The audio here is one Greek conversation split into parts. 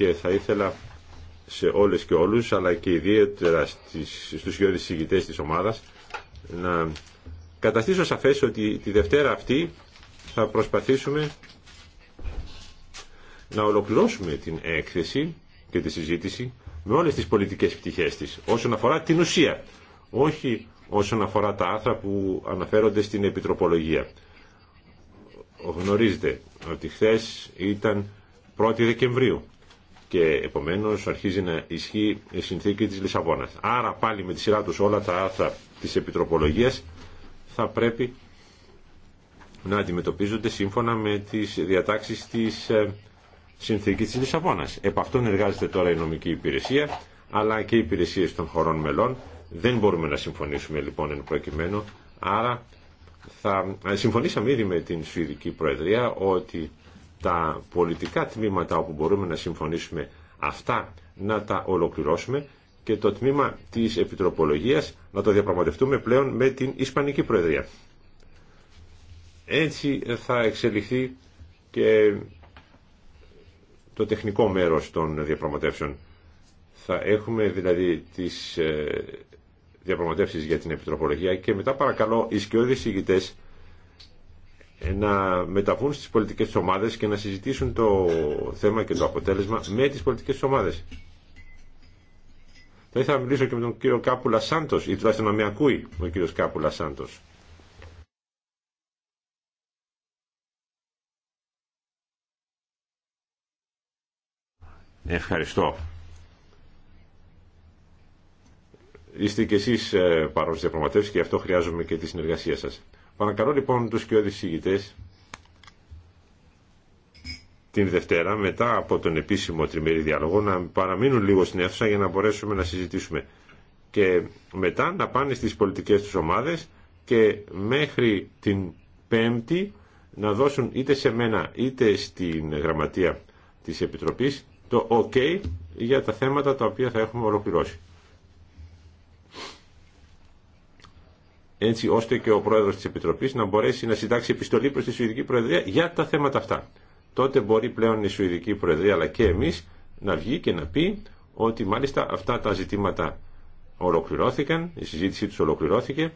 και θα ήθελα σε όλες και όλους αλλά και ιδιαίτερα στις, στους γιώδεις τη της ομάδας να καταστήσω σαφές ότι τη Δευτέρα αυτή θα προσπαθήσουμε να ολοκληρώσουμε την έκθεση και τη συζήτηση με όλες τις πολιτικές πτυχές της όσον αφορά την ουσία όχι όσον αφορά τα άθρα που αναφέρονται στην επιτροπολογία γνωρίζετε ότι χθε ήταν 1η Δεκεμβρίου και επομένως αρχίζει να ισχύει η συνθήκη της Λισαβόνας. Άρα πάλι με τη σειρά τους όλα τα άρθρα της Επιτροπολογίας θα πρέπει να αντιμετωπίζονται σύμφωνα με τις διατάξεις της ε, συνθήκης της Λισαβόνας. Επ' αυτόν εργάζεται τώρα η νομική υπηρεσία αλλά και οι υπηρεσίε των χωρών μελών. Δεν μπορούμε να συμφωνήσουμε λοιπόν εν προκειμένου. Άρα θα ε, συμφωνήσαμε ήδη με την Σουηδική Προεδρία ότι τα πολιτικά τμήματα όπου μπορούμε να συμφωνήσουμε αυτά να τα ολοκληρώσουμε και το τμήμα της Επιτροπολογίας να το διαπραγματευτούμε πλέον με την Ισπανική Προεδρία. Έτσι θα εξελιχθεί και το τεχνικό μέρος των διαπραγματεύσεων. Θα έχουμε δηλαδή τις ε, διαπραγματεύσεις για την Επιτροπολογία και μετά παρακαλώ οι σκιώδεις ηγητές να μεταβούν στις πολιτικές ομάδες και να συζητήσουν το θέμα και το αποτέλεσμα με τις πολιτικές ομάδες. Θα ήθελα να μιλήσω και με τον κύριο Κάπουλα Σάντος ή τουλάχιστον να με ακούει ο κύριος Κάπουλα Σάντος. Ευχαριστώ. Είστε και εσείς ε, παρόν στις και γι' αυτό χρειάζομαι και τη συνεργασία σας. Παρακαλώ λοιπόν τους και οδησίγητες την Δευτέρα μετά από τον επίσημο τριμερή διάλογο να παραμείνουν λίγο στην αίθουσα για να μπορέσουμε να συζητήσουμε και μετά να πάνε στις πολιτικές τους ομάδες και μέχρι την Πέμπτη να δώσουν είτε σε μένα είτε στην γραμματεία της Επιτροπής το OK για τα θέματα τα οποία θα έχουμε ολοκληρώσει. έτσι ώστε και ο πρόεδρος της Επιτροπής να μπορέσει να συντάξει επιστολή προς τη Σουηδική Προεδρία για τα θέματα αυτά. Τότε μπορεί πλέον η Σουηδική Προεδρία αλλά και εμείς να βγει και να πει ότι μάλιστα αυτά τα ζητήματα ολοκληρώθηκαν, η συζήτησή τους ολοκληρώθηκε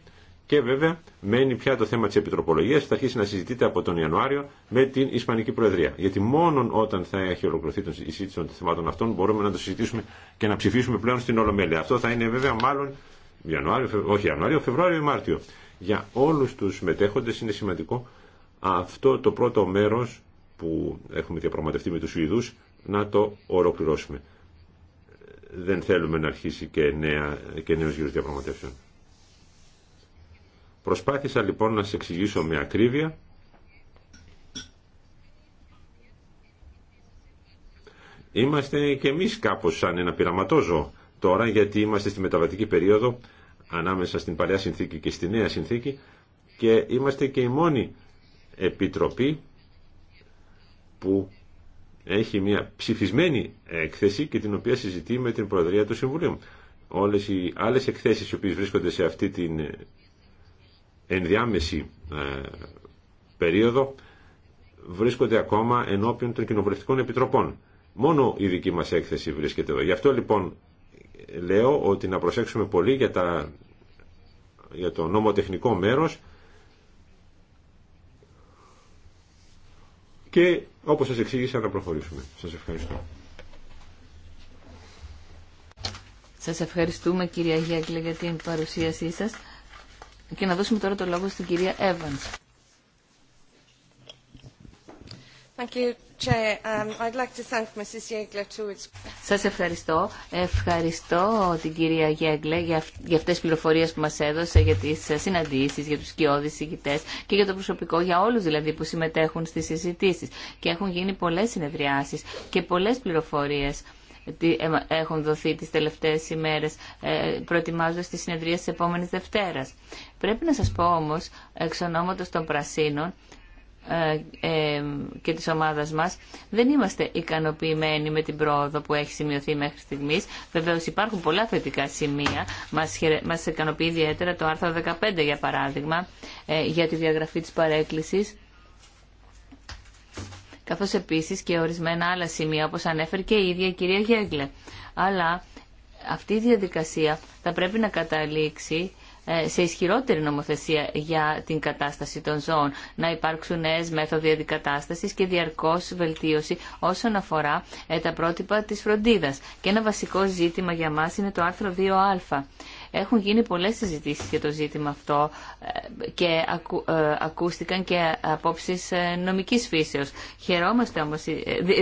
και βέβαια μένει πια το θέμα της επιτροπολογίας θα αρχίσει να συζητείται από τον Ιανουάριο με την Ισπανική Προεδρία. Γιατί μόνο όταν θα έχει ολοκληρωθεί η συζήτηση των θεμάτων αυτών μπορούμε να το συζητήσουμε και να ψηφίσουμε πλέον στην Ολομέλεια. Αυτό θα είναι βέβαια μάλλον Ιανουάριο, όχι Ιανουάριο, Φεβρουάριο ή Μάρτιο. Για όλους τους μετέχοντες είναι σημαντικό αυτό το πρώτο μέρος που έχουμε διαπραγματευτεί με τους Σουηδούς να το ολοκληρώσουμε. Δεν θέλουμε να αρχίσει και, νέα, και νέος γύρος διαπραγματεύσεων. Προσπάθησα λοιπόν να σε εξηγήσω με ακρίβεια Είμαστε και εμείς κάπως σαν ένα πειραματόζωο τώρα γιατί είμαστε στη μεταβατική περίοδο ανάμεσα στην παλιά συνθήκη και στη νέα συνθήκη και είμαστε και η μόνη επιτροπή που έχει μια ψηφισμένη έκθεση και την οποία συζητεί με την Προεδρία του Συμβουλίου. Όλες οι άλλες εκθέσεις οι οποίες βρίσκονται σε αυτή την ενδιάμεση ε, περίοδο βρίσκονται ακόμα ενώπιον των κοινοβουλευτικών επιτροπών. Μόνο η δική μας έκθεση βρίσκεται εδώ. Γι' αυτό λοιπόν λέω ότι να προσέξουμε πολύ για, τα, για το νομοτεχνικό μέρος και όπως σας εξήγησα να προχωρήσουμε. Σας ευχαριστώ. Σας ευχαριστούμε κυρία Γιάκλε για την παρουσίασή σας και να δώσουμε τώρα το λόγο στην κυρία Evans. Thank you. Um, σας ευχαριστώ. Ευχαριστώ την κυρία Γέγκλε για αυτές τις πληροφορίες που μας έδωσε, για τις ε, συναντήσεις, για τους σκιώδεις συγκητές και για το προσωπικό, για όλους δηλαδή που συμμετέχουν στις συζητήσεις. Και έχουν γίνει πολλές συνεδριάσεις και πολλές πληροφορίες ε, έχουν δοθεί τις τελευταίες ημέρες ε, προετοιμάζοντας τις συνεδρίες της επόμενης Δευτέρας. Πρέπει να σας πω όμως, εξ ονόματος των Πρασίνων, ε, ε, και της ομάδας μας δεν είμαστε ικανοποιημένοι με την πρόοδο που έχει σημειωθεί μέχρι στιγμής βεβαίως υπάρχουν πολλά θετικά σημεία μας, μας ικανοποιεί ιδιαίτερα το άρθρο 15 για παράδειγμα ε, για τη διαγραφή της παρέκκλησης καθώς επίσης και ορισμένα άλλα σημεία όπως ανέφερε και η ίδια η κυρία Γέγκλε αλλά αυτή η διαδικασία θα πρέπει να καταλήξει ε, σε ισχυρότερη νομοθεσία για την κατάσταση των ζώων, να υπάρξουν νέε μέθοδοι αντικατάσταση και διαρκώ βελτίωση όσον αφορά ε, τα πρότυπα της φροντίδα. Και ένα βασικό ζήτημα για μα είναι το άρθρο 2α έχουν γίνει πολλές συζητήσεις για το ζήτημα αυτό ε, και ε, ακούστηκαν και απόψεις ε, νομικής φύσεως. Χαιρόμαστε όμως,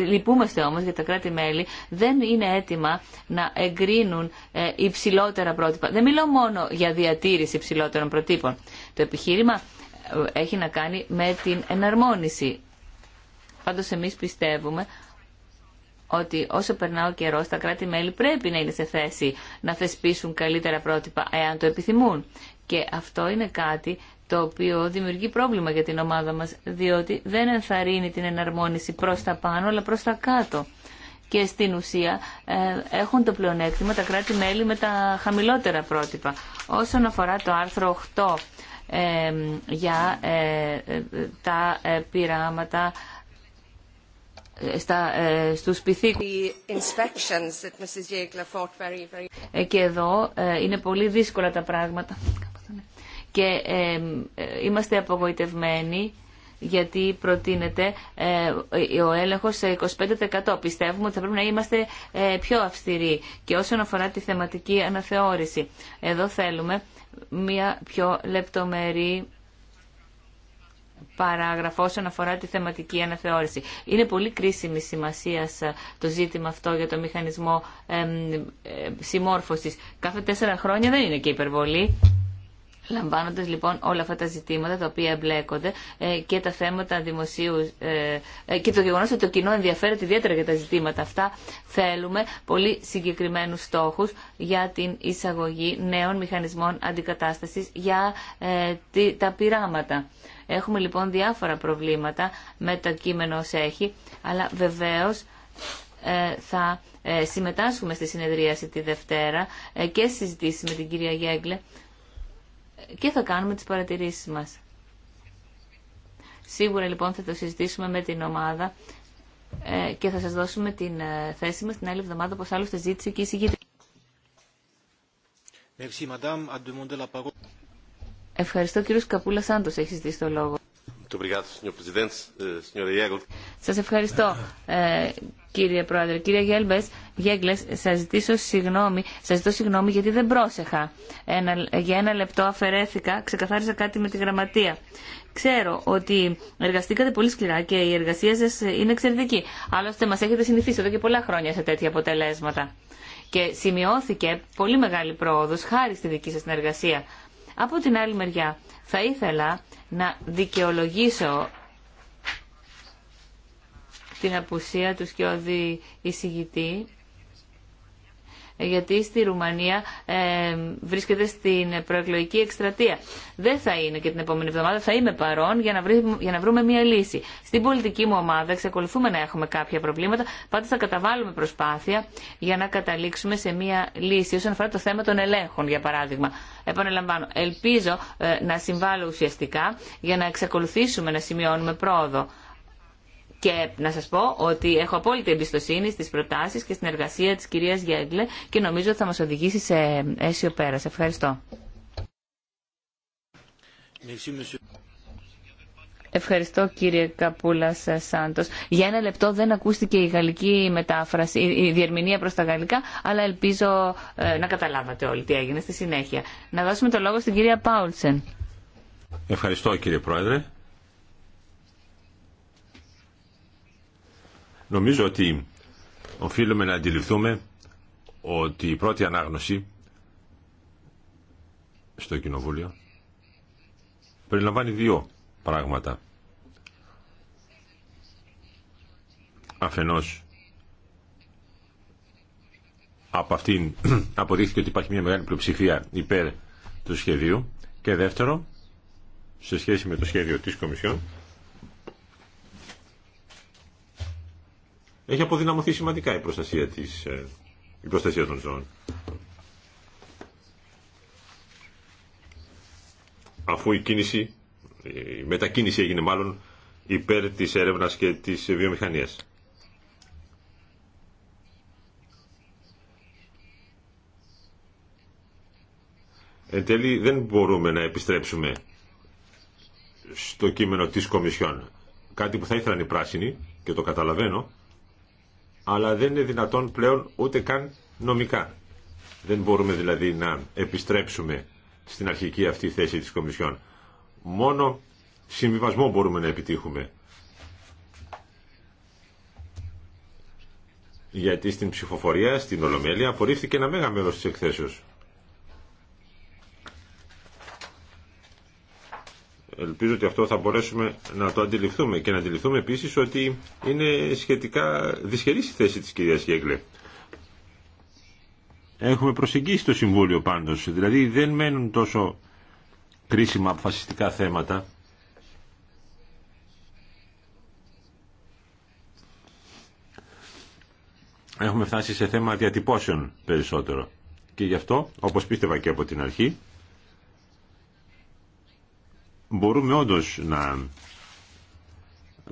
λυπούμαστε όμως για τα κράτη-μέλη δεν είναι έτοιμα να εγκρίνουν υψηλότερα πρότυπα. Δεν μιλώ μόνο για διατήρηση υψηλότερων προτύπων. Το επιχείρημα έχει να κάνει με την εναρμόνιση. Πάντως εμείς πιστεύουμε ότι όσο περνά ο καιρό, τα κράτη-μέλη πρέπει να είναι σε θέση να θεσπίσουν καλύτερα πρότυπα, εάν το επιθυμούν. Και αυτό είναι κάτι το οποίο δημιουργεί πρόβλημα για την ομάδα μας, διότι δεν ενθαρρύνει την εναρμόνιση προς τα πάνω, αλλά προς τα κάτω. Και στην ουσία ε, έχουν το πλεονέκτημα τα κράτη-μέλη με τα χαμηλότερα πρότυπα. Όσον αφορά το άρθρο 8 ε, για ε, ε, τα πειράματα στα, ε, στους πυθίκους. Ε, και εδώ ε, είναι πολύ δύσκολα τα πράγματα. Και είμαστε απογοητευμένοι γιατί προτείνεται ο έλεγχος σε 25%. Πιστεύουμε ότι θα πρέπει να είμαστε πιο αυστηροί. Και όσον αφορά τη θεματική αναθεώρηση, εδώ θέλουμε μια πιο λεπτομερή παράγραφο όσον αφορά τη θεματική αναθεώρηση. Είναι πολύ κρίσιμη σημασία το ζήτημα αυτό για το μηχανισμό συμμόρφωση. Κάθε τέσσερα χρόνια δεν είναι και υπερβολή. Λαμβάνοντας λοιπόν όλα αυτά τα ζητήματα τα οποία εμπλέκονται ε, και τα θέματα δημοσίου ε, ε, και το γεγονός ότι το κοινό ενδιαφέρεται ιδιαίτερα για τα ζητήματα αυτά θέλουμε πολύ συγκεκριμένους στόχους για την εισαγωγή νέων μηχανισμών αντικατάστασης για τα πειράματα. Έχουμε λοιπόν διάφορα προβλήματα με το κείμενο ως έχει, αλλά βεβαίως ε, θα ε, συμμετάσχουμε στη συνεδρίαση τη Δευτέρα ε, και συζητήσουμε με την κυρία Γέγκλε και θα κάνουμε τις παρατηρήσεις μας. Σίγουρα λοιπόν θα το συζητήσουμε με την ομάδα και θα σας δώσουμε την θέση μας την άλλη εβδομάδα όπως άλλωστε ζήτησε και η parole. Ευχαριστώ κύριο Καπούλα Σάντος, έχει δει το λόγο. Eh, σας ευχαριστώ ε, κύριε Πρόεδρε. Κύριε Γέλμπες, Γέγκλες, σας ζητήσω συγγνώμη, σας ζητώ συγγνώμη γιατί δεν πρόσεχα. Ένα, για ένα λεπτό αφαιρέθηκα, ξεκαθάρισα κάτι με τη γραμματεία. Ξέρω ότι εργαστήκατε πολύ σκληρά και η εργασία σας είναι εξαιρετική. Άλλωστε μας έχετε συνηθίσει εδώ και πολλά χρόνια σε τέτοια αποτελέσματα. Και σημειώθηκε πολύ μεγάλη πρόοδος χάρη στη δική σας συνεργασία. Από την άλλη μεριά, θα ήθελα να δικαιολογήσω την απουσία του σκιώδη εισηγητή γιατί στη Ρουμανία ε, βρίσκεται στην προεκλογική εκστρατεία. Δεν θα είναι και την επόμενη εβδομάδα, θα είμαι παρόν για να, βρούμε, για να βρούμε μια λύση. Στην πολιτική μου ομάδα εξακολουθούμε να έχουμε κάποια προβλήματα, πάντως θα καταβάλουμε προσπάθεια για να καταλήξουμε σε μια λύση όσον αφορά το θέμα των ελέγχων, για παράδειγμα. Επαναλαμβάνω, ελπίζω ε, να συμβάλλω ουσιαστικά για να εξακολουθήσουμε να σημειώνουμε πρόοδο. Και να σας πω ότι έχω απόλυτη εμπιστοσύνη στις προτάσεις και στην εργασία της κυρίας Γέγκλε και νομίζω ότι θα μας οδηγήσει σε αίσιο πέρα. Ευχαριστώ. Ευχαριστώ κύριε Καπούλα Σάντος. Για ένα λεπτό δεν ακούστηκε η γαλλική μετάφραση, η διερμηνία προς τα γαλλικά, αλλά ελπίζω ε, να καταλάβατε όλοι τι έγινε στη συνέχεια. Να δώσουμε το λόγο στην κυρία Πάουλσεν. Ευχαριστώ κύριε Πρόεδρε. Νομίζω ότι οφείλουμε να αντιληφθούμε ότι η πρώτη ανάγνωση στο Κοινοβούλιο περιλαμβάνει δύο πράγματα. Αφενός από αυτήν αποδείχθηκε ότι υπάρχει μια μεγάλη πλειοψηφία υπέρ του σχεδίου και δεύτερο σε σχέση με το σχέδιο της Κομισιόν Έχει αποδυναμωθεί σημαντικά η προστασία, της, ε, η των ζώων. Αφού η κίνηση, η μετακίνηση έγινε μάλλον υπέρ της έρευνας και της βιομηχανίας. Εν τέλει δεν μπορούμε να επιστρέψουμε στο κείμενο της Κομισιόν. Κάτι που θα ήθελαν οι πράσινοι και το καταλαβαίνω αλλά δεν είναι δυνατόν πλέον ούτε καν νομικά. Δεν μπορούμε δηλαδή να επιστρέψουμε στην αρχική αυτή θέση της Κομισιόν. Μόνο συμβιβασμό μπορούμε να επιτύχουμε. Γιατί στην ψηφοφορία, στην Ολομέλεια, απορρίφθηκε ένα μέγα μέρος της εκθέσεως. Ελπίζω ότι αυτό θα μπορέσουμε να το αντιληφθούμε και να αντιληφθούμε επίσης ότι είναι σχετικά δυσχερής η θέση της κυρία Γέγλε. Έχουμε προσεγγίσει το Συμβούλιο πάντω. δηλαδή δεν μένουν τόσο κρίσιμα αποφασιστικά θέματα. Έχουμε φτάσει σε θέμα διατυπώσεων περισσότερο. Και γι' αυτό, όπως πίστευα και από την αρχή, μπορούμε όντως να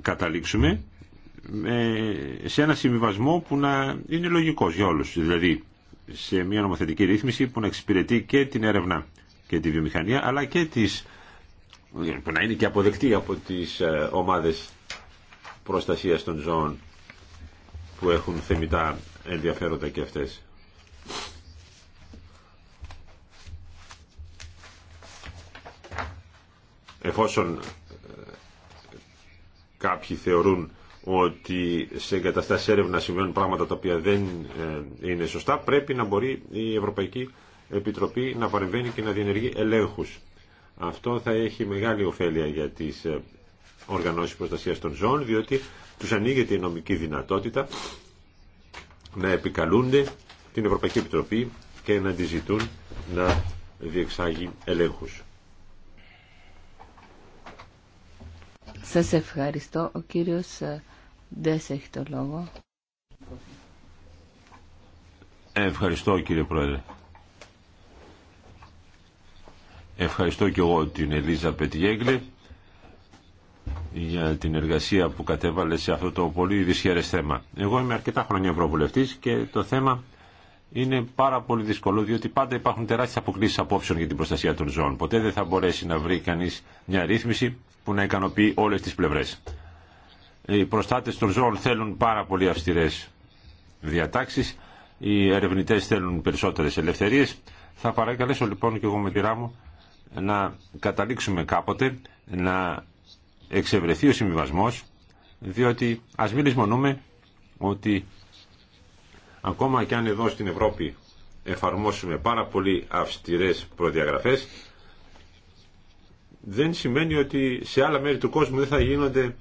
καταλήξουμε σε ένα συμβιβασμό που να είναι λογικός για όλους. Δηλαδή σε μια νομοθετική ρύθμιση που να εξυπηρετεί και την έρευνα και τη βιομηχανία αλλά και τις που να είναι και αποδεκτή από τις ε, ομάδες προστασίας των ζώων που έχουν θεμητά ενδιαφέροντα και αυτές. εφόσον ε, κάποιοι θεωρούν ότι σε εγκαταστάσει έρευνα συμβαίνουν πράγματα τα οποία δεν ε, είναι σωστά, πρέπει να μπορεί η Ευρωπαϊκή Επιτροπή να παρεμβαίνει και να διενεργεί ελέγχους. Αυτό θα έχει μεγάλη ωφέλεια για τις ε, οργανώσεις προστασία των ζώων, διότι τους ανοίγεται η νομική δυνατότητα να επικαλούνται την Ευρωπαϊκή Επιτροπή και να τη ζητούν να διεξάγει ελέγχους. Σας ευχαριστώ. Ο κύριος ε, Ντές έχει το λόγο. Ευχαριστώ κύριε Πρόεδρε. Ευχαριστώ και εγώ την Ελίζα Πετιέγκλη για την εργασία που κατέβαλε σε αυτό το πολύ δυσχερές θέμα. Εγώ είμαι αρκετά χρόνια ευρωβουλευτής και το θέμα είναι πάρα πολύ δύσκολο, διότι πάντα υπάρχουν τεράστιε αποκλήσει απόψεων για την προστασία των ζώων. Ποτέ δεν θα μπορέσει να βρει κανεί μια ρύθμιση που να ικανοποιεί όλε τι πλευρέ. Οι προστάτε των ζώων θέλουν πάρα πολύ αυστηρέ διατάξει. Οι ερευνητέ θέλουν περισσότερε ελευθερίε. Θα παρακαλέσω λοιπόν και εγώ με τη μου να καταλήξουμε κάποτε να εξευρεθεί ο συμβιβασμό, διότι α μην λησμονούμε ότι Ακόμα και αν εδώ στην Ευρώπη εφαρμόσουμε πάρα πολύ αυστηρές προδιαγραφές, δεν σημαίνει ότι σε άλλα μέρη του κόσμου δεν θα γίνονται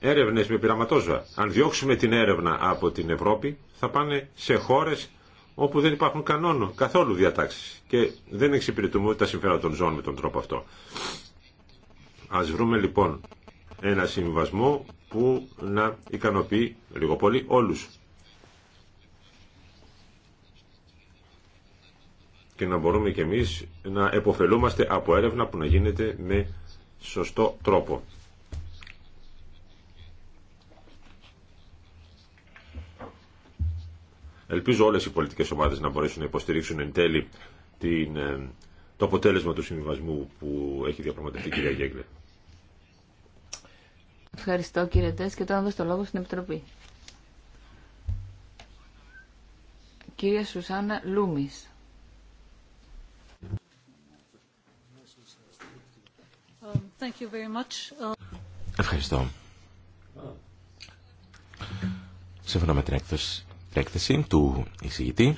έρευνες με πειραματόζωα. Αν διώξουμε την έρευνα από την Ευρώπη, θα πάνε σε χώρες όπου δεν υπάρχουν κανόνο, καθόλου διατάξεις και δεν εξυπηρετούμε τα συμφέροντα των ζώων με τον τρόπο αυτό. Ας βρούμε λοιπόν ένα συμβασμό που να ικανοποιεί λίγο πολύ όλους. και να μπορούμε κι εμείς να εποφελούμαστε από έρευνα που να γίνεται με σωστό τρόπο. Ελπίζω όλες οι πολιτικές ομάδες να μπορέσουν να υποστηρίξουν εν τέλει την, ε, το αποτέλεσμα του συμβιβασμού που έχει διαπραγματευτεί η κυρία Γέγκλε. Ευχαριστώ κύριε Τέσ και τώρα δώσω το λόγο στην Επιτροπή. Κυρία Σουσάνα Λούμις Ευχαριστώ. Σύμφωνα με την έκθεση, του εισηγητή,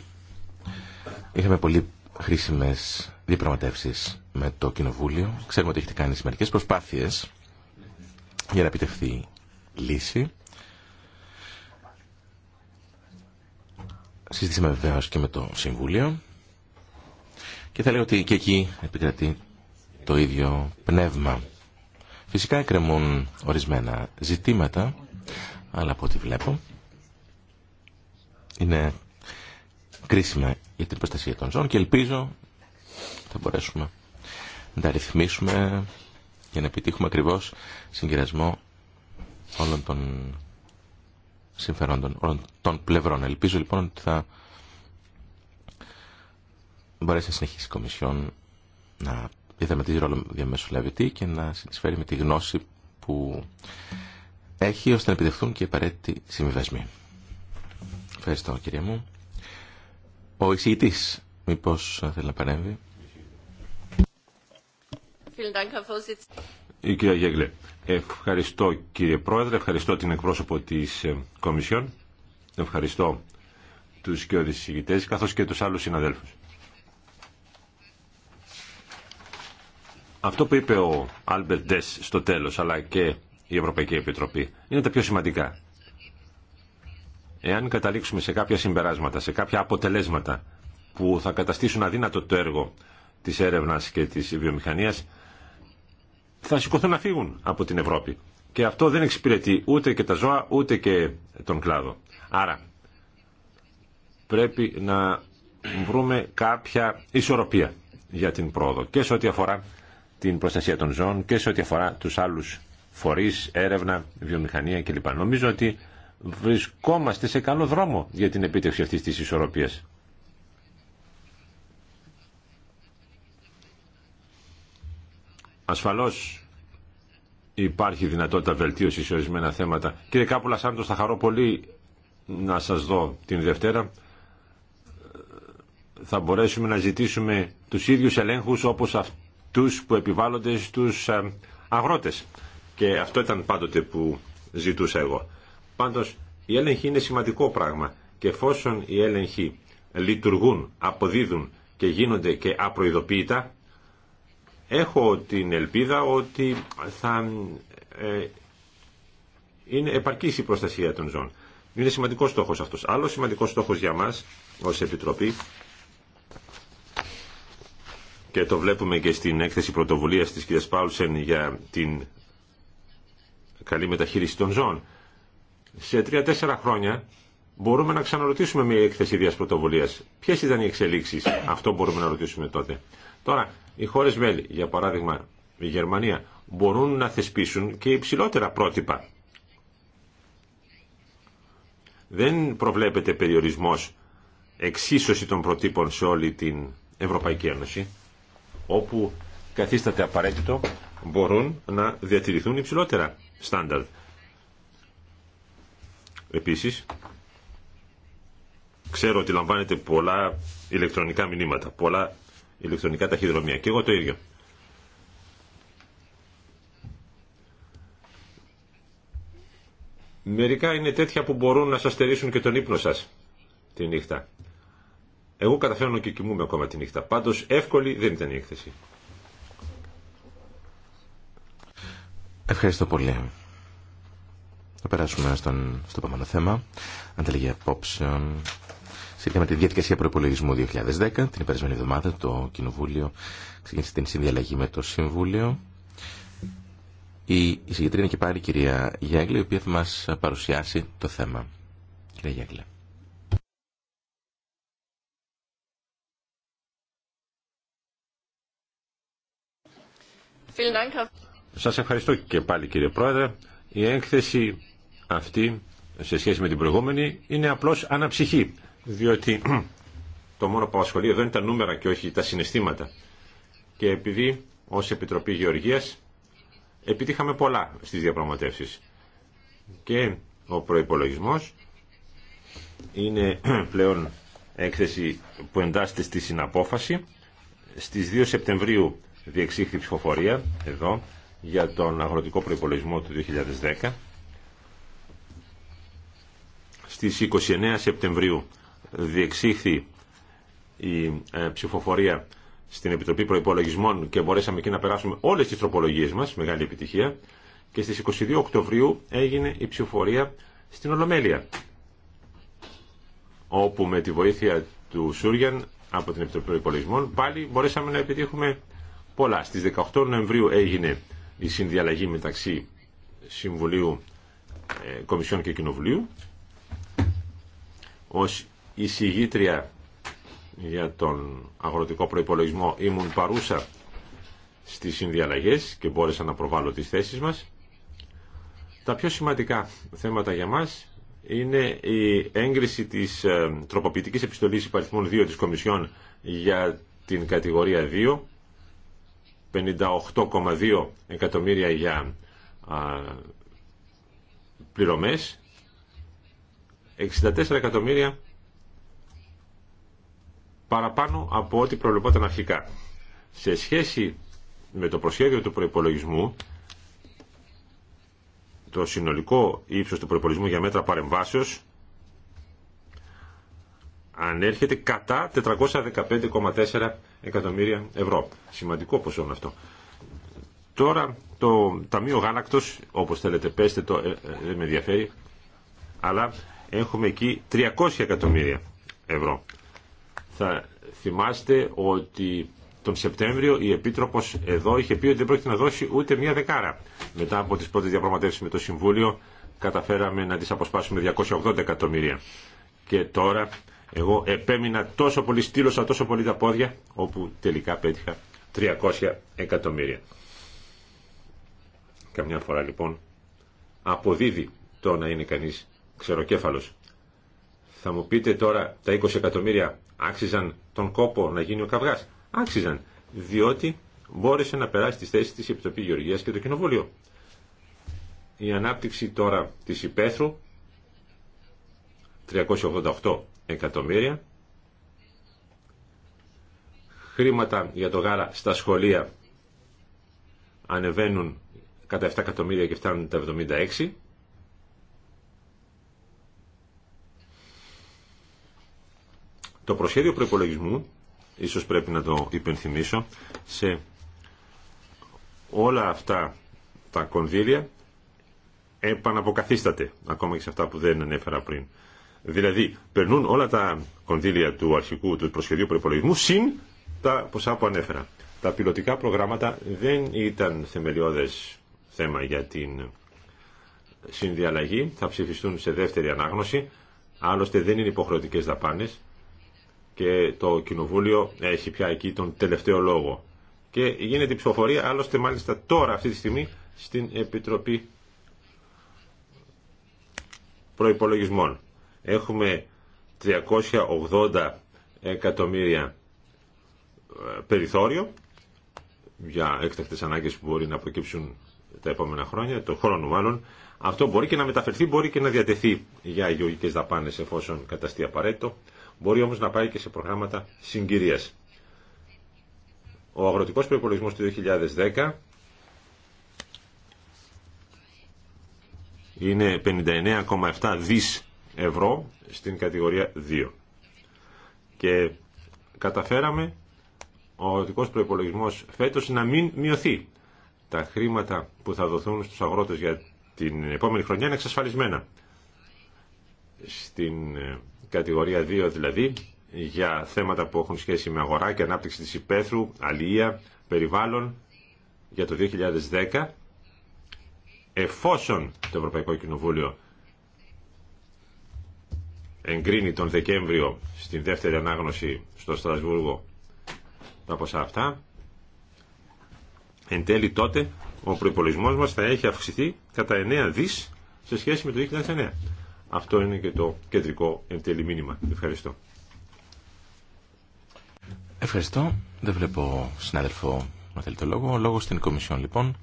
είχαμε πολύ χρήσιμες διαπραγματεύσεις με το Κοινοβούλιο. Ξέρουμε ότι έχετε κάνει μερικές προσπάθειες για να επιτευχθεί λύση. Συζήτησαμε βεβαίω και με το Συμβούλιο και θα λέω ότι και εκεί επικρατεί το ίδιο πνεύμα. Φυσικά εκκρεμούν ορισμένα ζητήματα, αλλά από ό,τι βλέπω είναι κρίσιμα για την προστασία των ζώων και ελπίζω θα μπορέσουμε να τα ρυθμίσουμε για να επιτύχουμε ακριβώς συγκυρασμό όλων των συμφερόντων, όλων των πλευρών. Ελπίζω λοιπόν ότι θα μπορέσει να συνεχίσει η Κομισιόν να διαδραματίζει ρόλο διαμεσολαβητή και να συνεισφέρει με τη γνώση που έχει ώστε να επιδεχθούν και οι απαραίτητοι συμβιβασμοί. Ευχαριστώ κύριε μου. Ο εισηγητή, μήπω θέλει να παρέμβει. Η κυρία Γέγλε, ευχαριστώ κύριε Πρόεδρε, ευχαριστώ την εκπρόσωπο της ε, Κομισιόν, ευχαριστώ τους και οδησηγητές καθώς και τους άλλους συναδέλφους. Αυτό που είπε ο Άλμπερτ στο τέλος, αλλά και η Ευρωπαϊκή Επιτροπή, είναι τα πιο σημαντικά. Εάν καταλήξουμε σε κάποια συμπεράσματα, σε κάποια αποτελέσματα που θα καταστήσουν αδύνατο το έργο της έρευνας και της βιομηχανίας, θα σηκωθούν να φύγουν από την Ευρώπη. Και αυτό δεν εξυπηρετεί ούτε και τα ζώα, ούτε και τον κλάδο. Άρα, πρέπει να βρούμε κάποια ισορροπία για την πρόοδο και σε ό,τι αφορά την προστασία των ζώων και σε ό,τι αφορά του άλλους φορείς, έρευνα, βιομηχανία κλπ. Νομίζω ότι βρισκόμαστε σε καλό δρόμο για την επίτευξη αυτής της ισορροπίας. Ασφαλώς υπάρχει δυνατότητα βελτίωση σε ορισμένα θέματα. Κύριε Κάπουλα το θα χαρώ πολύ να σας δω την Δευτέρα. Θα μπορέσουμε να ζητήσουμε τους ίδιου ελέγχου όπω αυτοί τους που επιβάλλονται στους ε, αγρότες. Και αυτό ήταν πάντοτε που ζητούσα εγώ. Πάντως, η έλεγχη είναι σημαντικό πράγμα και εφόσον οι έλεγχοι λειτουργούν, αποδίδουν και γίνονται και απροειδοποιητά, έχω την ελπίδα ότι θα ε, είναι επαρκής η προστασία των ζώων. Είναι σημαντικός στόχος αυτός. Άλλο σημαντικός στόχος για μας ως Επιτροπή και το βλέπουμε και στην έκθεση πρωτοβουλία τη κ. Πάουλσεν για την καλή μεταχείριση των ζώων. Σε τρία-τέσσερα χρόνια μπορούμε να ξαναρωτήσουμε μια έκθεση ίδια πρωτοβουλία. Ποιε ήταν οι εξελίξει, αυτό μπορούμε να ρωτήσουμε τότε. Τώρα, οι χώρε μέλη, για παράδειγμα η Γερμανία, μπορούν να θεσπίσουν και υψηλότερα πρότυπα. Δεν προβλέπεται περιορισμός εξίσωση των προτύπων σε όλη την Ευρωπαϊκή Ένωση όπου καθίσταται απαραίτητο μπορούν να διατηρηθούν υψηλότερα στάνταρ. Επίσης, ξέρω ότι λαμβάνετε πολλά ηλεκτρονικά μηνύματα, πολλά ηλεκτρονικά ταχυδρομεία και εγώ το ίδιο. Μερικά είναι τέτοια που μπορούν να σας στερήσουν και τον ύπνο σας τη νύχτα. Εγώ καταφέρνω και κοιμούμαι ακόμα τη νύχτα. Πάντω εύκολη δεν ήταν η έκθεση. Ευχαριστώ πολύ. Θα περάσουμε στον, στο επόμενο θέμα. Ανταλλαγή απόψεων. Σχετικά με τη διαδικασία προπολογισμού 2010, την περασμένη εβδομάδα το Κοινοβούλιο ξεκίνησε την συνδιαλλαγή με το Συμβούλιο. Η συγκεκριμένη είναι και πάλι η κυρία Γιάγκλη, η οποία θα μα παρουσιάσει το θέμα. Κυρία Γιάγκλη. Σας ευχαριστώ και πάλι κύριε Πρόεδρε. Η έκθεση αυτή σε σχέση με την προηγούμενη είναι απλώς αναψυχή, διότι το μόνο που ασχολεί εδώ είναι τα νούμερα και όχι τα συναισθήματα. Και επειδή ως Επιτροπή Γεωργίας επιτύχαμε πολλά στις διαπραγματεύσεις και ο προϋπολογισμός είναι πλέον έκθεση που εντάσσεται στη συναπόφαση. Στις 2 Σεπτεμβρίου διεξήχθη ψηφοφορία εδώ για τον αγροτικό προϋπολογισμό του 2010 στις 29 Σεπτεμβρίου διεξήχθη η ε, ψηφοφορία στην Επιτροπή Προϋπολογισμών και μπορέσαμε εκεί να περάσουμε όλες τις τροπολογίες μας, μεγάλη επιτυχία και στις 22 Οκτωβρίου έγινε η ψηφοφορία στην Ολομέλεια όπου με τη βοήθεια του Σούριαν από την Επιτροπή Προϋπολογισμών πάλι μπορέσαμε να επιτύχουμε πολλά. Στις 18 Νοεμβρίου έγινε η συνδιαλλαγή μεταξύ Συμβουλίου ε, Κομισιών και Κοινοβουλίου. Ως εισηγήτρια για τον αγροτικό προϋπολογισμό ήμουν παρούσα στις συνδιαλλαγές και μπόρεσα να προβάλλω τις θέσεις μας. Τα πιο σημαντικά θέματα για μας είναι η έγκριση της ε, τροποποιητικής επιστολής υπαριθμών 2 της Κομισιόν για την κατηγορία 2 58,2 εκατομμύρια για α, πληρωμές, 64 εκατομμύρια παραπάνω από ό,τι προβλεπόταν αρχικά. Σε σχέση με το προσχέδιο του προϋπολογισμού, το συνολικό ύψος του προϋπολογισμού για μέτρα παρεμβάσεως ανέρχεται κατά 415,4 εκατομμύρια ευρώ. Σημαντικό ποσό είναι αυτό. Τώρα το Ταμείο Γάλακτος, όπως θέλετε πέστε το, ε, ε, δεν με ενδιαφέρει, αλλά έχουμε εκεί 300 εκατομμύρια ευρώ. Θα θυμάστε ότι τον Σεπτέμβριο η Επίτροπος εδώ είχε πει ότι δεν πρόκειται να δώσει ούτε μία δεκάρα. Μετά από τις πρώτες διαπραγματεύσεις με το Συμβούλιο καταφέραμε να τις αποσπάσουμε 280 εκατομμύρια. Και τώρα εγώ επέμεινα τόσο πολύ, στήλωσα τόσο πολύ τα πόδια, όπου τελικά πέτυχα 300 εκατομμύρια. Καμιά φορά λοιπόν αποδίδει το να είναι κανείς ξεροκέφαλος. Θα μου πείτε τώρα τα 20 εκατομμύρια άξιζαν τον κόπο να γίνει ο καυγάς. Άξιζαν, διότι μπόρεσε να περάσει τις θέσεις της Επιτροπή Γεωργίας και το Κοινοβούλιο. Η ανάπτυξη τώρα της υπαίθρου 388 εκατομμύρια. Χρήματα για το γάλα στα σχολεία ανεβαίνουν κατά 7 εκατομμύρια και φτάνουν τα 76. Το προσχέδιο προϋπολογισμού ίσως πρέπει να το υπενθυμίσω, σε όλα αυτά τα κονδύλια επαναποκαθίσταται, ακόμα και σε αυτά που δεν ανέφερα πριν. Δηλαδή, περνούν όλα τα κονδύλια του αρχικού του προσχεδίου προπολογισμού συν τα ποσά που ανέφερα. Τα πιλωτικά προγράμματα δεν ήταν θεμελιώδε θέμα για την συνδιαλλαγή. Θα ψηφιστούν σε δεύτερη ανάγνωση. Άλλωστε δεν είναι υποχρεωτικέ δαπάνε και το Κοινοβούλιο έχει πια εκεί τον τελευταίο λόγο. Και γίνεται η ψηφοφορία, άλλωστε μάλιστα τώρα αυτή τη στιγμή στην Επιτροπή προπολογισμών. Έχουμε 380 εκατομμύρια ε, περιθώριο για έκτακτες ανάγκες που μπορεί να προκύψουν τα επόμενα χρόνια, το χρόνο μάλλον. Αυτό μπορεί και να μεταφερθεί, μπορεί και να διατεθεί για υγειογικές δαπάνες εφόσον καταστεί απαραίτητο. Μπορεί όμως να πάει και σε προγράμματα συγκυρίας. Ο αγροτικός προϋπολογισμός του 2010 είναι 59,7 δις ευρώ στην κατηγορία 2. Και καταφέραμε ο δικός προϋπολογισμός φέτος να μην μειωθεί. Τα χρήματα που θα δοθούν στους αγρότες για την επόμενη χρονιά είναι εξασφαλισμένα. Στην ε, κατηγορία 2 δηλαδή, για θέματα που έχουν σχέση με αγορά και ανάπτυξη της υπαίθρου, αλληλεία, περιβάλλον, για το 2010, εφόσον το Ευρωπαϊκό Κοινοβούλιο εγκρίνει τον Δεκέμβριο στην δεύτερη ανάγνωση στο Στρασβούργο τα ποσά αυτά, εν τέλει τότε ο προπολογισμό μας θα έχει αυξηθεί κατά 9 δις σε σχέση με το 2009. Αυτό είναι και το κεντρικό εν τέλει μήνυμα. Ευχαριστώ. Ευχαριστώ. Δεν βλέπω συνάδελφο να θέλει το λόγο. λόγος στην Κομισιόν λοιπόν,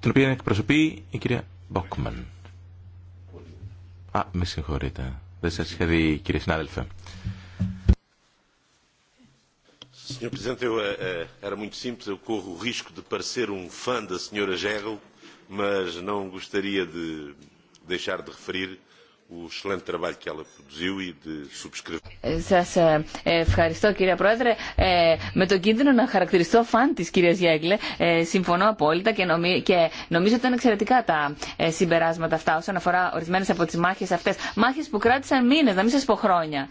την οποία εκπροσωπεί η κυρία Μπόκμαν. Α, με συγχωρείτε. Δεν σας είχα δει, κύριε συνάδελφε. Senhor Presidente, eu era muito simples, eu corro o risco de parecer um fã da senhora Gerro, mas não gostaria de deixar de referir E σας ε, ευχαριστώ κύριε Πρόεδρε. Ε, με τον κίνδυνο να χαρακτηριστώ φαν της κυρίας Γέγλε, ε, συμφωνώ απόλυτα και, νομίζω ότι ήταν εξαιρετικά τα συμπεράσματα αυτά όσον αφορά ορισμένες από τις μάχες αυτές. Μάχες που κράτησαν μήνες, να μην σας πω χρόνια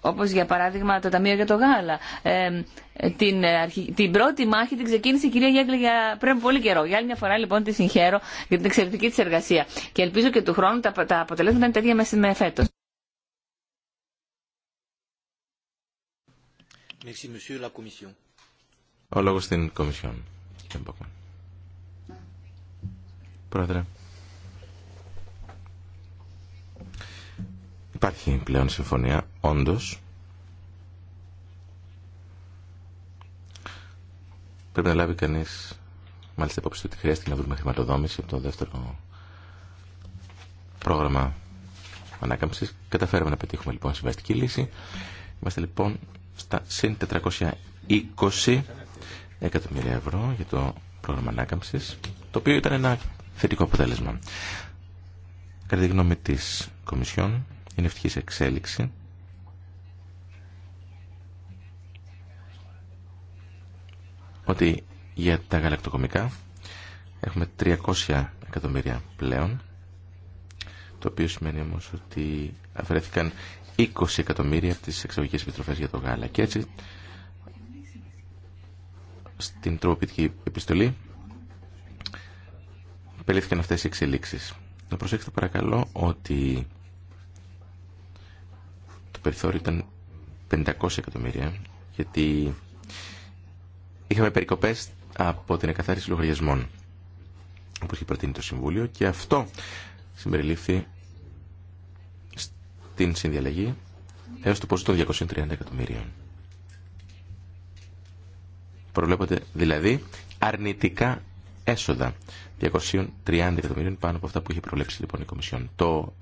όπως για παράδειγμα το Ταμείο για το Γάλα. Ε, την, ε, την πρώτη μάχη την ξεκίνησε η κυρία Γιέγκλη για πριν πολύ καιρό. Για άλλη μια φορά λοιπόν τη συγχαίρω για την εξαιρετική της εργασία. Και ελπίζω και του χρόνου τα, τα αποτελέσματα είναι τέτοια μέσα με φέτο. Ο στην Κομισιόν. Πρόεδρε. Υπάρχει πλέον συμφωνία, όντως. Πρέπει να λάβει κανείς, μάλιστα υπόψη ότι χρειάστηκε να βρούμε χρηματοδόμηση από το δεύτερο πρόγραμμα ανάκαμψης. Καταφέραμε να πετύχουμε λοιπόν συμβαστική λύση. Είμαστε λοιπόν στα συν 420 εκατομμύρια ευρώ για το πρόγραμμα ανάκαμψης, το οποίο ήταν ένα θετικό αποτέλεσμα. Κατά τη γνώμη της Κομισιόν, είναι ευτυχής εξέλιξη. Ότι για τα γαλακτοκομικά έχουμε 300 εκατομμύρια πλέον, το οποίο σημαίνει όμως ότι αφαιρέθηκαν 20 εκατομμύρια από τις εξαγωγικές επιτροφές για το γάλα. Και έτσι, στην τροποποιητική επιστολή, επελήθηκαν αυτές οι εξελίξεις. Να προσέξετε παρακαλώ ότι περιθώριο ήταν 500 εκατομμύρια, γιατί είχαμε περικοπές από την εκαθάριση λογαριασμών, όπως είχε προτείνει το Συμβούλιο, και αυτό συμπεριλήφθη στην συνδιαλλαγή έως το ποσό των 230 εκατομμύριων. Προβλέπονται δηλαδή αρνητικά έσοδα 230 εκατομμύριων πάνω από αυτά που είχε προβλέψει λοιπόν η Κομισιόν. Το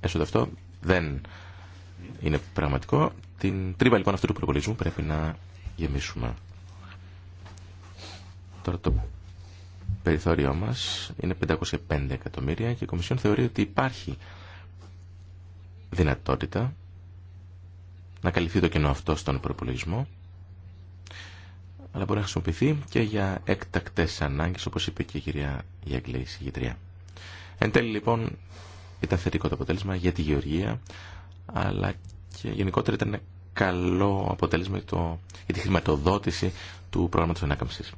έσοδο αυτό δεν είναι πραγματικό. Την τρύπα λοιπόν αυτού του προπολισμού πρέπει να γεμίσουμε. Τώρα το περιθώριό μας είναι 505 εκατομμύρια και η Κομισιόν θεωρεί ότι υπάρχει δυνατότητα να καλυφθεί το κενό αυτό στον προπολισμό αλλά μπορεί να χρησιμοποιηθεί και για έκτακτες ανάγκες όπως είπε και η κυρία Γιαγκλή, η συγγητρία. Εν τέλει λοιπόν ήταν θετικό το αποτέλεσμα για τη Γεωργία αλλά και γενικότερα ήταν καλό αποτέλεσμα το, για τη χρηματοδότηση του πρόγραμματος ανάκαμψης.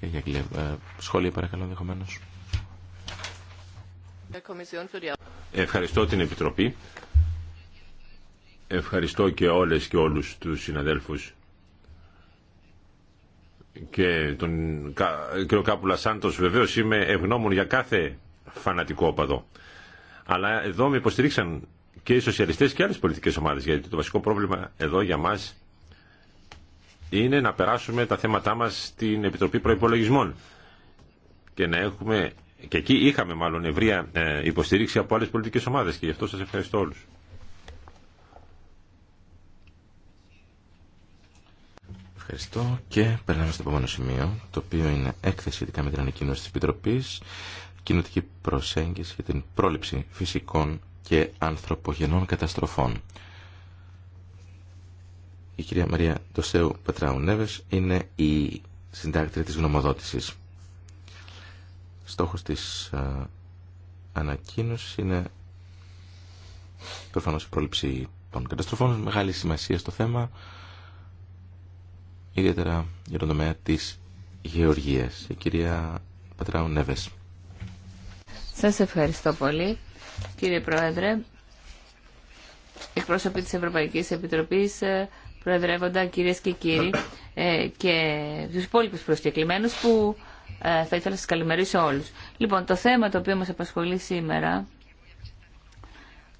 για ε, σχόλια παρακαλώ ενδεχομένω. Ευχαριστώ την Επιτροπή. Ευχαριστώ και όλες και όλους τους συναδέλφους και τον κ. Κάπουλα Σάντος βεβαίως είμαι ευγνώμων για κάθε φανατικό οπαδό. Αλλά εδώ με υποστηρίξαν και οι σοσιαλιστές και άλλες πολιτικές ομάδες γιατί το βασικό πρόβλημα εδώ για μας είναι να περάσουμε τα θέματά μας στην Επιτροπή Προϋπολογισμών και να έχουμε και εκεί είχαμε μάλλον ευρεία ε, υποστήριξη από άλλες πολιτικές ομάδες και γι' αυτό σας ευχαριστώ όλους. Ευχαριστώ και περνάμε στο επόμενο σημείο, το οποίο είναι έκθεση σχετικά με την ανακοίνωση της Επιτροπής, κοινωτική προσέγγιση για την πρόληψη φυσικών και ανθρωπογενών καταστροφών. Η κυρία Μαρία Ντοσέου Πατράου Νέβες είναι η συντάκτρια της γνωμοδότησης. Στόχος της ε, ανακοίνωσης είναι προφανώς η πρόληψη των καταστροφών, μεγάλη σημασία στο θέμα, ιδιαίτερα για τον τομέα της γεωργίας. Η κυρία Πατράου Νέβες. Σας ευχαριστώ πολύ. Κύριε Πρόεδρε, εκπρόσωποι της Ευρωπαϊκής Επιτροπής, ε, προεδρεύοντα κυρίες και κύριοι ε, και τους υπόλοιπους προσκεκλημένους που ε, θα ήθελα να σας καλημερίσω όλους. Λοιπόν, το θέμα το οποίο μας απασχολεί σήμερα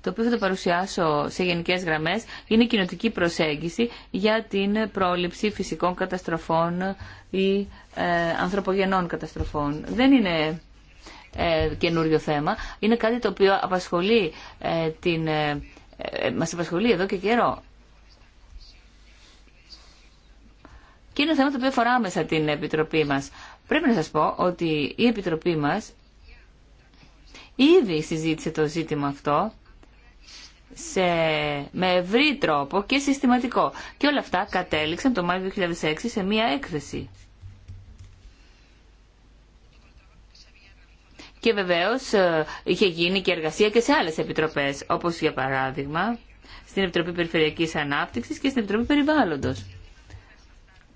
το οποίο θα το παρουσιάσω σε γενικές γραμμές, είναι η κοινοτική προσέγγιση για την πρόληψη φυσικών καταστροφών ή ε, ανθρωπογενών καταστροφών. Δεν είναι ε, καινούριο θέμα. Είναι κάτι το οποίο απασχολεί ε, την, ε, μας απασχολεί εδώ και καιρό. Και είναι θέμα το οποίο αφορά άμεσα την Επιτροπή μας. Πρέπει να σας πω ότι η Επιτροπή μας ήδη συζήτησε το ζήτημα αυτό σε, με ευρύ τρόπο και συστηματικό. Και όλα αυτά κατέληξαν το Μάιο 2006 σε μία έκθεση. και βεβαίω ε, είχε γίνει και εργασία και σε άλλε επιτροπέ, όπω για παράδειγμα στην Επιτροπή περιφερειακή ανάπτυξη και στην Επιτροπή περιβάλλοντο.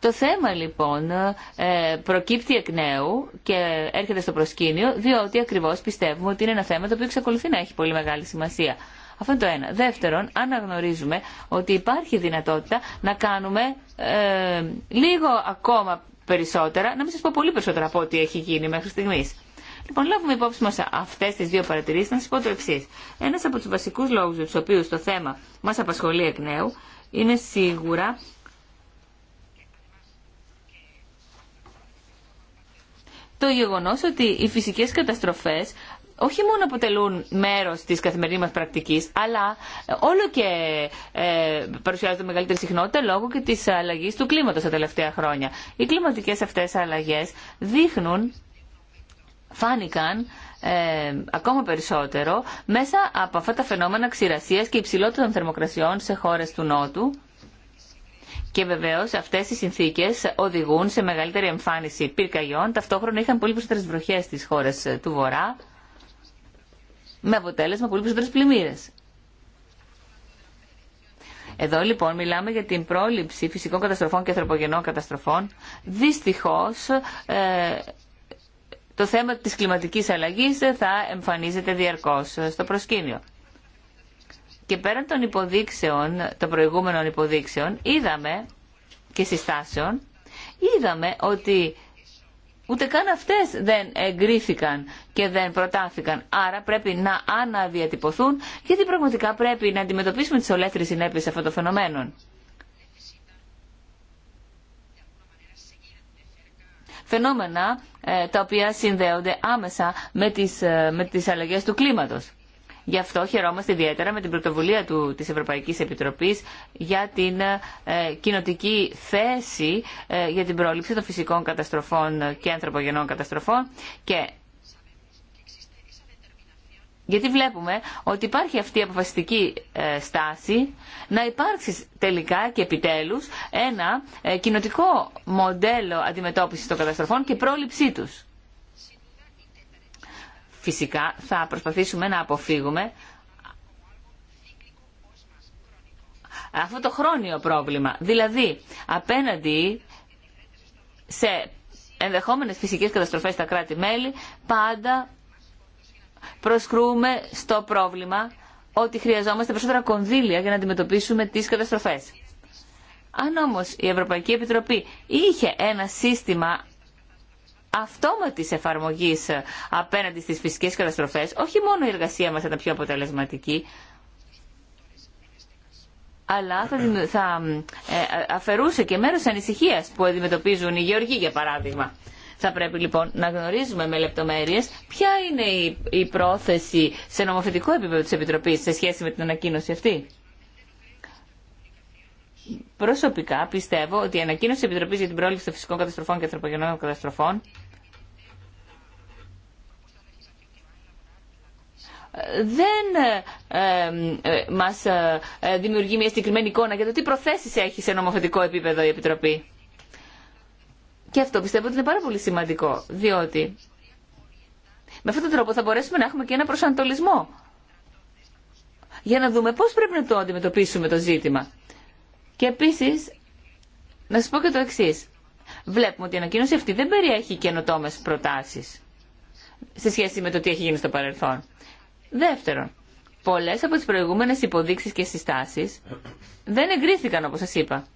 Το θέμα λοιπόν ε, προκύπτει εκ νέου και έρχεται στο προσκήνιο διότι ακριβώ πιστεύουμε ότι είναι ένα θέμα το οποίο εξακολουθεί να έχει πολύ μεγάλη σημασία. Αυτό είναι το ένα. Δεύτερον, αναγνωρίζουμε ότι υπάρχει δυνατότητα να κάνουμε ε, λίγο ακόμα περισσότερα, να μην σας πω πολύ περισσότερα από ό,τι έχει γίνει μέχρι στιγμής. Λοιπόν, λάβουμε υπόψη μα αυτέ τι δύο παρατηρήσει, να σα πω το εξή. Ένα από του βασικού λόγου για του οποίου το θέμα μα απασχολεί εκ νέου είναι σίγουρα το γεγονό ότι οι φυσικέ καταστροφέ όχι μόνο αποτελούν μέρος της καθημερινής μας πρακτικής, αλλά όλο και ε, παρουσιάζονται μεγαλύτερη συχνότητα λόγω και της αλλαγής του κλίματος τα τελευταία χρόνια. Οι κλιματικές αυτές αλλαγές δείχνουν φάνηκαν ε, ακόμα περισσότερο μέσα από αυτά τα φαινόμενα ξηρασίας και υψηλότερων θερμοκρασιών σε χώρες του Νότου και βεβαίω αυτέ οι συνθήκε οδηγούν σε μεγαλύτερη εμφάνιση πυρκαγιών. Ταυτόχρονα είχαν πολύ περισσότερε βροχέ στι χώρε του Βορρά, με αποτέλεσμα πολύ περισσότερε πλημμύρε. Εδώ λοιπόν μιλάμε για την πρόληψη φυσικών καταστροφών και ανθρωπογενών καταστροφών. Δυστυχώ ε, το θέμα της κλιματικής αλλαγής θα εμφανίζεται διαρκώς στο προσκήνιο. Και πέραν των υποδείξεων, των προηγούμενων υποδείξεων, είδαμε και συστάσεων, είδαμε ότι ούτε καν αυτές δεν εγκρίθηκαν και δεν προτάθηκαν. Άρα πρέπει να αναδιατυπωθούν, γιατί πραγματικά πρέπει να αντιμετωπίσουμε τις ολέθρες συνέπειες αυτών των φαινομένων. φαινόμενα ε, τα οποία συνδέονται άμεσα με τις, ε, με τις αλλαγές του κλίματος. Γι' αυτό χαιρόμαστε ιδιαίτερα με την πρωτοβουλία του, της Ευρωπαϊκής Επιτροπής για την ε, κοινοτική θέση ε, για την πρόληψη των φυσικών καταστροφών και ανθρωπογενών καταστροφών και γιατί βλέπουμε ότι υπάρχει αυτή η αποφασιστική ε, στάση να υπάρξει τελικά και επιτέλους ένα ε, κοινοτικό μοντέλο αντιμετώπισης των καταστροφών και πρόληψή τους. Φυσικά θα προσπαθήσουμε να αποφύγουμε αυτό το χρόνιο πρόβλημα. Δηλαδή, απέναντι σε ενδεχόμενες φυσικές καταστροφές στα κράτη-μέλη, πάντα προσκρούμε στο πρόβλημα ότι χρειαζόμαστε περισσότερα κονδύλια για να αντιμετωπίσουμε τις καταστροφές. Αν όμως η Ευρωπαϊκή Επιτροπή είχε ένα σύστημα αυτόματης εφαρμογής απέναντι στις φυσικές καταστροφές, όχι μόνο η εργασία μας θα ήταν πιο αποτελεσματική, αλλά θα, θα ε, αφαιρούσε και μέρος ανησυχίας που αντιμετωπίζουν οι γεωργοί, για παράδειγμα. Θα πρέπει λοιπόν να γνωρίζουμε με λεπτομέρειε ποια είναι η πρόθεση σε νομοθετικό επίπεδο τη Επιτροπή σε σχέση με την ανακοίνωση αυτή. Προσωπικά πιστεύω ότι η ανακοίνωση τη Επιτροπή για την πρόληψη των φυσικών καταστροφών και ανθρωπογενών καταστροφών δεν ε, ε μας ε, δημιουργεί μια συγκεκριμένη εικόνα για το τι προθέσεις έχει σε νομοθετικό επίπεδο η Επιτροπή. Και αυτό πιστεύω ότι είναι πάρα πολύ σημαντικό, διότι με αυτόν τον τρόπο θα μπορέσουμε να έχουμε και ένα προσανατολισμό για να δούμε πώς πρέπει να το αντιμετωπίσουμε το ζήτημα. Και επίσης, να σας πω και το εξή. Βλέπουμε ότι η ανακοίνωση αυτή δεν περιέχει καινοτόμες προτάσεις σε σχέση με το τι έχει γίνει στο παρελθόν. Δεύτερον, πολλές από τις προηγούμενες υποδείξεις και συστάσεις δεν εγκρίθηκαν όπως σας είπα.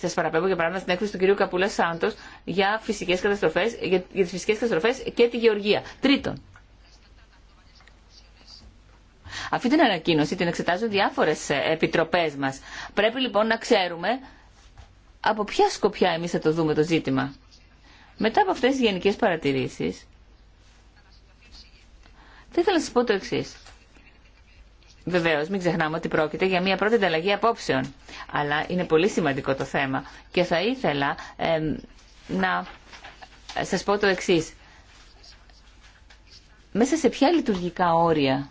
Σα παραπέμπω για παράδειγμα στην έκθεση του κυρίου Καπούλα Σάντο για, φυσικές καταστροφές, για, για τι φυσικέ καταστροφέ και τη γεωργία. Τρίτον, αυτή την ανακοίνωση την εξετάζουν διάφορε επιτροπέ μα. Πρέπει λοιπόν να ξέρουμε από ποια σκοπιά εμεί θα το δούμε το ζήτημα. Μετά από αυτέ τι γενικέ παρατηρήσει, θα ήθελα να σα πω το εξή. Βεβαίω, μην ξεχνάμε ότι πρόκειται για μια πρώτη ανταλλαγή απόψεων. Αλλά είναι πολύ σημαντικό το θέμα και θα ήθελα να σα πω το εξή. Μέσα σε ποια λειτουργικά όρια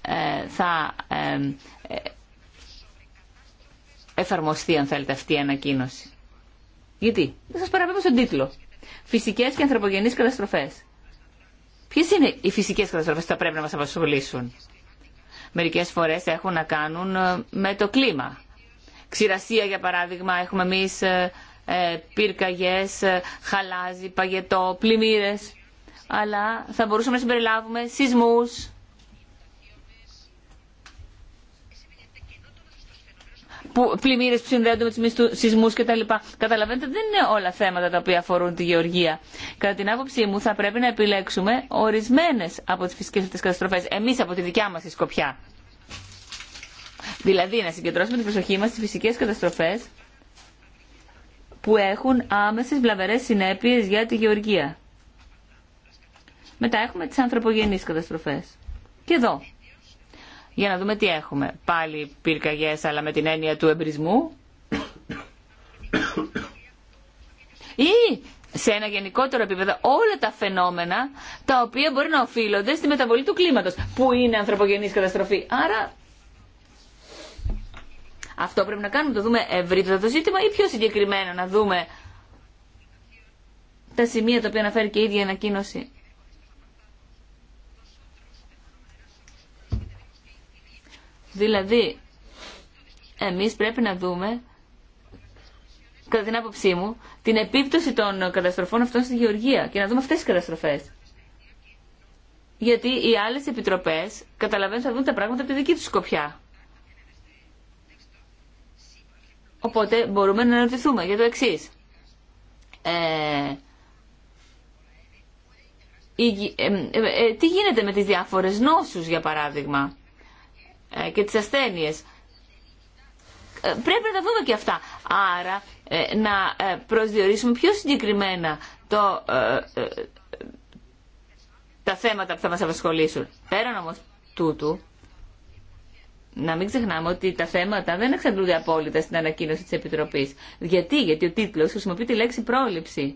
ε, θα ε, εφαρμοστεί, αν θέλετε, αυτή η ανακοίνωση. Γιατί, θα σας παραπέμπω στον τίτλο. Φυσικές και ανθρωπογενείς καταστροφές. Ποιε είναι οι φυσικέ καταστροφέ που θα πρέπει να μα απασχολήσουν. Μερικέ φορέ έχουν να κάνουν ε, με το κλίμα. Ξηρασία, για παράδειγμα, έχουμε εμεί ε, ε, πυρκαγιέ, χαλάζι, παγετό, πλημμύρε. Αλλά θα μπορούσαμε να συμπεριλάβουμε σεισμού, που, πλημμύρες που συνδέονται με τους σεισμούς κτλ. Καταλαβαίνετε δεν είναι όλα θέματα τα οποία αφορούν τη γεωργία. Κατά την άποψή μου θα πρέπει να επιλέξουμε ορισμένες από τις φυσικές καταστροφές, εμείς από τη δικιά μας τη σκοπιά. Δηλαδή να συγκεντρώσουμε την προσοχή μας στις φυσικές καταστροφές που έχουν άμεσες βλαβερές συνέπειες για τη γεωργία. Μετά έχουμε τις ανθρωπογενείς καταστροφές. Και εδώ για να δούμε τι έχουμε. Πάλι πυρκαγιές αλλά με την έννοια του εμπρισμού ή σε ένα γενικότερο επίπεδο όλα τα φαινόμενα τα οποία μπορεί να οφείλονται στη μεταβολή του κλίματος που είναι ανθρωπογενής καταστροφή. Άρα αυτό πρέπει να κάνουμε, το δούμε ευρύτερα το ζήτημα ή πιο συγκεκριμένα να δούμε τα σημεία τα οποία αναφέρει και η ίδια ανακοίνωση Δηλαδή, εμείς πρέπει να δούμε, κατά την άποψή μου, την επίπτωση των καταστροφών αυτών στη γεωργία και να δούμε αυτές τις καταστροφές. Γιατί οι άλλες επιτροπές καταλαβαίνουν θα δουν τα πράγματα από τη δική τους σκοπιά. Οπότε μπορούμε να αναρωτηθούμε για το εξή. Ε, ε, ε, ε, τι γίνεται με τις διάφορες νόσους, για παράδειγμα. Ε, και τις ασθένειες. Ε, πρέπει να τα δούμε και αυτά. Άρα ε, να προσδιορίσουμε πιο συγκεκριμένα το, τα θέματα που θα μας απασχολήσουν. Πέραν όμως τούτου, να μην ξεχνάμε ότι τα θέματα δεν εξαντλούνται απόλυτα στην ανακοίνωση της Επιτροπής. Γιατί, γιατί ο τίτλος χρησιμοποιεί τη λέξη πρόληψη.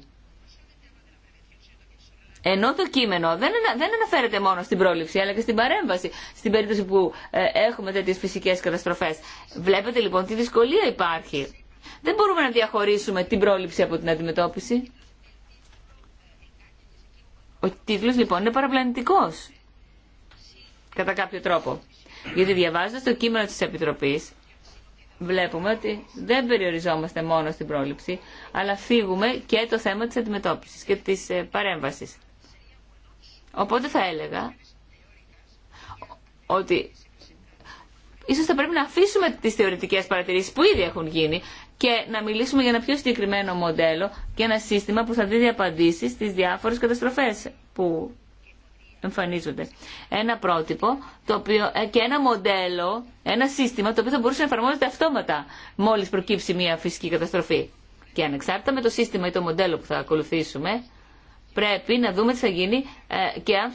Ενώ το κείμενο δεν, ανα, δεν αναφέρεται μόνο στην πρόληψη, αλλά και στην παρέμβαση, στην περίπτωση που ε, έχουμε τέτοιε φυσικέ καταστροφέ. Βλέπετε λοιπόν τι δυσκολία υπάρχει. Δεν μπορούμε να διαχωρίσουμε την πρόληψη από την αντιμετώπιση. Ο τίτλος λοιπόν είναι παραπλανητικός, κατά κάποιο τρόπο. Γιατί διαβάζοντα το κείμενο της Επιτροπής, βλέπουμε ότι δεν περιοριζόμαστε μόνο στην πρόληψη, αλλά φύγουμε και το θέμα της αντιμετώπισης και της ε, παρέμβασης. Οπότε θα έλεγα ότι ίσως θα πρέπει να αφήσουμε τις θεωρητικές παρατηρήσεις που ήδη έχουν γίνει και να μιλήσουμε για ένα πιο συγκεκριμένο μοντέλο και ένα σύστημα που θα δίνει απαντήσεις στις διάφορες καταστροφές που εμφανίζονται. Ένα πρότυπο το οποίο, ε, και ένα μοντέλο, ένα σύστημα το οποίο θα μπορούσε να εφαρμόζεται αυτόματα μόλις προκύψει μια φυσική καταστροφή. Και ανεξάρτητα με το σύστημα ή το μοντέλο που θα ακολουθήσουμε, πρέπει να δούμε τι θα γίνει ε, και, αν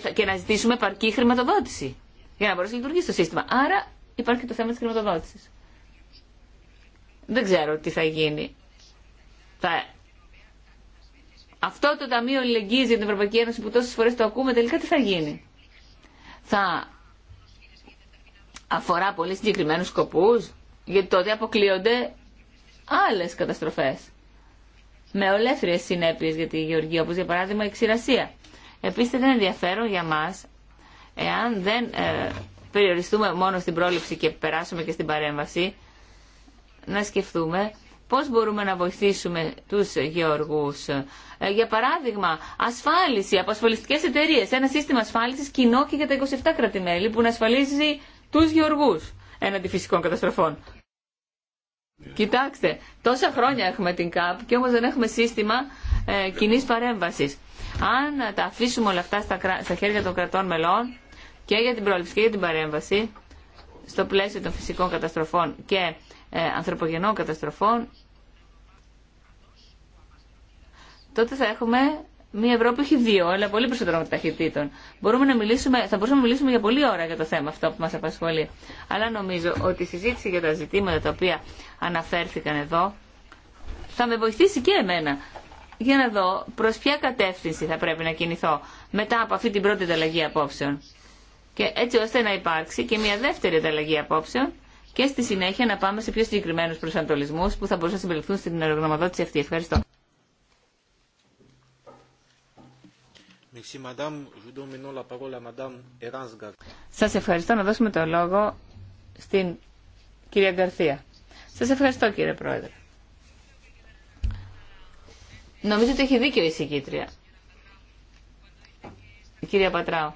θα και, να ζητήσουμε επαρκή χρηματοδότηση για να μπορέσει να λειτουργήσει το σύστημα. Άρα υπάρχει και το θέμα της χρηματοδότηση. Δεν ξέρω τι θα γίνει. Θα... Αυτό το Ταμείο Αλληλεγγύης για την Ευρωπαϊκή Ένωση που τόσε φορές το ακούμε τελικά τι θα γίνει. Θα αφορά πολύ συγκεκριμένου σκοπού, γιατί τότε αποκλείονται άλλε καταστροφέ με ολέθριες συνέπειες για τη γεωργία, όπως για παράδειγμα η ξηρασία. Επίσης δεν είναι ενδιαφέρον για μας, εάν δεν ε, περιοριστούμε μόνο στην πρόληψη και περάσουμε και στην παρέμβαση, να σκεφτούμε πώς μπορούμε να βοηθήσουμε τους γεωργούς. Ε, για παράδειγμα, ασφάλιση από ασφαλιστικές εταιρείες, ένα σύστημα ασφάλισης κοινό και για τα 27 κρατημέλη που να ασφαλίζει τους γεωργούς έναντι φυσικών καταστροφών. Κοιτάξτε, τόσα χρόνια έχουμε την ΚΑΠ και όμως δεν έχουμε σύστημα ε, κοινή παρέμβασης. Αν τα αφήσουμε όλα αυτά στα, χέρια των κρατών μελών και για την πρόληψη και για την παρέμβαση στο πλαίσιο των φυσικών καταστροφών και ε, ανθρωπογενών καταστροφών τότε θα έχουμε Μία Ευρώπη, έχει δύο, αλλά πολύ με ταχυτήτων. Μπορούμε να μιλήσουμε, θα μπορούσαμε να μιλήσουμε για πολλή ώρα για το θέμα αυτό που μας απασχολεί. Αλλά νομίζω ότι η συζήτηση για τα ζητήματα τα οποία αναφέρθηκαν εδώ θα με βοηθήσει και εμένα για να δω προς ποια κατεύθυνση θα πρέπει να κινηθώ μετά από αυτή την πρώτη ανταλλαγή απόψεων. Και έτσι ώστε να υπάρξει και μια δεύτερη ανταλλαγή απόψεων και στη συνέχεια να πάμε σε πιο συγκεκριμένου προσανατολισμού που θα μπορούσαν να συμπεριληφθούν στην αερογραμματότηση αυτή. Ευχαριστώ. Σας ευχαριστώ να δώσουμε το λόγο στην κυρία Γκαρθία. Σας ευχαριστώ κύριε Πρόεδρε. Νομίζω ότι έχει δίκιο η συγκήτρια. Κυρία Πατράου.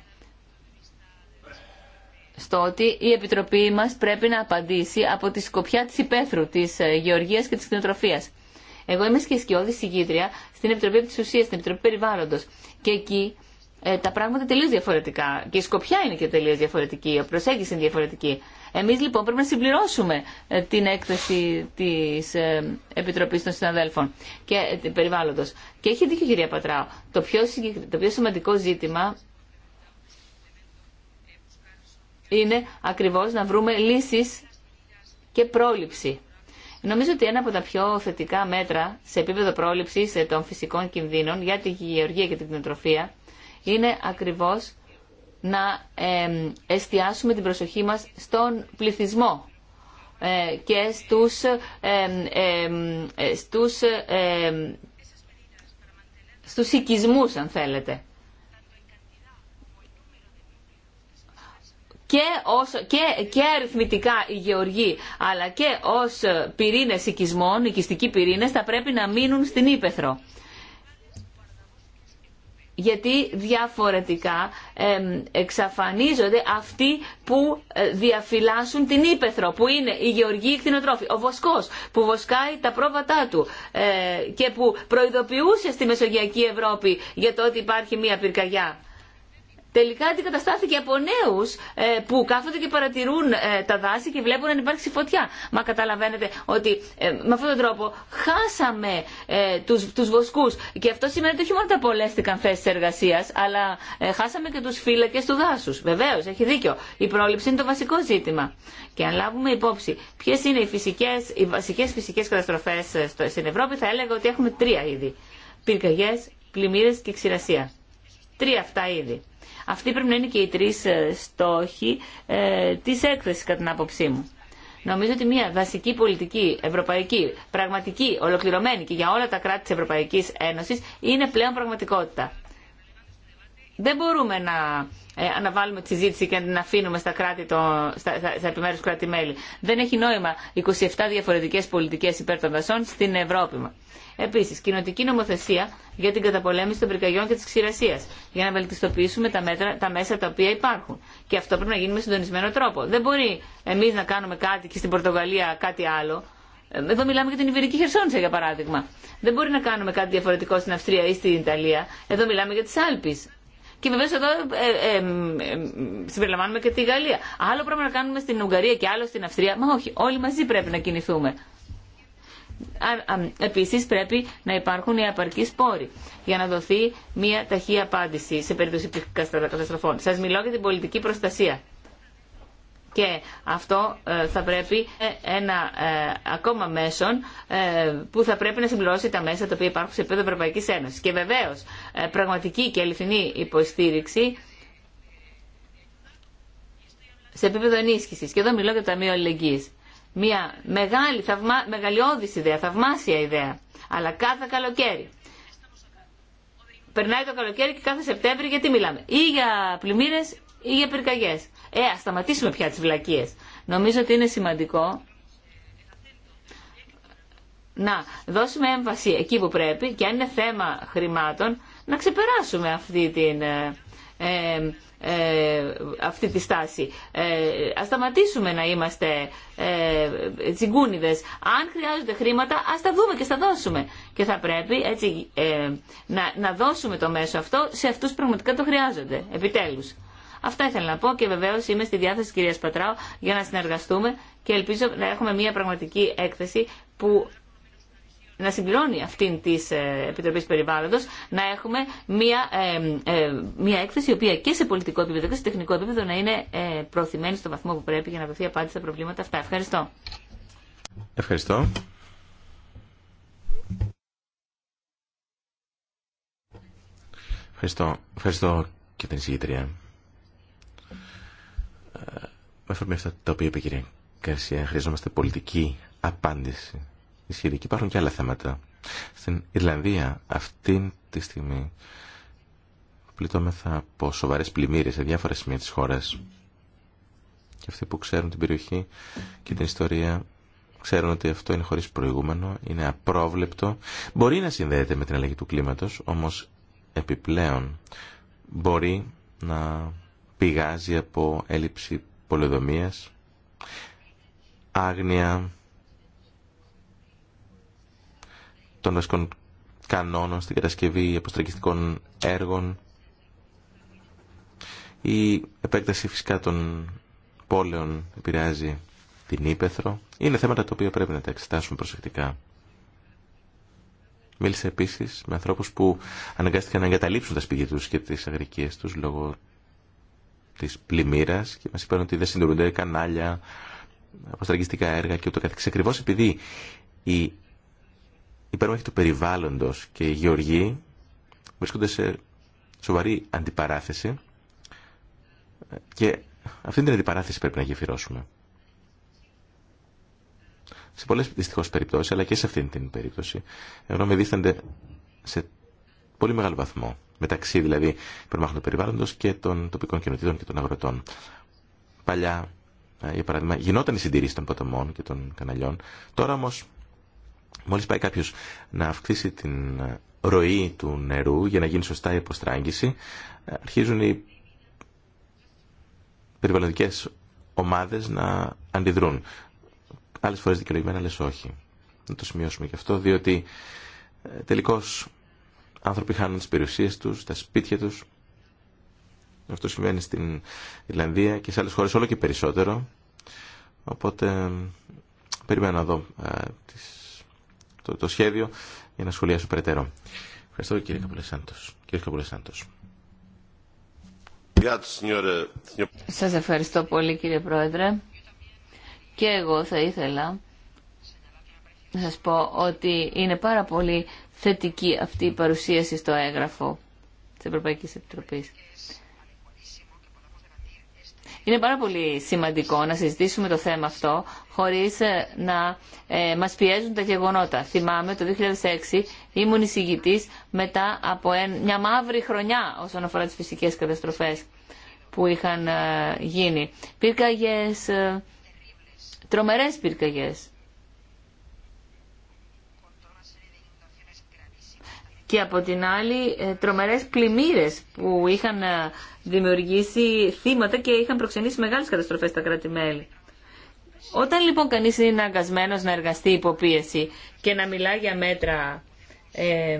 Στο ότι η Επιτροπή μας πρέπει να απαντήσει από τη σκοπιά της υπαίθρου, της ε, γεωργίας και της κτηνοτροφίας. Εγώ είμαι σκισκιώδη συγκήτρια στην Επιτροπή τη Ουσία, στην Επιτροπή Περιβάλλοντο. Και εκεί ε, τα πράγματα τελείω διαφορετικά. Και η σκοπιά είναι και τελείω διαφορετική, η προσέγγιση είναι διαφορετική. Εμεί λοιπόν πρέπει να συμπληρώσουμε ε, την έκθεση τη ε, Επιτροπή των Συναδέλφων και ε, Περιβάλλοντο. Και έχει δίκιο κυρία Πατράου. Το πιο, το πιο σημαντικό ζήτημα είναι ακριβώς να βρούμε λύσεις και πρόληψη. Νομίζω ότι ένα από τα πιο θετικά μέτρα σε επίπεδο πρόληψη των φυσικών κινδύνων για τη γεωργία και την κτηνοτροφία είναι ακριβώ να εστιάσουμε την προσοχή μας στον πληθυσμό ε, και στους, ε, στους, στους οικισμούς αν θέλετε. και, ως, και, και αριθμητικά οι γεωργοί αλλά και ως πυρήνες οικισμών, οικιστικοί πυρήνες θα πρέπει να μείνουν στην Ήπεθρο. Γιατί διαφορετικά εξαφανίζονται αυτοί που ε, διαφυλάσσουν την ύπεθρο, που είναι οι γεωργοί κτηνοτρόφοι. Ο Βοσκός που βοσκάει τα πρόβατά του ε, και που προειδοποιούσε στη Μεσογειακή Ευρώπη για το ότι υπάρχει μία πυρκαγιά τελικά αντικαταστάθηκε από νέου ε, που κάθονται και παρατηρούν ε, τα δάση και βλέπουν αν υπάρξει φωτιά. Μα καταλαβαίνετε ότι ε, με αυτόν τον τρόπο χάσαμε του τους βοσκούς και αυτό σημαίνει ότι όχι μόνο τα απολέστηκαν θέσει εργασία, αλλά χάσαμε και του φύλακε του δάσου. Βεβαίω, έχει δίκιο. Η πρόληψη είναι το βασικό ζήτημα. Και αν λάβουμε υπόψη ποιε είναι οι, βασικέ φυσικέ βασικές φυσικές καταστροφές στην Ευρώπη, θα έλεγα ότι έχουμε τρία είδη. Πυρκαγιέ, πλημμύρε και ξηρασία. Τρία αυτά είδη αυτή πρέπει να είναι και οι τρει ε, στόχοι ε, τη έκθεση κατά την άποψή μου. Νομίζω ότι μια βασική πολιτική, ευρωπαϊκή, πραγματική, ολοκληρωμένη και για όλα τα κράτη τη Ευρωπαϊκής Ένωσης είναι πλέον πραγματικότητα. Δεν μπορούμε να αναβάλουμε ε, τη συζήτηση και να την αφήνουμε στα, κράτη στα, επιμέρους κράτη-μέλη. Δεν έχει νόημα 27 διαφορετικές πολιτικές υπέρ των δασών στην Ευρώπη Επίση, κοινοτική νομοθεσία για την καταπολέμηση των πυρκαγιών και τη ξηρασία. Για να βελτιστοποιήσουμε τα, μέτρα, τα μέσα τα οποία υπάρχουν. Και αυτό πρέπει να γίνει με συντονισμένο τρόπο. Δεν μπορεί εμεί να κάνουμε κάτι και στην Πορτογαλία κάτι άλλο. Ε, εδώ μιλάμε για την Ιβερική Χερσόνησο, για παράδειγμα. Δεν μπορεί να κάνουμε κάτι διαφορετικό στην Αυστρία ή στην Ιταλία. Εδώ μιλάμε για τι Άλπε. Και βεβαίω εδώ ε, ε, ε, συμπεριλαμβάνουμε και τη Γαλλία. Άλλο πρέπει να κάνουμε στην Ουγγαρία και άλλο στην Αυστρία. Μα όχι, όλοι μαζί πρέπει να κινηθούμε. Επίση πρέπει να υπάρχουν οι απαρκεί πόροι για να δοθεί μια ταχεία απάντηση σε περίπτωση καταστροφών. Σα μιλάω για την πολιτική προστασία. Και αυτό ε, θα πρέπει ε, ένα ε, ακόμα μέσον που θα πρέπει να συμπληρώσει τα μέσα τα οποία υπάρχουν σε επίπεδο Ευρωπαϊκή Ένωση. Και βεβαίω πραγματική και αληθινή υποστήριξη σε επίπεδο ενίσχυση. Και εδώ μιλώ για το Ταμείο Αλληλεγγύη. Μια μεγάλη, θαυμα, μεγαλειώδης ιδέα, θαυμάσια ιδέα. Αλλά κάθε καλοκαίρι. Περνάει το καλοκαίρι και κάθε Σεπτέμβρη γιατί μιλάμε. Ή για πλημμύρε ή για πυρκαγιέ. Ε, ας σταματήσουμε πια τις βλακίες. Νομίζω ότι είναι σημαντικό να δώσουμε έμβαση εκεί που πρέπει και αν είναι θέμα χρημάτων να ξεπεράσουμε αυτή την... Ε, ε, ε, αυτή τη στάση. Ε, ας σταματήσουμε να είμαστε ε, τσιγκούνιδες. Αν χρειάζονται χρήματα, ας τα δούμε και στα δώσουμε. Και θα πρέπει έτσι ε, να, να δώσουμε το μέσο αυτό σε αυτούς που πραγματικά το χρειάζονται. Επιτέλους. Αυτά ήθελα να πω και βεβαίω είμαι στη διάθεση τη κυρία Πατράου για να συνεργαστούμε και ελπίζω να έχουμε μια πραγματική έκθεση που να συμπληρώνει αυτήν τη ε, Επιτροπή Περιβάλλοντο, να έχουμε μια, ε, ε, μια έκθεση η οποία και σε πολιτικό επίπεδο και σε τεχνικό επίπεδο να είναι ε, προωθημένη στο βαθμό που πρέπει για να δοθεί απάντηση στα προβλήματα αυτά. Ευχαριστώ. Ευχαριστώ. Ευχαριστώ, Ευχαριστώ και την συγγετρία με αφορμή αυτά τα οποία είπε η κυρία Καρσία, χρειαζόμαστε πολιτική απάντηση Και υπάρχουν και άλλα θέματα. Στην Ιρλανδία αυτή τη στιγμή πληττόμεθα από σοβαρέ πλημμύρε σε διάφορα σημεία της χώρας. Και αυτοί που ξέρουν την περιοχή και την ιστορία ξέρουν ότι αυτό είναι χωρίς προηγούμενο, είναι απρόβλεπτο. Μπορεί να συνδέεται με την αλλαγή του κλίματος, όμως επιπλέον μπορεί να πηγάζει από έλλειψη πολεοδομίας, άγνοια των βασικών κανόνων στην κατασκευή αποστρακιστικών έργων, η επέκταση φυσικά των πόλεων επηρεάζει την ύπεθρο. Είναι θέματα τα οποία πρέπει να τα εξετάσουμε προσεκτικά. Μίλησε επίσης με ανθρώπους που αναγκάστηκαν να εγκαταλείψουν τα σπίτια τους και τις αγρικίες τους λόγω Τη πλημμύρα και μα είπαν ότι δεν συντηρούνται κανάλια, αποστραγγιστικά έργα και ούτω καθεξή. Ακριβώς επειδή η υπέρμαχοι του περιβάλλοντο και οι γεωργοί βρίσκονται σε σοβαρή αντιπαράθεση και αυτή την αντιπαράθεση πρέπει να γεφυρώσουμε. Σε πολλέ δυστυχώς περιπτώσει αλλά και σε αυτήν την περίπτωση, ενώ με δίστανται σε πολύ μεγάλο βαθμό μεταξύ δηλαδή υπερμάχων του περιβάλλοντος και των τοπικών κοινοτήτων και των αγροτών. Παλιά, ε, για παράδειγμα, γινόταν η συντηρήση των ποταμών και των καναλιών. Τώρα όμω, μόλις πάει κάποιο να αυξήσει την ε, ροή του νερού για να γίνει σωστά η αποστράγγιση, ε, αρχίζουν οι περιβαλλοντικές ομάδες να αντιδρούν. Άλλε φορέ δικαιολογημένα, άλλε όχι. Να το σημειώσουμε και αυτό, διότι τελικώς άνθρωποι χάνουν τις περιουσίες τους, τα σπίτια τους. Αυτό συμβαίνει στην Ιρλανδία και σε άλλες χώρες όλο και περισσότερο. Οπότε περιμένω να δω ε, το, σχέδιο για να σχολιάσω περαιτέρω. Ευχαριστώ κύριε Καπουλεσάντος. Κύριε Καπουλεσάντος. Σας ευχαριστώ πολύ κύριε Πρόεδρε. Και εγώ θα ήθελα να σας πω ότι είναι πάρα πολύ θετική αυτή η παρουσίαση στο έγγραφο της Ευρωπαϊκής Επιτροπής. Είναι πάρα πολύ σημαντικό να συζητήσουμε το θέμα αυτό χωρίς ε, να ε, μας πιέζουν τα γεγονότα. Θυμάμαι το 2006 ήμουν εισηγητής μετά από μια μαύρη χρονιά όσον αφορά τις φυσικές καταστροφές που είχαν ε, γίνει. Πυρκαγιές, ε, τρομερές και από την άλλη ε, τρομερές πλημμύρες που είχαν ε, δημιουργήσει θύματα και είχαν προξενήσει μεγάλες καταστροφές στα κράτη-μέλη. Όταν λοιπόν κανείς είναι αγκασμένος να εργαστεί υποπίεση και να μιλά για μέτρα ε,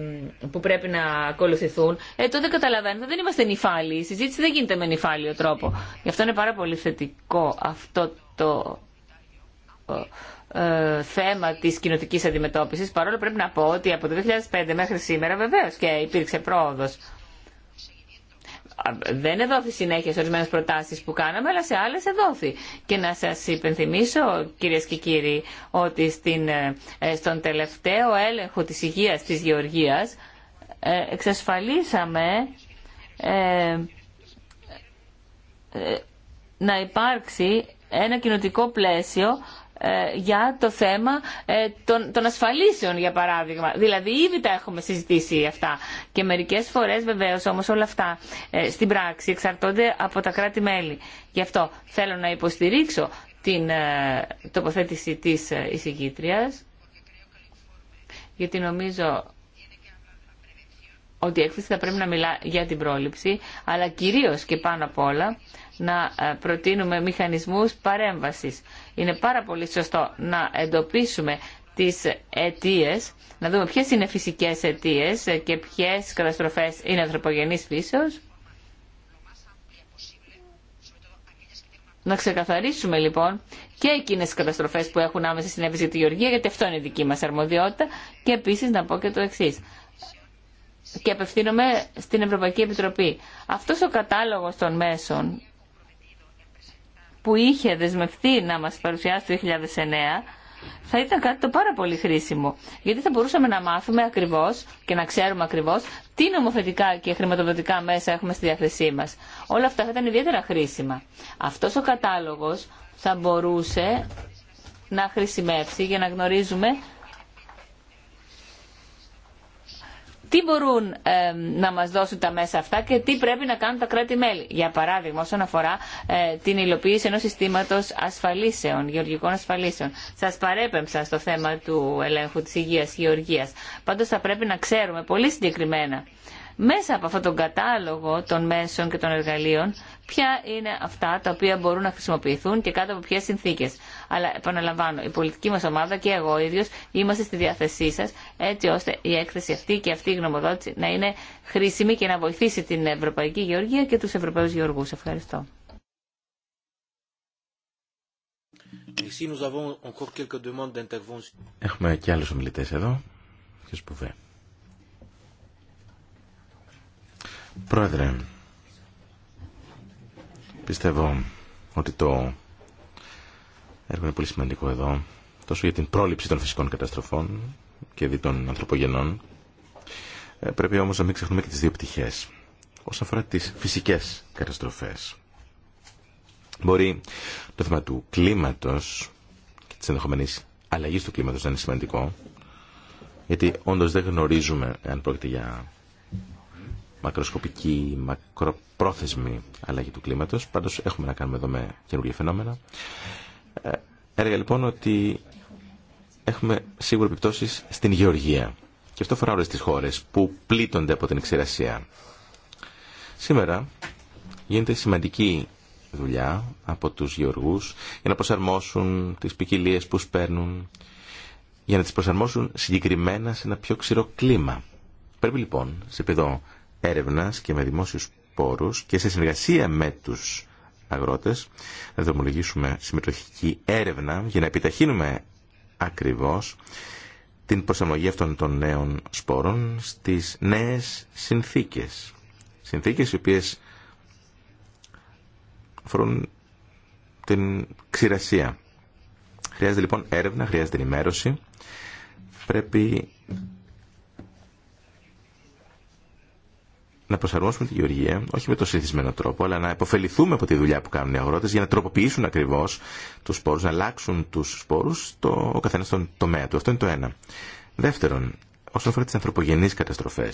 που πρέπει να ακολουθηθούν, ε, τότε καταλαβαίνετε δεν είμαστε νυφάλοι, Η συζήτηση δεν γίνεται με νυφάλιο τρόπο. Γι' αυτό είναι πάρα πολύ θετικό αυτό το ε, θέμα τη κοινοτική αντιμετώπιση, παρόλο πρέπει να πω ότι από το 2005 μέχρι σήμερα βεβαίω και υπήρξε πρόοδος. Δεν εδόθη συνέχεια σε ορισμένε προτάσει που κάναμε, αλλά σε άλλε εδόθη. Και να σα υπενθυμίσω, κυρίε και κύριοι, ότι στην, ε, ε, στον τελευταίο έλεγχο τη υγεία τη Γεωργία εξασφαλίσαμε να υπάρξει ένα κοινοτικό πλαίσιο ε, για το θέμα ε, των, ασφαλίσεων, για παράδειγμα. Δηλαδή, ήδη τα έχουμε συζητήσει αυτά. Και μερικέ φορέ, βεβαίω, όμω όλα αυτά ε, στην πράξη εξαρτώνται από τα κράτη-μέλη. Γι' αυτό θέλω να υποστηρίξω την τοποθέτηση της εισηγήτριας, γιατί νομίζω ότι η έκθεση θα πρέπει να μιλά για την πρόληψη, αλλά κυρίως και πάνω απ' όλα να προτείνουμε μηχανισμούς παρέμβασης είναι πάρα πολύ σωστό να εντοπίσουμε τις αιτίες, να δούμε ποιες είναι φυσικές αιτίες και ποιες καταστροφές είναι ανθρωπογενής φύσεως. Να ξεκαθαρίσουμε λοιπόν και εκείνες τις καταστροφές που έχουν άμεσα συνέβηση για τη Γεωργία, γιατί αυτό είναι η δική μας αρμοδιότητα και επίσης να πω και το εξή. Και απευθύνομαι στην Ευρωπαϊκή Επιτροπή. Αυτός ο κατάλογος των μέσων που είχε δεσμευτεί να μας παρουσιάσει το 2009 θα ήταν κάτι το πάρα πολύ χρήσιμο. Γιατί θα μπορούσαμε να μάθουμε ακριβώς και να ξέρουμε ακριβώς τι νομοθετικά και χρηματοδοτικά μέσα έχουμε στη διάθεσή μας. Όλα αυτά θα ήταν ιδιαίτερα χρήσιμα. Αυτός ο κατάλογος θα μπορούσε να χρησιμεύσει για να γνωρίζουμε τι μπορούν να μας δώσουν τα μέσα αυτά και τι πρέπει να κάνουν τα κράτη-μέλη. Για παράδειγμα, όσον αφορά ε, την υλοποίηση ενός συστήματος ασφαλίσεων, γεωργικών ασφαλίσεων. Σας παρέπεμψα στο θέμα του ελέγχου της υγείας, γεωργίας. Πάντως θα πρέπει να ξέρουμε πολύ συγκεκριμένα μέσα από αυτόν τον κατάλογο των μέσων και των εργαλείων ποια είναι αυτά τα οποία μπορούν να χρησιμοποιηθούν και κάτω από ποιε συνθήκε. Αλλά επαναλαμβάνω, η πολιτική μα ομάδα και εγώ ίδιο είμαστε στη διάθεσή σα έτσι ώστε η έκθεση αυτή και αυτή η γνωμοδότηση να είναι χρήσιμη και να βοηθήσει την Ευρωπαϊκή Γεωργία και του Ευρωπαίου Γεωργού. Ευχαριστώ. Έχουμε και άλλους ομιλητές εδώ. Πρόεδρε, πιστεύω ότι το έργο είναι πολύ σημαντικό εδώ, τόσο για την πρόληψη των φυσικών καταστροφών και δι των ανθρωπογενών. Ε, πρέπει όμως να μην ξεχνούμε και τις δύο πτυχές. Όσον αφορά τις φυσικές καταστροφές, μπορεί το θέμα του κλίματος και της ενδεχομένης αλλαγής του κλίματος να είναι σημαντικό, γιατί όντως δεν γνωρίζουμε αν πρόκειται για μακροσκοπική, μακροπρόθεσμη αλλαγή του κλίματος. Πάντως έχουμε να κάνουμε εδώ με καινούργια φαινόμενα. Ε, έργα λοιπόν ότι έχουμε σίγουρα επιπτώσεις στην γεωργία. Και αυτό αφορά όλες τις χώρες που πλήττονται από την εξερασία. Σήμερα γίνεται σημαντική δουλειά από τους γεωργούς για να προσαρμόσουν τις ποικιλίε που σπέρνουν, για να τις προσαρμόσουν συγκεκριμένα σε ένα πιο ξηρό κλίμα. Πρέπει λοιπόν, σε επίπεδο έρευνας και με δημόσιους πόρους και σε συνεργασία με τους αγρότες να δομολογήσουμε συμμετοχική έρευνα για να επιταχύνουμε ακριβώς την προσαρμογή αυτών των νέων σπόρων στις νέες συνθήκες. Συνθήκες οι οποίες αφορούν την ξηρασία. Χρειάζεται λοιπόν έρευνα, χρειάζεται ενημέρωση. Πρέπει να προσαρμόσουμε τη γεωργία, όχι με το συνηθισμένο τρόπο, αλλά να υποφεληθούμε από τη δουλειά που κάνουν οι αγρότε για να τροποποιήσουν ακριβώ του σπόρου, να αλλάξουν του σπόρου το, ο καθένα στον τομέα του. Αυτό είναι το ένα. Δεύτερον, όσον αφορά τι ανθρωπογενεί καταστροφέ.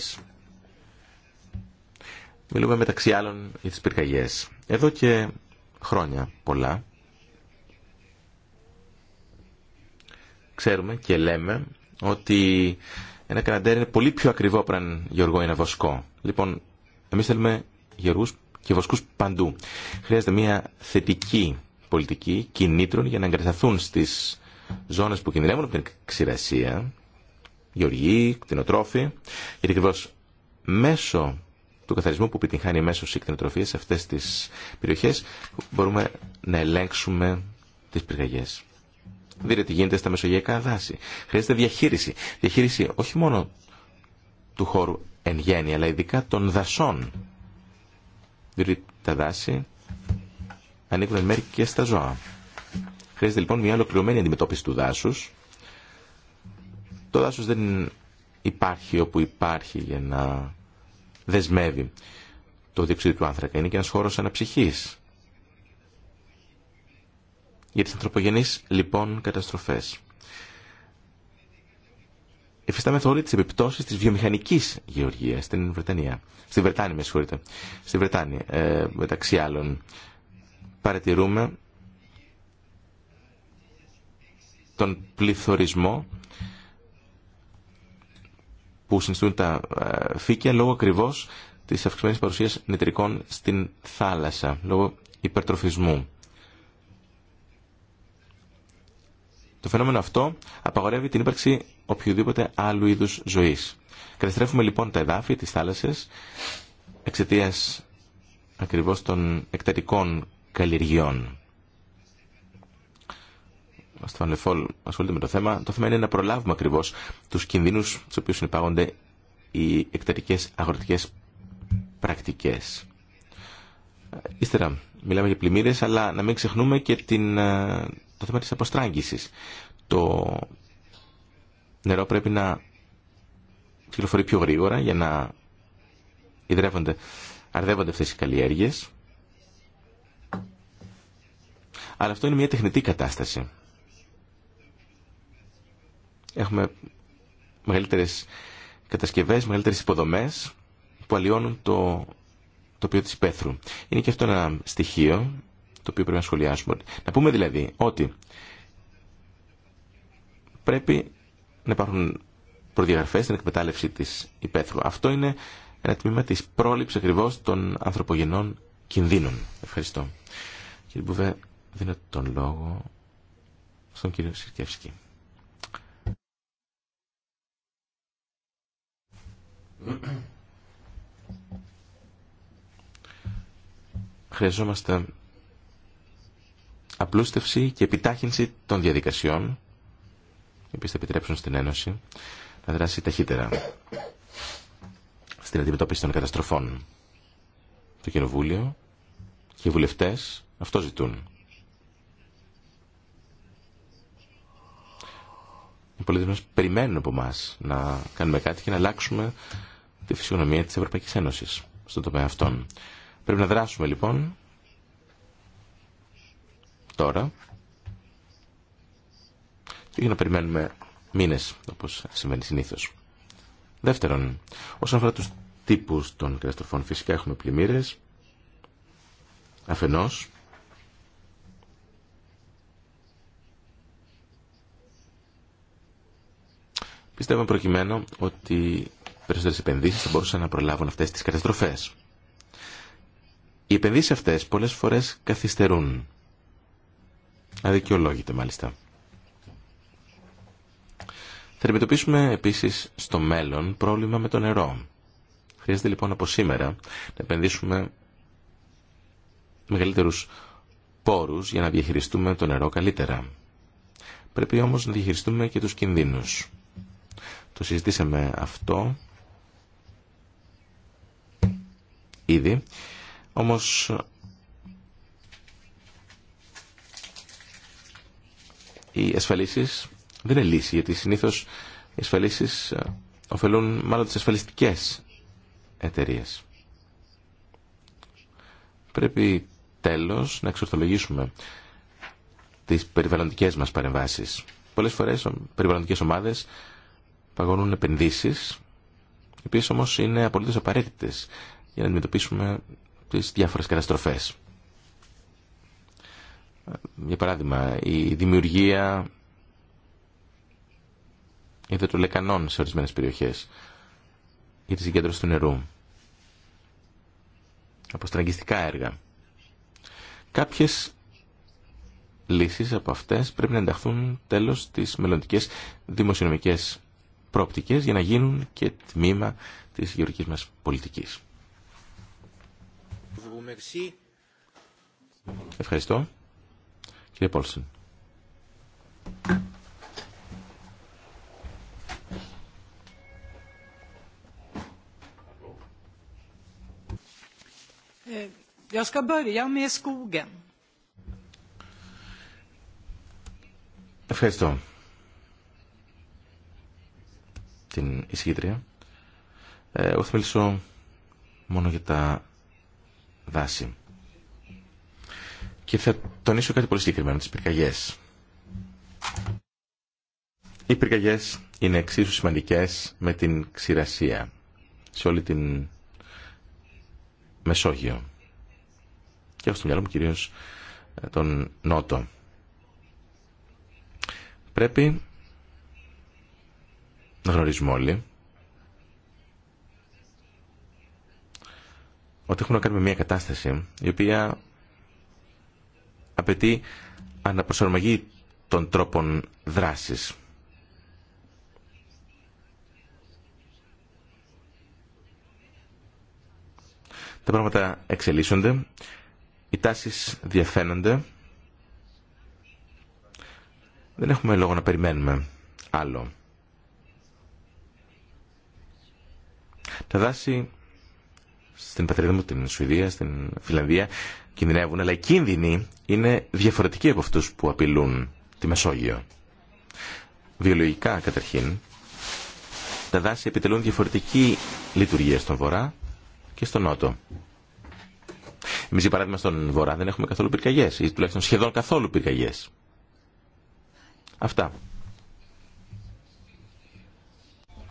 Μιλούμε μεταξύ άλλων για τι πυρκαγιέ. Εδώ και χρόνια πολλά. Ξέρουμε και λέμε ότι ένα καναντέρ είναι πολύ πιο ακριβό από έναν γεωργό είναι ένα βοσκό. Λοιπόν, Εμεί θέλουμε γερού και βοσκούς παντού. Χρειάζεται μια θετική πολιτική κινήτρων για να εγκατασταθούν στις ζώνες που κινδυνεύουν από την ξηρασία, γεωργοί, κτηνοτρόφοι, γιατί ακριβώ μέσω του καθαρισμού που επιτυγχάνει μέσω τη κτηνοτροφία σε αυτές τις περιοχές μπορούμε να ελέγξουμε τις πυρκαγιέ. Δείτε τι γίνεται στα μεσογειακά δάση. Χρειάζεται διαχείριση. Διαχείριση όχι μόνο του χώρου εν αλλά ειδικά των δασών. Διότι τα δάση ανήκουν εν και στα ζώα. Χρειάζεται λοιπόν μια ολοκληρωμένη αντιμετώπιση του δάσου. Το δάσο δεν υπάρχει όπου υπάρχει για να δεσμεύει το διοξείδιο του άνθρακα. Είναι και ένα χώρο αναψυχή. για τι ανθρωπογενεί λοιπόν καταστροφές εφιστάμεθα όλοι τι επιπτώσει τη βιομηχανική γεωργία στην Βρετανία. Στην Βρετάνη, με συγχωρείτε. Στη Βρετάνη, ε, μεταξύ άλλων. Παρατηρούμε τον πληθωρισμό που συνιστούν τα ε, φύκια λόγω ακριβώ τη αυξημένη παρουσία νητρικών στην θάλασσα, λόγω υπερτροφισμού. Το φαινόμενο αυτό απαγορεύει την ύπαρξη οποιοδήποτε άλλου είδους ζωής. Καταστρέφουμε λοιπόν τα εδάφη, τις θάλασσες, εξαιτία ακριβώς των εκτατικών καλλιεργιών. Ο Στεφαν Λεφόλ ασχολείται με το θέμα. Το θέμα είναι να προλάβουμε ακριβώς τους κινδύνους στους οποίους συνεπάγονται οι εκτατικές αγροτικές πρακτικές. Ύστερα μιλάμε για πλημμύρες, αλλά να μην ξεχνούμε και την ε, το θέμα της αποστράγγισης. Το νερό πρέπει να κυκλοφορεί πιο γρήγορα για να αρδεύονται αυτές οι καλλιέργειες. Αλλά αυτό είναι μια τεχνητή κατάσταση. Έχουμε μεγαλύτερες κατασκευές, μεγαλύτερες υποδομές που αλλοιώνουν το τοπίο της υπαίθρου. Είναι και αυτό ένα στοιχείο το οποίο πρέπει να σχολιάσουμε. Να πούμε δηλαδή ότι πρέπει να υπάρχουν προδιαγραφές στην εκμετάλλευση της υπαίθρου. Αυτό είναι ένα τμήμα της πρόληψης ακριβώς των ανθρωπογενών κινδύνων. Ευχαριστώ. Κύριε Μπουβέ, δίνω τον λόγο στον κύριο Συρκεύσκη. Χρειαζόμαστε απλούστευση και επιτάχυνση των διαδικασιών, οι οποίε θα επιτρέψουν στην Ένωση να δράσει ταχύτερα στην αντιμετώπιση των καταστροφών. Το Κοινοβούλιο και οι βουλευτές αυτό ζητούν. Οι πολίτε μας περιμένουν από εμά να κάνουμε κάτι και να αλλάξουμε τη φυσιογνωμία της Ευρωπαϊκής Ένωσης στον τομέα αυτών. Πρέπει να δράσουμε λοιπόν τώρα και να περιμένουμε μήνες όπως συμβαίνει συνήθως. Δεύτερον, όσον αφορά τους τύπους των καταστροφών φυσικά έχουμε πλημμύρες αφενός Πιστεύουμε προκειμένου ότι περισσότερε επενδύσει θα μπορούσαν να προλάβουν αυτέ τι καταστροφέ. Οι επενδύσει αυτέ πολλέ φορέ καθυστερούν. Αδικαιολόγητα μάλιστα. Θα αντιμετωπίσουμε επίσης στο μέλλον πρόβλημα με το νερό. Χρειάζεται λοιπόν από σήμερα να επενδύσουμε μεγαλύτερους πόρους για να διαχειριστούμε το νερό καλύτερα. Πρέπει όμως να διαχειριστούμε και τους κινδύνους. Το συζητήσαμε αυτό ήδη, όμως οι ασφαλίσει δεν είναι λύση, γιατί συνήθω οι ασφαλίσει ε, ωφελούν μάλλον τι ασφαλιστικέ εταιρείε. Πρέπει τέλος να εξορθολογήσουμε τις περιβαλλοντικές μας παρεμβάσεις. Πολλές φορές περιβαλλοντικές ομάδες παγώνουν επενδύσεις, οι οποίες όμως είναι απολύτως απαραίτητες για να αντιμετωπίσουμε τις διάφορες καταστροφές για παράδειγμα, η δημιουργία λεκανών σε ορισμένες περιοχές ή τη συγκέντρωση του νερού. Αποστραγγιστικά έργα. Κάποιες λύσεις από αυτές πρέπει να ενταχθούν τέλος στις μελλοντικές δημοσιονομικές πρόπτικες για να γίνουν και τμήμα της γεωργικής μας πολιτικής. Ευχαριστώ. Κύριε Πόλσον. Ε, Ευχαριστώ την εισηγήτρια. Ε, εγώ θα μιλήσω μόνο για τα δάση. Και θα τονίσω κάτι πολύ συγκεκριμένο, τις πυρκαγιές. Οι πυρκαγιές είναι εξίσου σημαντικές με την ξηρασία σε όλη την Μεσόγειο. Και έχω στο μυαλό μου κυρίως ε, τον Νότο. Πρέπει να γνωρίζουμε όλοι ότι έχουμε να κάνουμε μια κατάσταση η οποία απαιτεί αναπροσαρμογή των τρόπων δράσης. Τα πράγματα εξελίσσονται, οι τάσεις διαφαίνονται. Δεν έχουμε λόγο να περιμένουμε άλλο. Τα δάση στην πατρίδα μου, την Σουηδία, στην Φιλανδία, κινδυνεύουν, αλλά οι κίνδυνοι είναι διαφορετικοί από αυτούς που απειλούν τη Μεσόγειο. Βιολογικά, καταρχήν, τα δάση επιτελούν διαφορετική λειτουργία στον Βορρά και στον Νότο. Εμείς, για παράδειγμα, στον Βορρά δεν έχουμε καθόλου πυρκαγιές ή τουλάχιστον σχεδόν καθόλου πυρκαγιές. Αυτά.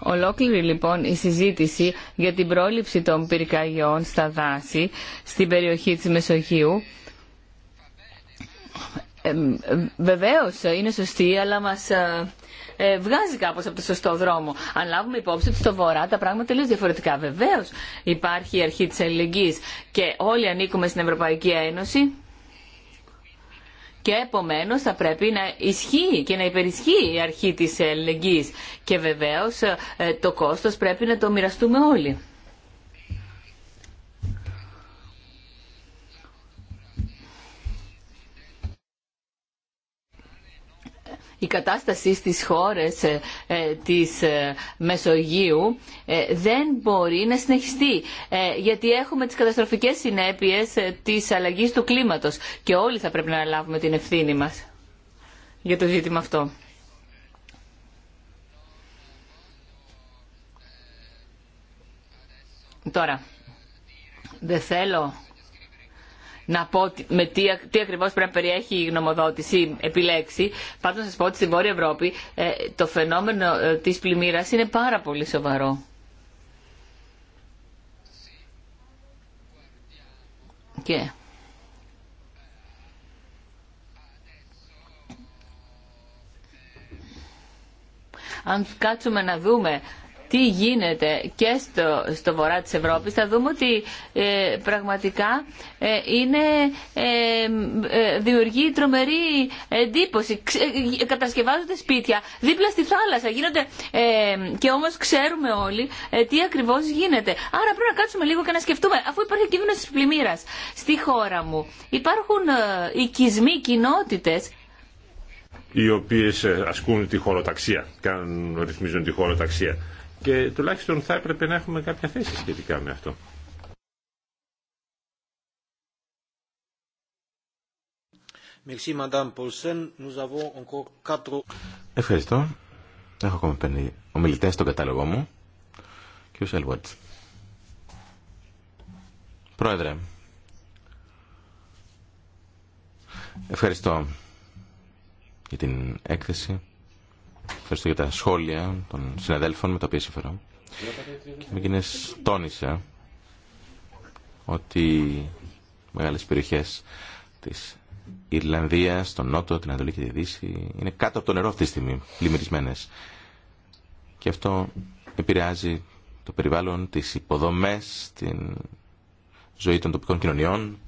Ολόκληρη λοιπόν η συζήτηση για την πρόληψη των πυρκαγιών στα δάση στην περιοχή της Μεσογείου ε, βεβαίως είναι σωστή αλλά μας ε, ε, βγάζει κάπως από το σωστό δρόμο. Αν λάβουμε υπόψη ότι στο βορρά τα πράγματα τελείως διαφορετικά. Βεβαίως υπάρχει η αρχή της αλληλεγγύης και όλοι ανήκουμε στην Ευρωπαϊκή Ένωση και επομένως θα πρέπει να ισχύει και να υπερισχύει η αρχή της ελεγγύης και βεβαίως ε, το κόστος πρέπει να το μοιραστούμε όλοι. η κατάσταση στις χώρες ε, ε, της ε, Μεσογείου δεν μπορεί να συνεχιστεί γιατί έχουμε τις καταστροφικές συνέπειες της αλλαγής του κλίματος και όλοι θα πρέπει να λάβουμε την ευθύνη μας για το ζήτημα αυτό. Τώρα, δεν θέλω να πω με τι, τι ακριβώς πρέπει να περιέχει η γνωμοδότηση επιλέξει. να σα πω ότι στην Βόρεια Ευρώπη ε, το φαινόμενο ε, της πλημμύρας είναι πάρα πολύ σοβαρό. Και... Αν κάτσουμε να δούμε τι γίνεται και στο, στο βορρά της Ευρώπης θα δούμε ότι ε, πραγματικά ε, είναι, ε, ε δημιουργεί τρομερή εντύπωση. Ε, κατασκευάζονται σπίτια δίπλα στη θάλασσα. Γίνονται, ε, και όμως ξέρουμε όλοι τι ακριβώς γίνεται. Άρα πρέπει να κάτσουμε λίγο και να σκεφτούμε αφού υπάρχει κίνδυνο της πλημμύρας στη χώρα μου. Υπάρχουν οικισμοί, κοινότητες οι οποίες ασκούν τη χωροταξία, κάνουν, ρυθμίζουν τη χωροταξία και τουλάχιστον θα έπρεπε να έχουμε κάποια θέση σχετικά με αυτό. Ευχαριστώ. Έχω ακόμα πέντε ομιλητέ στον κατάλογο μου. Κ. Σέλβοτ. Πρόεδρε. Ευχαριστώ για την έκθεση. Ευχαριστώ για τα σχόλια των συναδέλφων με τα οποία συμφερώ. Και με τόνισα ότι μεγάλες περιοχές της Ιρλανδίας, τον Νότο, την Ανατολή και τη Δύση είναι κάτω από το νερό αυτή τη στιγμή, πλημμυρισμένες. Και αυτό επηρεάζει το περιβάλλον, τις υποδομές, την ζωή των τοπικών κοινωνιών.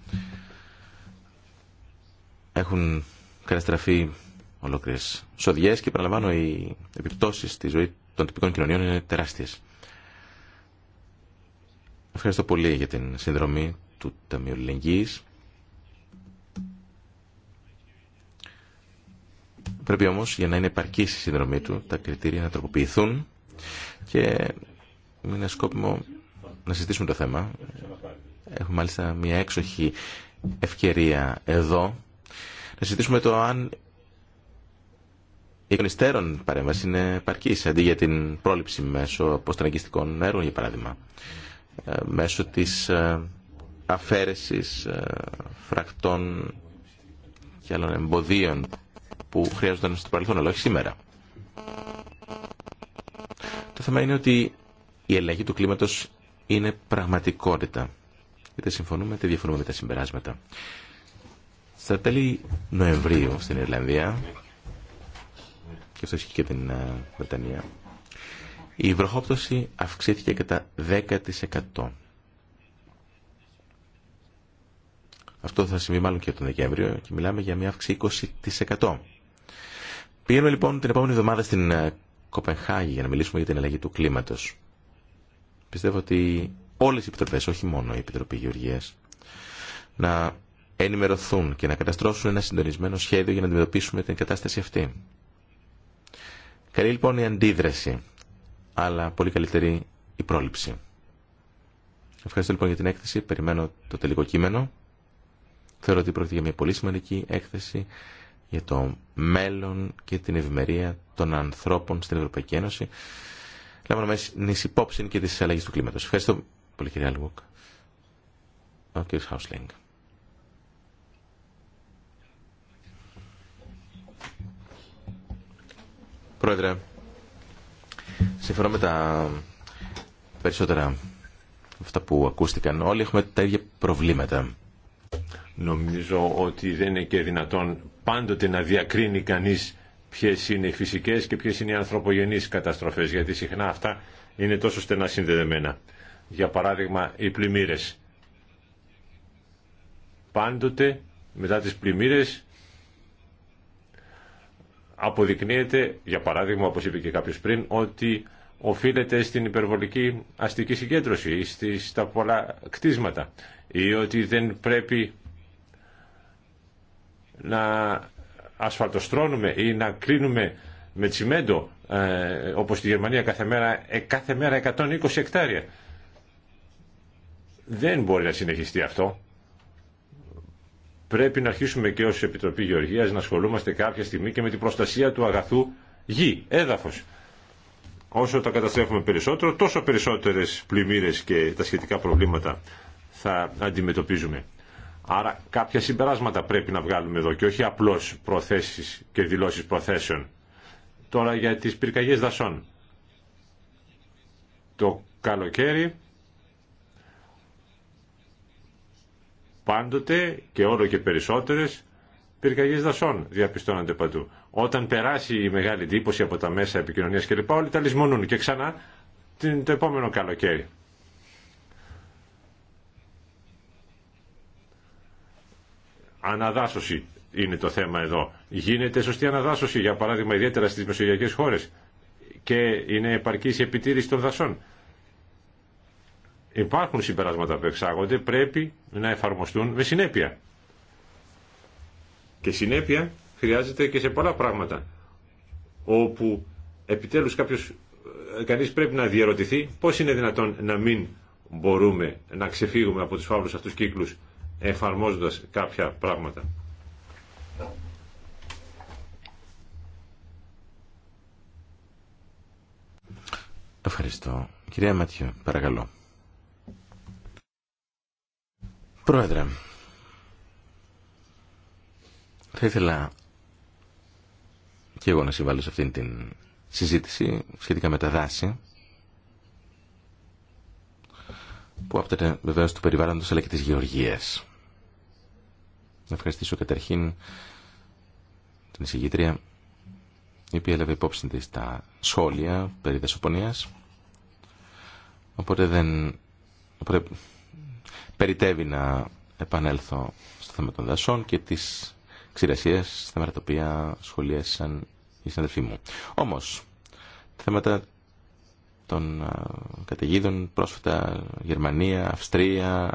Έχουν καταστραφεί ολόκληρε σοδιέ και παραλαμβάνω οι επιπτώσει στη ζωή των τυπικών κοινωνιών είναι τεράστιε. Ευχαριστώ πολύ για την συνδρομή του Ταμείου Λιλεγγύης. Πρέπει όμω για να είναι επαρκή η συνδρομή του τα κριτήρια να τροποποιηθούν και είναι σκόπιμο να συζητήσουμε το θέμα. Έχουμε μάλιστα μια έξοχη ευκαιρία εδώ να συζητήσουμε το αν η εκνηστέρων παρέμβαση είναι επαρκή. αντί για την πρόληψη μέσω αποστραγγιστικών έργων, για παράδειγμα, ε, μέσω της ε, αφαίρεσης ε, φρακτών και άλλων εμποδίων που χρειάζονταν στο παρελθόν, αλλά όχι σήμερα. Το θέμα είναι ότι η ελέγχη του κλίματος είναι πραγματικότητα. Είτε συμφωνούμε, είτε διαφωνούμε με τα συμπεράσματα. Στα τέλη Νοεμβρίου στην Ιρλανδία και αυτό ισχύει και την ε, Βρετανία, η βροχόπτωση αυξήθηκε κατά 10%. Αυτό θα συμβεί μάλλον και τον Δεκέμβριο και μιλάμε για μια αύξηση 20%. Πηγαίνουμε λοιπόν την επόμενη εβδομάδα στην ε, Κοπενχάγη για να μιλήσουμε για την αλλαγή του κλίματος. Πιστεύω ότι όλες οι επιτροπές, όχι μόνο η Επιτροπή Γεωργίας, να ενημερωθούν και να καταστρώσουν ένα συντονισμένο σχέδιο για να αντιμετωπίσουμε την κατάσταση αυτή. Καλή λοιπόν η αντίδραση, αλλά πολύ καλύτερη η πρόληψη. Ευχαριστώ λοιπόν για την έκθεση. Περιμένω το τελικό κείμενο. Θεωρώ ότι πρόκειται για μια πολύ σημαντική έκθεση για το μέλλον και την ευημερία των ανθρώπων στην Ευρωπαϊκή Ένωση. Λάβαμε μέσα υπόψη και τις αλλαγές του κλίματος. Ευχαριστώ πολύ κύριε Αλγουκ. Ο κύριος Χάουσλινγκ. Πρόεδρε, συμφωνώ με τα περισσότερα αυτά που ακούστηκαν. Όλοι έχουμε τα ίδια προβλήματα. Νομίζω ότι δεν είναι και δυνατόν πάντοτε να διακρίνει κανείς ποιες είναι οι φυσικές και ποιες είναι οι ανθρωπογενείς καταστροφές, γιατί συχνά αυτά είναι τόσο στενά συνδεδεμένα. Για παράδειγμα, οι πλημμύρες. Πάντοτε μετά τις πλημμύρες αποδεικνύεται, για παράδειγμα, όπως είπε και κάποιος πριν, ότι οφείλεται στην υπερβολική αστική συγκέντρωση ή στις, στα πολλά κτίσματα ή ότι δεν πρέπει να ασφαλτοστρώνουμε ή να κλείνουμε με τσιμέντο ε, όπως στη Γερμανία κάθε μέρα, ε, κάθε μέρα 120 εκτάρια. Δεν μπορεί να συνεχιστεί αυτό πρέπει να αρχίσουμε και ως Επιτροπή Γεωργίας να ασχολούμαστε κάποια στιγμή και με την προστασία του αγαθού γη, έδαφος. Όσο τα καταστρέφουμε περισσότερο, τόσο περισσότερες πλημμύρες και τα σχετικά προβλήματα θα αντιμετωπίζουμε. Άρα κάποια συμπεράσματα πρέπει να βγάλουμε εδώ και όχι απλώς προθέσεις και δηλώσεις προθέσεων. Τώρα για τις πυρκαγιές δασών. Το καλοκαίρι Πάντοτε και όλο και περισσότερες πυρκαγιές δασών διαπιστώνονται παντού. Όταν περάσει η μεγάλη εντύπωση από τα μέσα επικοινωνίας κλπ. όλοι τα λησμονούν και ξανά το επόμενο καλοκαίρι. Αναδάσωση είναι το θέμα εδώ. Γίνεται σωστή αναδάσωση, για παράδειγμα, ιδιαίτερα στις μεσογειακές χώρες και είναι επαρκής η επιτήρηση των δασών υπάρχουν συμπεράσματα που εξάγονται, πρέπει να εφαρμοστούν με συνέπεια. Και συνέπεια χρειάζεται και σε πολλά πράγματα, όπου επιτέλους κάποιος, ε, κανείς πρέπει να διαρωτηθεί πώς είναι δυνατόν να μην μπορούμε να ξεφύγουμε από τους φαύλους αυτούς κύκλους εφαρμόζοντας κάποια πράγματα. Ευχαριστώ. Κυρία Μάτια παρακαλώ. Πρόεδρε, θα ήθελα και εγώ να συμβάλλω σε αυτήν την συζήτηση σχετικά με τα δάση που άπτεται βεβαίω του περιβάλλοντος αλλά και τη γεωργίας. Να ευχαριστήσω καταρχήν την εισηγήτρια η οποία έλαβε υπόψη τη τα σχόλια περί δασοπονία. οπότε δεν περιτεύει να επανέλθω στο θέμα των δασών και της ξηρασίας, στα μέρα τα οποία σχολίασαν οι συναδελφοί μου. Όμως, τα θέματα των καταιγίδων πρόσφατα Γερμανία, Αυστρία,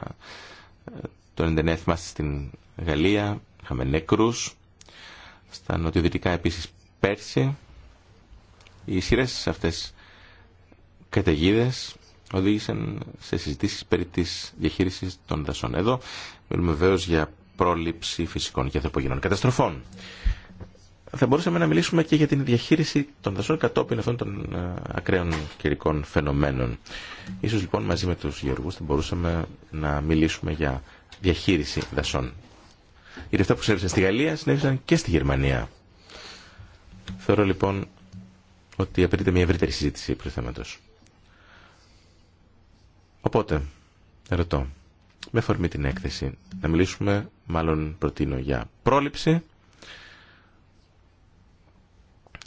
το εντενέθμα στην Γαλλία, είχαμε νεκρούς, στα νοτιοδυτικά επίσης πέρσι. Οι σειρές αυτές καταιγίδες οδήγησαν σε συζητήσεις περί της διαχείρισης των δασών. Εδώ μιλούμε βεβαίω για πρόληψη φυσικών και ανθρωπογενών καταστροφών. Θα μπορούσαμε να μιλήσουμε και για την διαχείριση των δασών κατόπιν αυτών των ε, ακραίων καιρικών φαινομένων. Ίσως λοιπόν μαζί με τους γεωργούς θα μπορούσαμε να μιλήσουμε για διαχείριση δασών. Γιατί αυτά που συνέβησαν στη Γαλλία συνέβησαν και στη Γερμανία. Θεωρώ λοιπόν ότι απαιτείται μια ευρύτερη συζήτηση προς θέματος. Οπότε, ρωτώ, με φορμή την έκθεση, να μιλήσουμε, μάλλον προτείνω για πρόληψη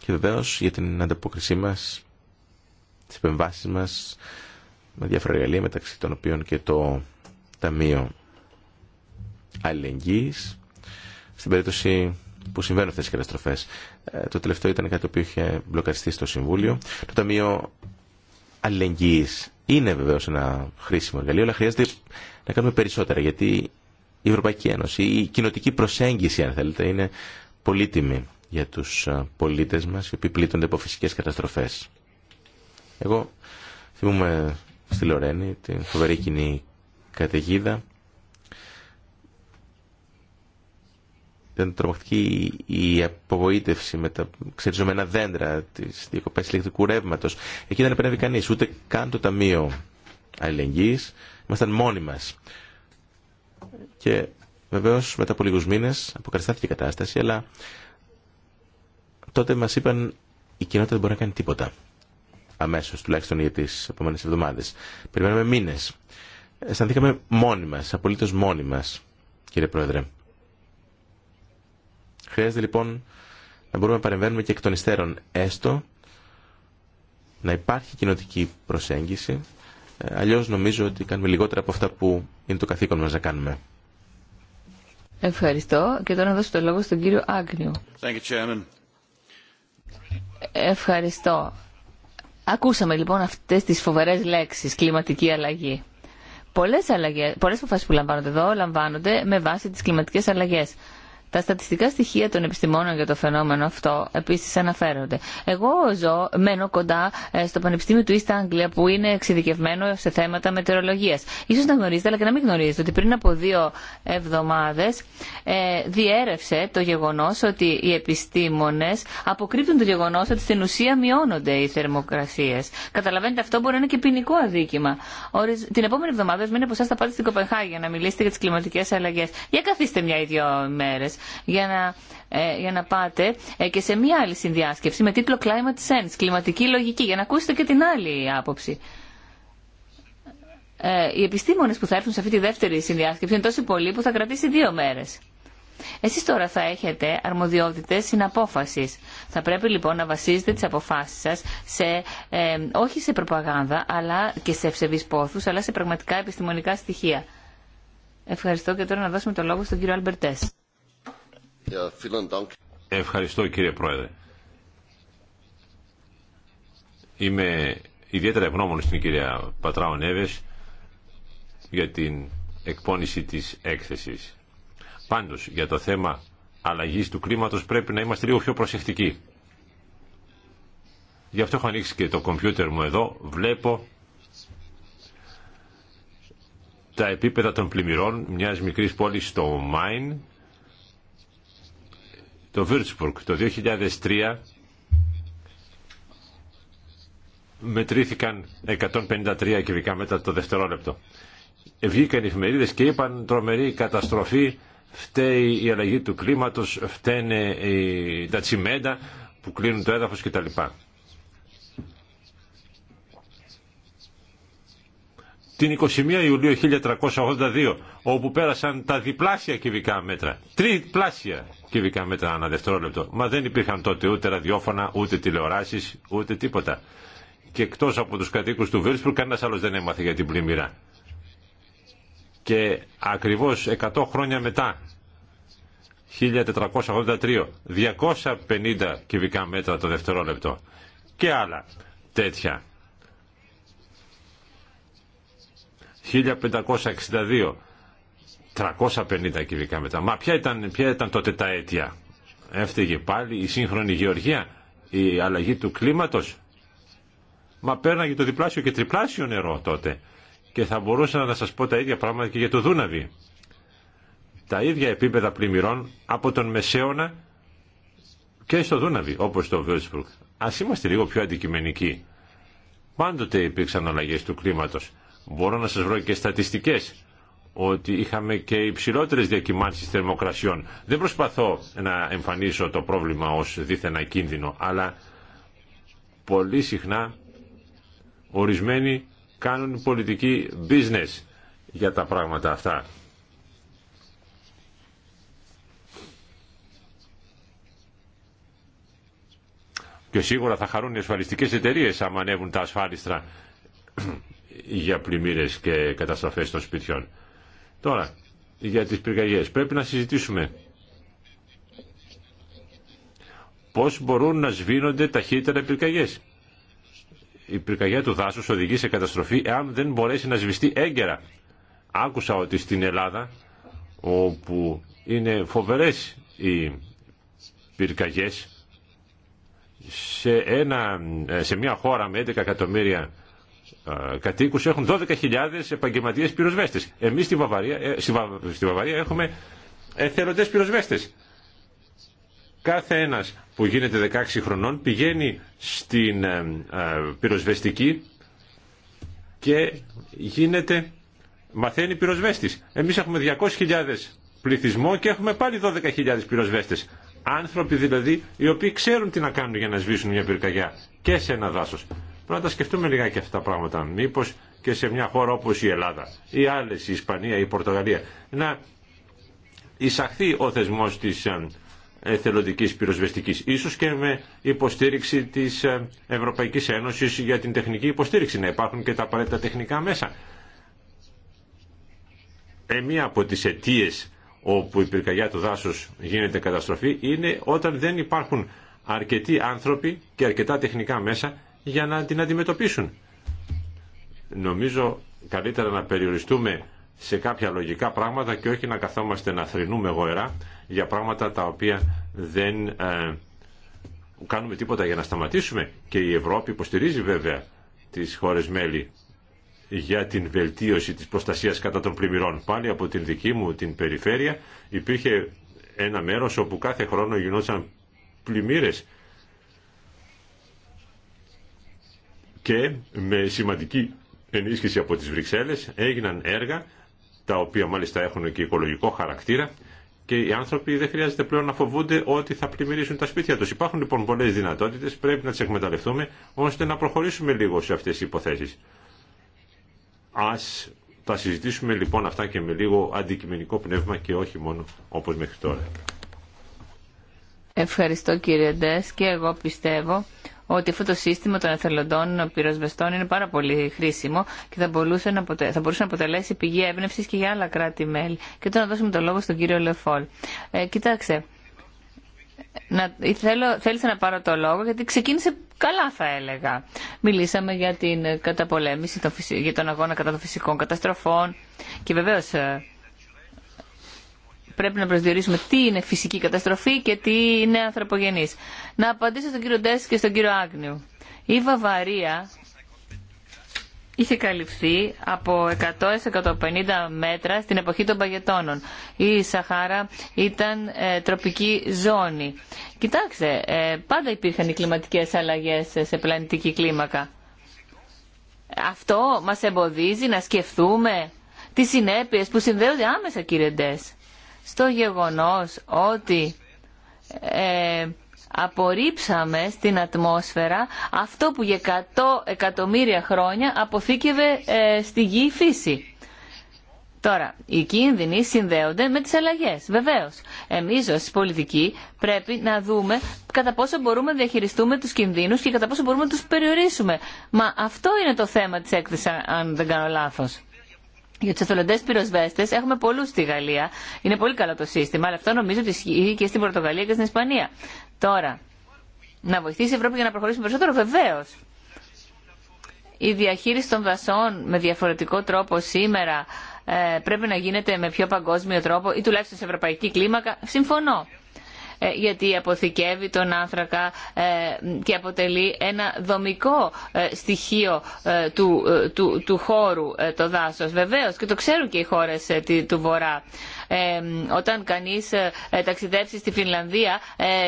και βεβαίω για την ανταπόκρισή μας, τις επεμβάσεις μας με διάφορα εργαλεία μεταξύ των οποίων και το Ταμείο Αλληλεγγύης στην περίπτωση που συμβαίνουν αυτές οι καταστροφές. Ε, το τελευταίο ήταν κάτι το οποίο είχε μπλοκαριστεί στο Συμβούλιο. Το Ταμείο Αλληλεγγύης είναι βεβαίω ένα χρήσιμο εργαλείο, αλλά χρειάζεται να κάνουμε περισσότερα, γιατί η Ευρωπαϊκή Ένωση, η κοινοτική προσέγγιση, αν θέλετε, είναι πολύτιμη για τους πολίτες μας, οι οποίοι πλήττονται από φυσικέ καταστροφές. Εγώ θυμούμαι στη Λορένη την φοβερή κοινή καταιγίδα ήταν τρομακτική η απογοήτευση με τα ξεριζωμένα δέντρα, τι διακοπέ ηλεκτρικού ρεύματο. Εκεί δεν επένευε κανεί, ούτε καν το Ταμείο Αλληλεγγύη. Ήμασταν μόνοι μα. Και βεβαίω μετά από λίγου μήνε αποκαταστάθηκε η κατάσταση, αλλά τότε μα είπαν η κοινότητα δεν μπορεί να κάνει τίποτα. Αμέσω, τουλάχιστον για τι επόμενε εβδομάδε. Περιμέναμε μήνε. Αισθανθήκαμε μόνοι μα, απολύτω μόνοι μα, κύριε Πρόεδρε. Χρειάζεται λοιπόν να μπορούμε να παρεμβαίνουμε και εκ των υστέρων έστω, να υπάρχει κοινοτική προσέγγιση, ε, αλλιώς νομίζω ότι κάνουμε λιγότερα από αυτά που είναι το καθήκον μας να κάνουμε. Ευχαριστώ και τώρα να δώσω το λόγο στον κύριο Άγνιου. Ευχαριστώ. Ακούσαμε λοιπόν αυτές τις φοβερές λέξεις, κλιματική αλλαγή. Πολλές, αλλαγές, πολλές αποφάσεις που λαμβάνονται εδώ λαμβάνονται με βάση τις κλιματικές αλλαγές. Τα στατιστικά στοιχεία των επιστημόνων για το φαινόμενο αυτό επίσης αναφέρονται. Εγώ ζω, μένω κοντά ε, στο Πανεπιστήμιο του East Anglia που είναι εξειδικευμένο σε θέματα μετεωρολογίας. Ίσως να γνωρίζετε αλλά και να μην γνωρίζετε ότι πριν από δύο εβδομάδες ε, διέρευσε το γεγονός ότι οι επιστήμονες αποκρύπτουν το γεγονός ότι στην ουσία μειώνονται οι θερμοκρασίες. Καταλαβαίνετε αυτό μπορεί να είναι και ποινικό αδίκημα. Οριζ... Την επόμενη εβδομάδα, μείνε από εσά θα πάτε στην Κοπεχάγη για να μιλήσετε για τι κλιματικέ αλλαγέ. Για καθίστε μια ή δύο μέρε για να, ε, για να πάτε ε, και σε μία άλλη συνδιάσκεψη με τίτλο Climate Sense, κλιματική λογική, για να ακούσετε και την άλλη άποψη. Ε, οι επιστήμονε που θα έρθουν σε αυτή τη δεύτερη συνδιάσκεψη είναι τόσοι πολλοί που θα κρατήσει δύο μέρε. Εσεί τώρα θα έχετε αρμοδιότητες συναπόφαση. Θα πρέπει λοιπόν να βασίζετε τι αποφάσει σα ε, όχι σε προπαγάνδα αλλά και σε ευσεβεί πόθους, αλλά σε πραγματικά επιστημονικά στοιχεία. Ευχαριστώ και τώρα να δώσουμε το λόγο στον κύριο Αλμπερτέ. Ευχαριστώ κύριε Πρόεδρε. Είμαι ιδιαίτερα ευγνώμων στην κυρία Πατράων Νέβες για την εκπόνηση της έκθεσης. Πάντως για το θέμα αλλαγής του κλίματος πρέπει να είμαστε λίγο πιο προσεκτικοί. Γι' αυτό έχω ανοίξει και το κομπιούτερ μου εδώ. Βλέπω τα επίπεδα των πλημμυρών μιας μικρής πόλης στο Μάιν το Würzburg το 2003 μετρήθηκαν 153 κυβικά μέτρα το δευτερόλεπτο. Βγήκαν οι εφημερίδες και είπαν τρομερή καταστροφή, φταίει η αλλαγή του κλίματος, φταίνε τα τσιμέντα που κλείνουν το έδαφος κτλ. την 21 Ιουλίου 1382, όπου πέρασαν τα διπλάσια κυβικά μέτρα, τριπλάσια κυβικά μέτρα ανά δευτερόλεπτο. Μα δεν υπήρχαν τότε ούτε ραδιόφωνα, ούτε τηλεοράσεις, ούτε τίποτα. Και εκτός από τους κατοίκους του Βίλσπουρ, κανένας άλλος δεν έμαθε για την πλημμύρα. Και ακριβώς 100 χρόνια μετά, 1483, 250 κυβικά μέτρα το δευτερόλεπτο και άλλα τέτοια 1562, 350 κυβικά μετά. Μα ποια ήταν, ποια ήταν τότε τα αίτια. Έφταιγε πάλι η σύγχρονη γεωργία, η αλλαγή του κλίματος. Μα πέρναγε το διπλάσιο και τριπλάσιο νερό τότε. Και θα μπορούσα να σας πω τα ίδια πράγματα και για το Δούναβι. Τα ίδια επίπεδα πλημμυρών από τον Μεσαίωνα και στο Δούναβι, όπως το Βέλσπρουκ. Ας είμαστε λίγο πιο αντικειμενικοί. Πάντοτε υπήρξαν αλλαγές του κλίματος. Μπορώ να σας βρω και στατιστικές ότι είχαμε και υψηλότερε διακυμάνσει θερμοκρασιών. Δεν προσπαθώ να εμφανίσω το πρόβλημα ως δίθεν κινδυνο, αλλά πολύ συχνά ορισμένοι κάνουν πολιτική business για τα πράγματα αυτά. Και σίγουρα θα χαρούν οι ασφαλιστικές εταιρείες άμα ανέβουν τα ασφάλιστρα για πλημμύρε και καταστροφέ των σπιτιών. Τώρα, για τι πυρκαγιέ. Πρέπει να συζητήσουμε πώς μπορούν να σβήνονται ταχύτερα οι πυρκαγιέ. Η πυρκαγιά του δάσου οδηγεί σε καταστροφή εάν δεν μπορέσει να σβηστεί έγκαιρα. Άκουσα ότι στην Ελλάδα, όπου είναι φοβερές οι πυρκαγιές, σε, ένα, σε μια χώρα με 11 εκατομμύρια ε, Κατοίκου έχουν 12.000 επαγγελματίες πυροσβέστες. Εμείς στη Βαβαρία, ε, στη, Βαβαρία έχουμε εθελοντές πυροσβέστες. Κάθε ένας που γίνεται 16 χρονών πηγαίνει στην ε, πυροσβεστική και γίνεται, μαθαίνει πυροσβέστης. Εμείς έχουμε 200.000 πληθυσμό και έχουμε πάλι 12.000 πυροσβέστες. Άνθρωποι δηλαδή οι οποίοι ξέρουν τι να κάνουν για να σβήσουν μια πυρκαγιά και σε ένα δάσος. Πρέπει να τα σκεφτούμε λιγάκι αυτά τα πράγματα. Μήπω και σε μια χώρα όπω η Ελλάδα ή άλλε, η Ισπανία ή η Πορτογαλία, να εισαχθεί ο θεσμό τη ε, εθελοντική πυροσβεστική, ίσω και με υποστήριξη τη ε, Ευρωπαϊκή Ένωση για την τεχνική υποστήριξη, να υπάρχουν και τα απαραίτητα τεχνικά μέσα. Ε, μία από τι αιτίε όπου η πυρκαγιά του δάσους γίνεται καταστροφή είναι όταν δεν υπάρχουν αρκετοί άνθρωποι και αρκετά τεχνικά μέσα για να την αντιμετωπίσουν. Νομίζω καλύτερα να περιοριστούμε σε κάποια λογικά πράγματα και όχι να καθόμαστε να θρυνούμε γοερά για πράγματα τα οποία δεν ε, κάνουμε τίποτα για να σταματήσουμε. Και η Ευρώπη υποστηρίζει βέβαια τις χώρες μέλη για την βελτίωση της προστασίας κατά των πλημμυρών. Πάλι από την δική μου την περιφέρεια υπήρχε ένα μέρος όπου κάθε χρόνο γινόταν πλημμύρες και με σημαντική ενίσχυση από τις Βρυξέλλες έγιναν έργα τα οποία μάλιστα έχουν και οικολογικό χαρακτήρα και οι άνθρωποι δεν χρειάζεται πλέον να φοβούνται ότι θα πλημμυρίσουν τα σπίτια τους. Υπάρχουν λοιπόν πολλές δυνατότητες, πρέπει να τις εκμεταλλευτούμε ώστε να προχωρήσουμε λίγο σε αυτές τις υποθέσεις. Ας τα συζητήσουμε λοιπόν αυτά και με λίγο αντικειμενικό πνεύμα και όχι μόνο όπως μέχρι τώρα. Ευχαριστώ κύριε Ντές και εγώ πιστεύω ότι αυτό το σύστημα των εθελοντών πυροσβεστών είναι πάρα πολύ χρήσιμο και θα μπορούσε να, θα μπορούσε να αποτελέσει πηγή έμπνευση και για άλλα κράτη-μέλη. Και τώρα να δώσουμε το λόγο στον κύριο Λεφόλ. Ε, κοιτάξτε, να, θέλησα να πάρω το λόγο γιατί ξεκίνησε καλά θα έλεγα. Μιλήσαμε για την καταπολέμηση, για τον αγώνα κατά των φυσικών καταστροφών και βεβαίως ε, πρέπει να προσδιορίσουμε τι είναι φυσική καταστροφή και τι είναι ανθρωπογενής. Να απαντήσω στον κύριο Ντέσ και στον κύριο Άγνιου. Η Βαβαρία είχε καλυφθεί από 100 150 μέτρα στην εποχή των παγετώνων. Η Σαχάρα ήταν ε, τροπική ζώνη. Κοιτάξτε, ε, πάντα υπήρχαν οι κλιματικές αλλαγές σε πλανητική κλίμακα. Αυτό μας εμποδίζει να σκεφτούμε τις συνέπειες που συνδέονται άμεσα κύριε Ντες στο γεγονός ότι ε, απορρίψαμε στην ατμόσφαιρα αυτό που για 100 εκατομμύρια χρόνια αποθήκευε ε, στη γη η φύση. Τώρα, οι κίνδυνοι συνδέονται με τις αλλαγές, βεβαίως. Εμείς ως πολιτικοί πρέπει να δούμε κατά πόσο μπορούμε να διαχειριστούμε τους κινδύνους και κατά πόσο μπορούμε να τους περιορίσουμε. Μα αυτό είναι το θέμα της έκθεσης, αν δεν κάνω λάθος. Για του εθελοντέ πυροσβέστε έχουμε πολλού στη Γαλλία. Είναι πολύ καλό το σύστημα, αλλά αυτό νομίζω ότι ισχύει και στην Πορτογαλία και στην Ισπανία. Τώρα, να βοηθήσει η Ευρώπη για να προχωρήσουμε περισσότερο, βεβαίω. Η διαχείριση των δασών με διαφορετικό τρόπο σήμερα ε, πρέπει να γίνεται με πιο παγκόσμιο τρόπο ή τουλάχιστον σε ευρωπαϊκή κλίμακα. Συμφωνώ. Ε, γιατί αποθηκεύει τον άνθρακα ε, και αποτελεί ένα δομικό ε, στοιχείο του, του, του χώρου το δάσος. Βεβαίως και το ξέρουν και οι χώρες του Βορρά. όταν κανείς ε, στη Φινλανδία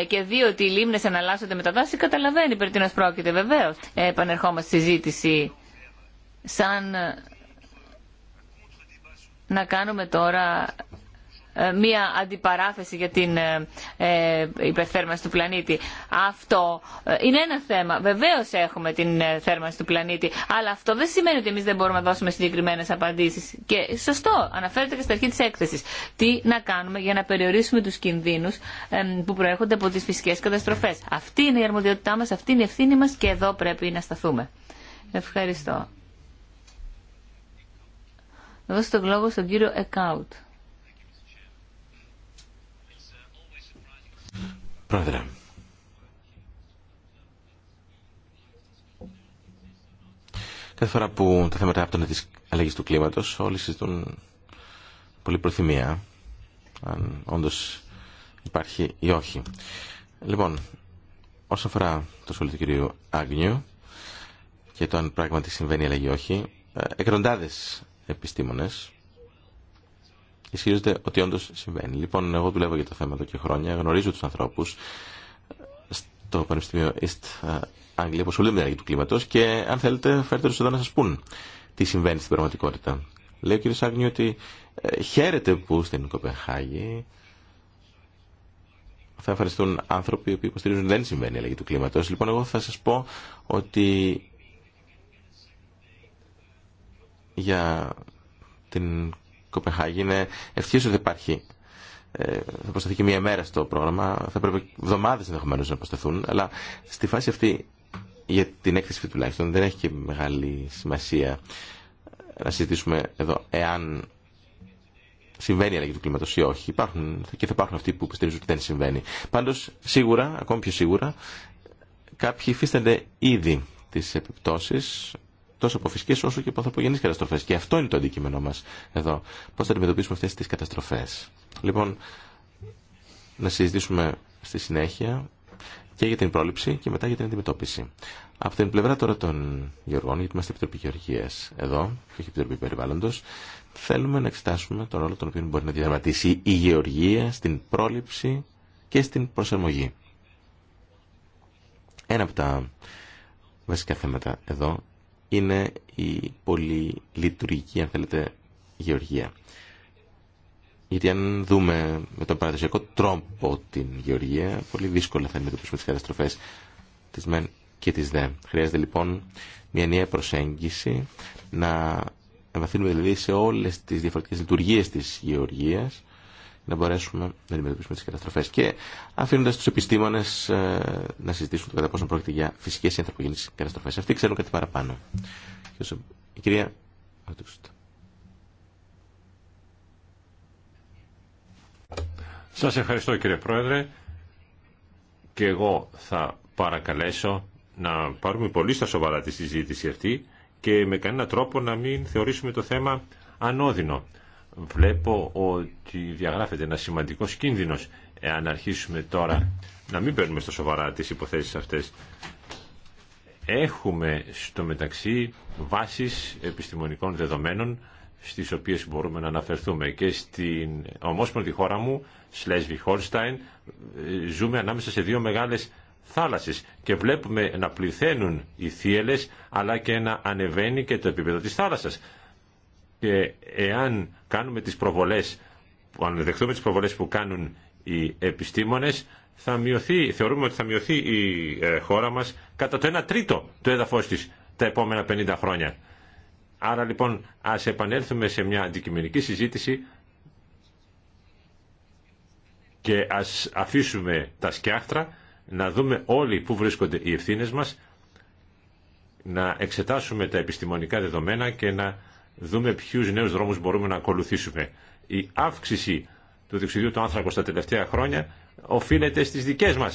και δει ότι οι λίμνες αναλλάσσονται με τα δάση, καταλαβαίνει περί τίνο πρόκειται βεβαίω. Επανερχόμαστε στη ζήτηση σαν να κάνουμε τώρα ε, μία αντιπαράθεση για την ε, ε, υπερθέρμανση του πλανήτη. Αυτό είναι ένα θέμα. Βεβαίω έχουμε την θέρμανση του πλανήτη, αλλά αυτό δεν σημαίνει ότι εμεί δεν μπορούμε να δώσουμε συγκεκριμένε απαντήσει. Και σωστό, αναφέρεται και στα αρχή τη έκθεση. Τι να κάνουμε για να περιορίσουμε του κινδύνου που προέρχονται από τι φυσικέ καταστροφέ. Αυτή είναι η αρμοδιότητά μα, αυτή είναι η ευθύνη μα και εδώ πρέπει να σταθούμε. Ευχαριστώ. Να δώσω τον λόγο στον κύριο Εκάουτ. Πρόεδρε. Κάθε φορά που τα θέματα άπτονται της αλλαγής του κλίματος, όλοι συζητούν πολύ προθυμία, αν όντως υπάρχει ή όχι. Λοιπόν, όσον αφορά το σχολείο του κυρίου Άγνιου και το αν πράγματι συμβαίνει αλλαγή ή όχι, ε, εκατοντάδες επιστήμονες Ισχύζεται ότι όντω συμβαίνει. Λοιπόν, εγώ δουλεύω για το θέμα εδώ και χρόνια, γνωρίζω του ανθρώπου στο Πανεπιστήμιο East Anglia ε, που ασχολούνται με την αλλαγή του κλίματο και αν θέλετε, φέρτε του εδώ να σα πούν τι συμβαίνει στην πραγματικότητα. Λέει ο κ. Σάγνιο ότι ε, χαίρεται που στην Κοπενχάγη θα ευχαριστούν άνθρωποι που υποστηρίζουν δεν συμβαίνει η αλλαγή του κλίματος. Λοιπόν, εγώ θα σας πω ότι για την Κοπεχάγη. Είναι ευχή ότι υπάρχει. Ε, θα προσταθεί και μία μέρα στο πρόγραμμα. Θα πρέπει εβδομάδε ενδεχομένω να προσταθούν. Αλλά στη φάση αυτή, για την έκθεση τουλάχιστον, δεν έχει και μεγάλη σημασία να συζητήσουμε εδώ εάν συμβαίνει η αλλαγή του κλίματο ή όχι. Υπάρχουν, και θα υπάρχουν αυτοί που πιστεύουν ότι δεν συμβαίνει. Πάντω, σίγουρα, ακόμη πιο σίγουρα, κάποιοι υφίστανται ήδη τι επιπτώσει τόσο από φυσικέ όσο και από ανθρωπογενεί καταστροφέ. Και αυτό είναι το αντικείμενό μα εδώ. Πώ θα αντιμετωπίσουμε αυτέ τι καταστροφέ. Λοιπόν, να συζητήσουμε στη συνέχεια και για την πρόληψη και μετά για την αντιμετώπιση. Από την πλευρά τώρα των Γεωργών, γιατί είμαστε Επιτροπή Γεωργία εδώ, και όχι Επιτροπή Περιβάλλοντο, θέλουμε να εξετάσουμε τον ρόλο τον οποίο μπορεί να διαδραματίσει η Γεωργία στην πρόληψη και στην προσαρμογή. Ένα από τα βασικά θέματα εδώ είναι η πολύ λειτουργική, αν θέλετε, γεωργία. Γιατί αν δούμε με τον παραδοσιακό τρόπο την γεωργία, πολύ δύσκολα θα αντιμετωπίσουμε τις καταστροφές της μεν και της δε. Χρειάζεται λοιπόν μια νέα προσέγγιση να εμβαθύνουμε δηλαδή σε όλες τις διαφορετικές λειτουργίες της γεωργίας να μπορέσουμε να αντιμετωπίσουμε τι καταστροφές και αφήνοντας τους επιστήμονες ε, να συζητήσουν το κατά πόσο πρόκειται για φυσικέ Η κυρία Σας ευχαριστώ κύριε Πρόεδρε και εγώ θα παρακαλέσω να πάρουμε πολύ στα σοβαρά τη συζήτηση αυτή και με κανένα τρόπο να μην θεωρήσουμε το θέμα ανώδυνο βλέπω ότι διαγράφεται ένα σημαντικό κίνδυνο εάν αρχίσουμε τώρα να μην παίρνουμε στο σοβαρά τις υποθέσεις αυτές. Έχουμε στο μεταξύ βάσεις επιστημονικών δεδομένων στις οποίες μπορούμε να αναφερθούμε και στην ομόσπονδη χώρα μου, Σλέσβι Χόλσταϊν, ζούμε ανάμεσα σε δύο μεγάλες θάλασσες και βλέπουμε να πληθαίνουν οι θύελες αλλά και να ανεβαίνει και το επίπεδο της θάλασσας. Και εάν κάνουμε τις προβολές, αν δεχτούμε τις προβολές που κάνουν οι επιστήμονες, θα μειωθεί, θεωρούμε ότι θα μειωθεί η ε, χώρα μας κατά το 1 τρίτο του έδαφος της τα επόμενα 50 χρόνια. Άρα λοιπόν ας επανέλθουμε σε μια αντικειμενική συζήτηση και ας αφήσουμε τα σκιάχτρα να δούμε όλοι που βρίσκονται οι ευθύνες μας να εξετάσουμε τα επιστημονικά δεδομένα και να δούμε ποιου νέου δρόμου μπορούμε να ακολουθήσουμε. Η αύξηση του διοξιδίου του άνθρακου στα τελευταία χρόνια οφείλεται στι δικέ μα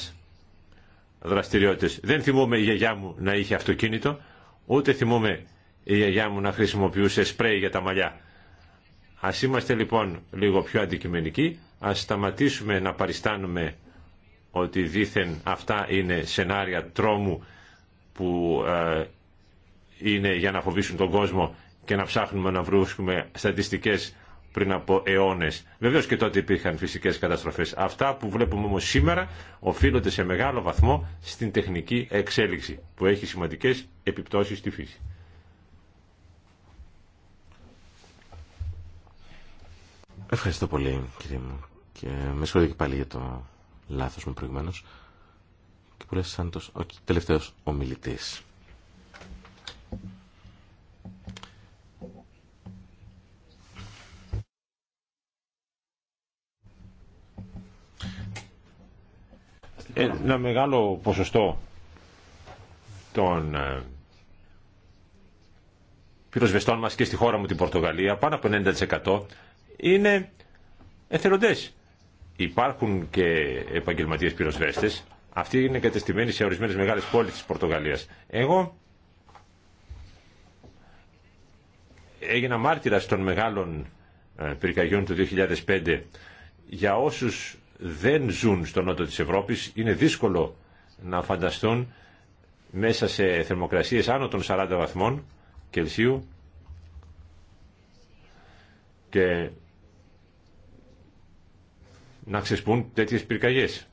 δραστηριότητε. Δεν θυμούμε η γιαγιά μου να είχε αυτοκίνητο, ούτε θυμούμε η γιαγιά μου να χρησιμοποιούσε σπρέι για τα μαλλιά. Α είμαστε λοιπόν λίγο πιο αντικειμενικοί, Α σταματήσουμε να παριστάνουμε ότι δήθεν αυτά είναι σενάρια τρόμου που ε, είναι για να φοβήσουν τον κόσμο και να ψάχνουμε να βρούσουμε στατιστικές πριν από αιώνε. Βεβαίω και τότε υπήρχαν φυσικέ καταστροφέ. Αυτά που βλέπουμε όμω σήμερα οφείλονται σε μεγάλο βαθμό στην τεχνική εξέλιξη που έχει σημαντικέ επιπτώσει στη φύση. Ευχαριστώ πολύ κύριε μου και με συγχωρείτε και πάλι για το λάθος μου προηγουμένω. και που σαν το τελευταίο ομιλητή. Ε, ένα μεγάλο ποσοστό των ε, πυροσβεστών μας και στη χώρα μου την Πορτογαλία, πάνω από 90% είναι εθελοντές. Υπάρχουν και επαγγελματίες πυροσβέστες. Αυτοί είναι κατεστημένοι σε ορισμένες μεγάλες πόλεις της Πορτογαλίας. Εγώ έγινα μάρτυρας των μεγάλων ε, πυρκαγιών του 2005 για όσους δεν ζουν στο νότο της Ευρώπης είναι δύσκολο να φανταστούν μέσα σε θερμοκρασίες άνω των 40 βαθμών Κελσίου και να ξεσπούν τέτοιες πυρκαγιές.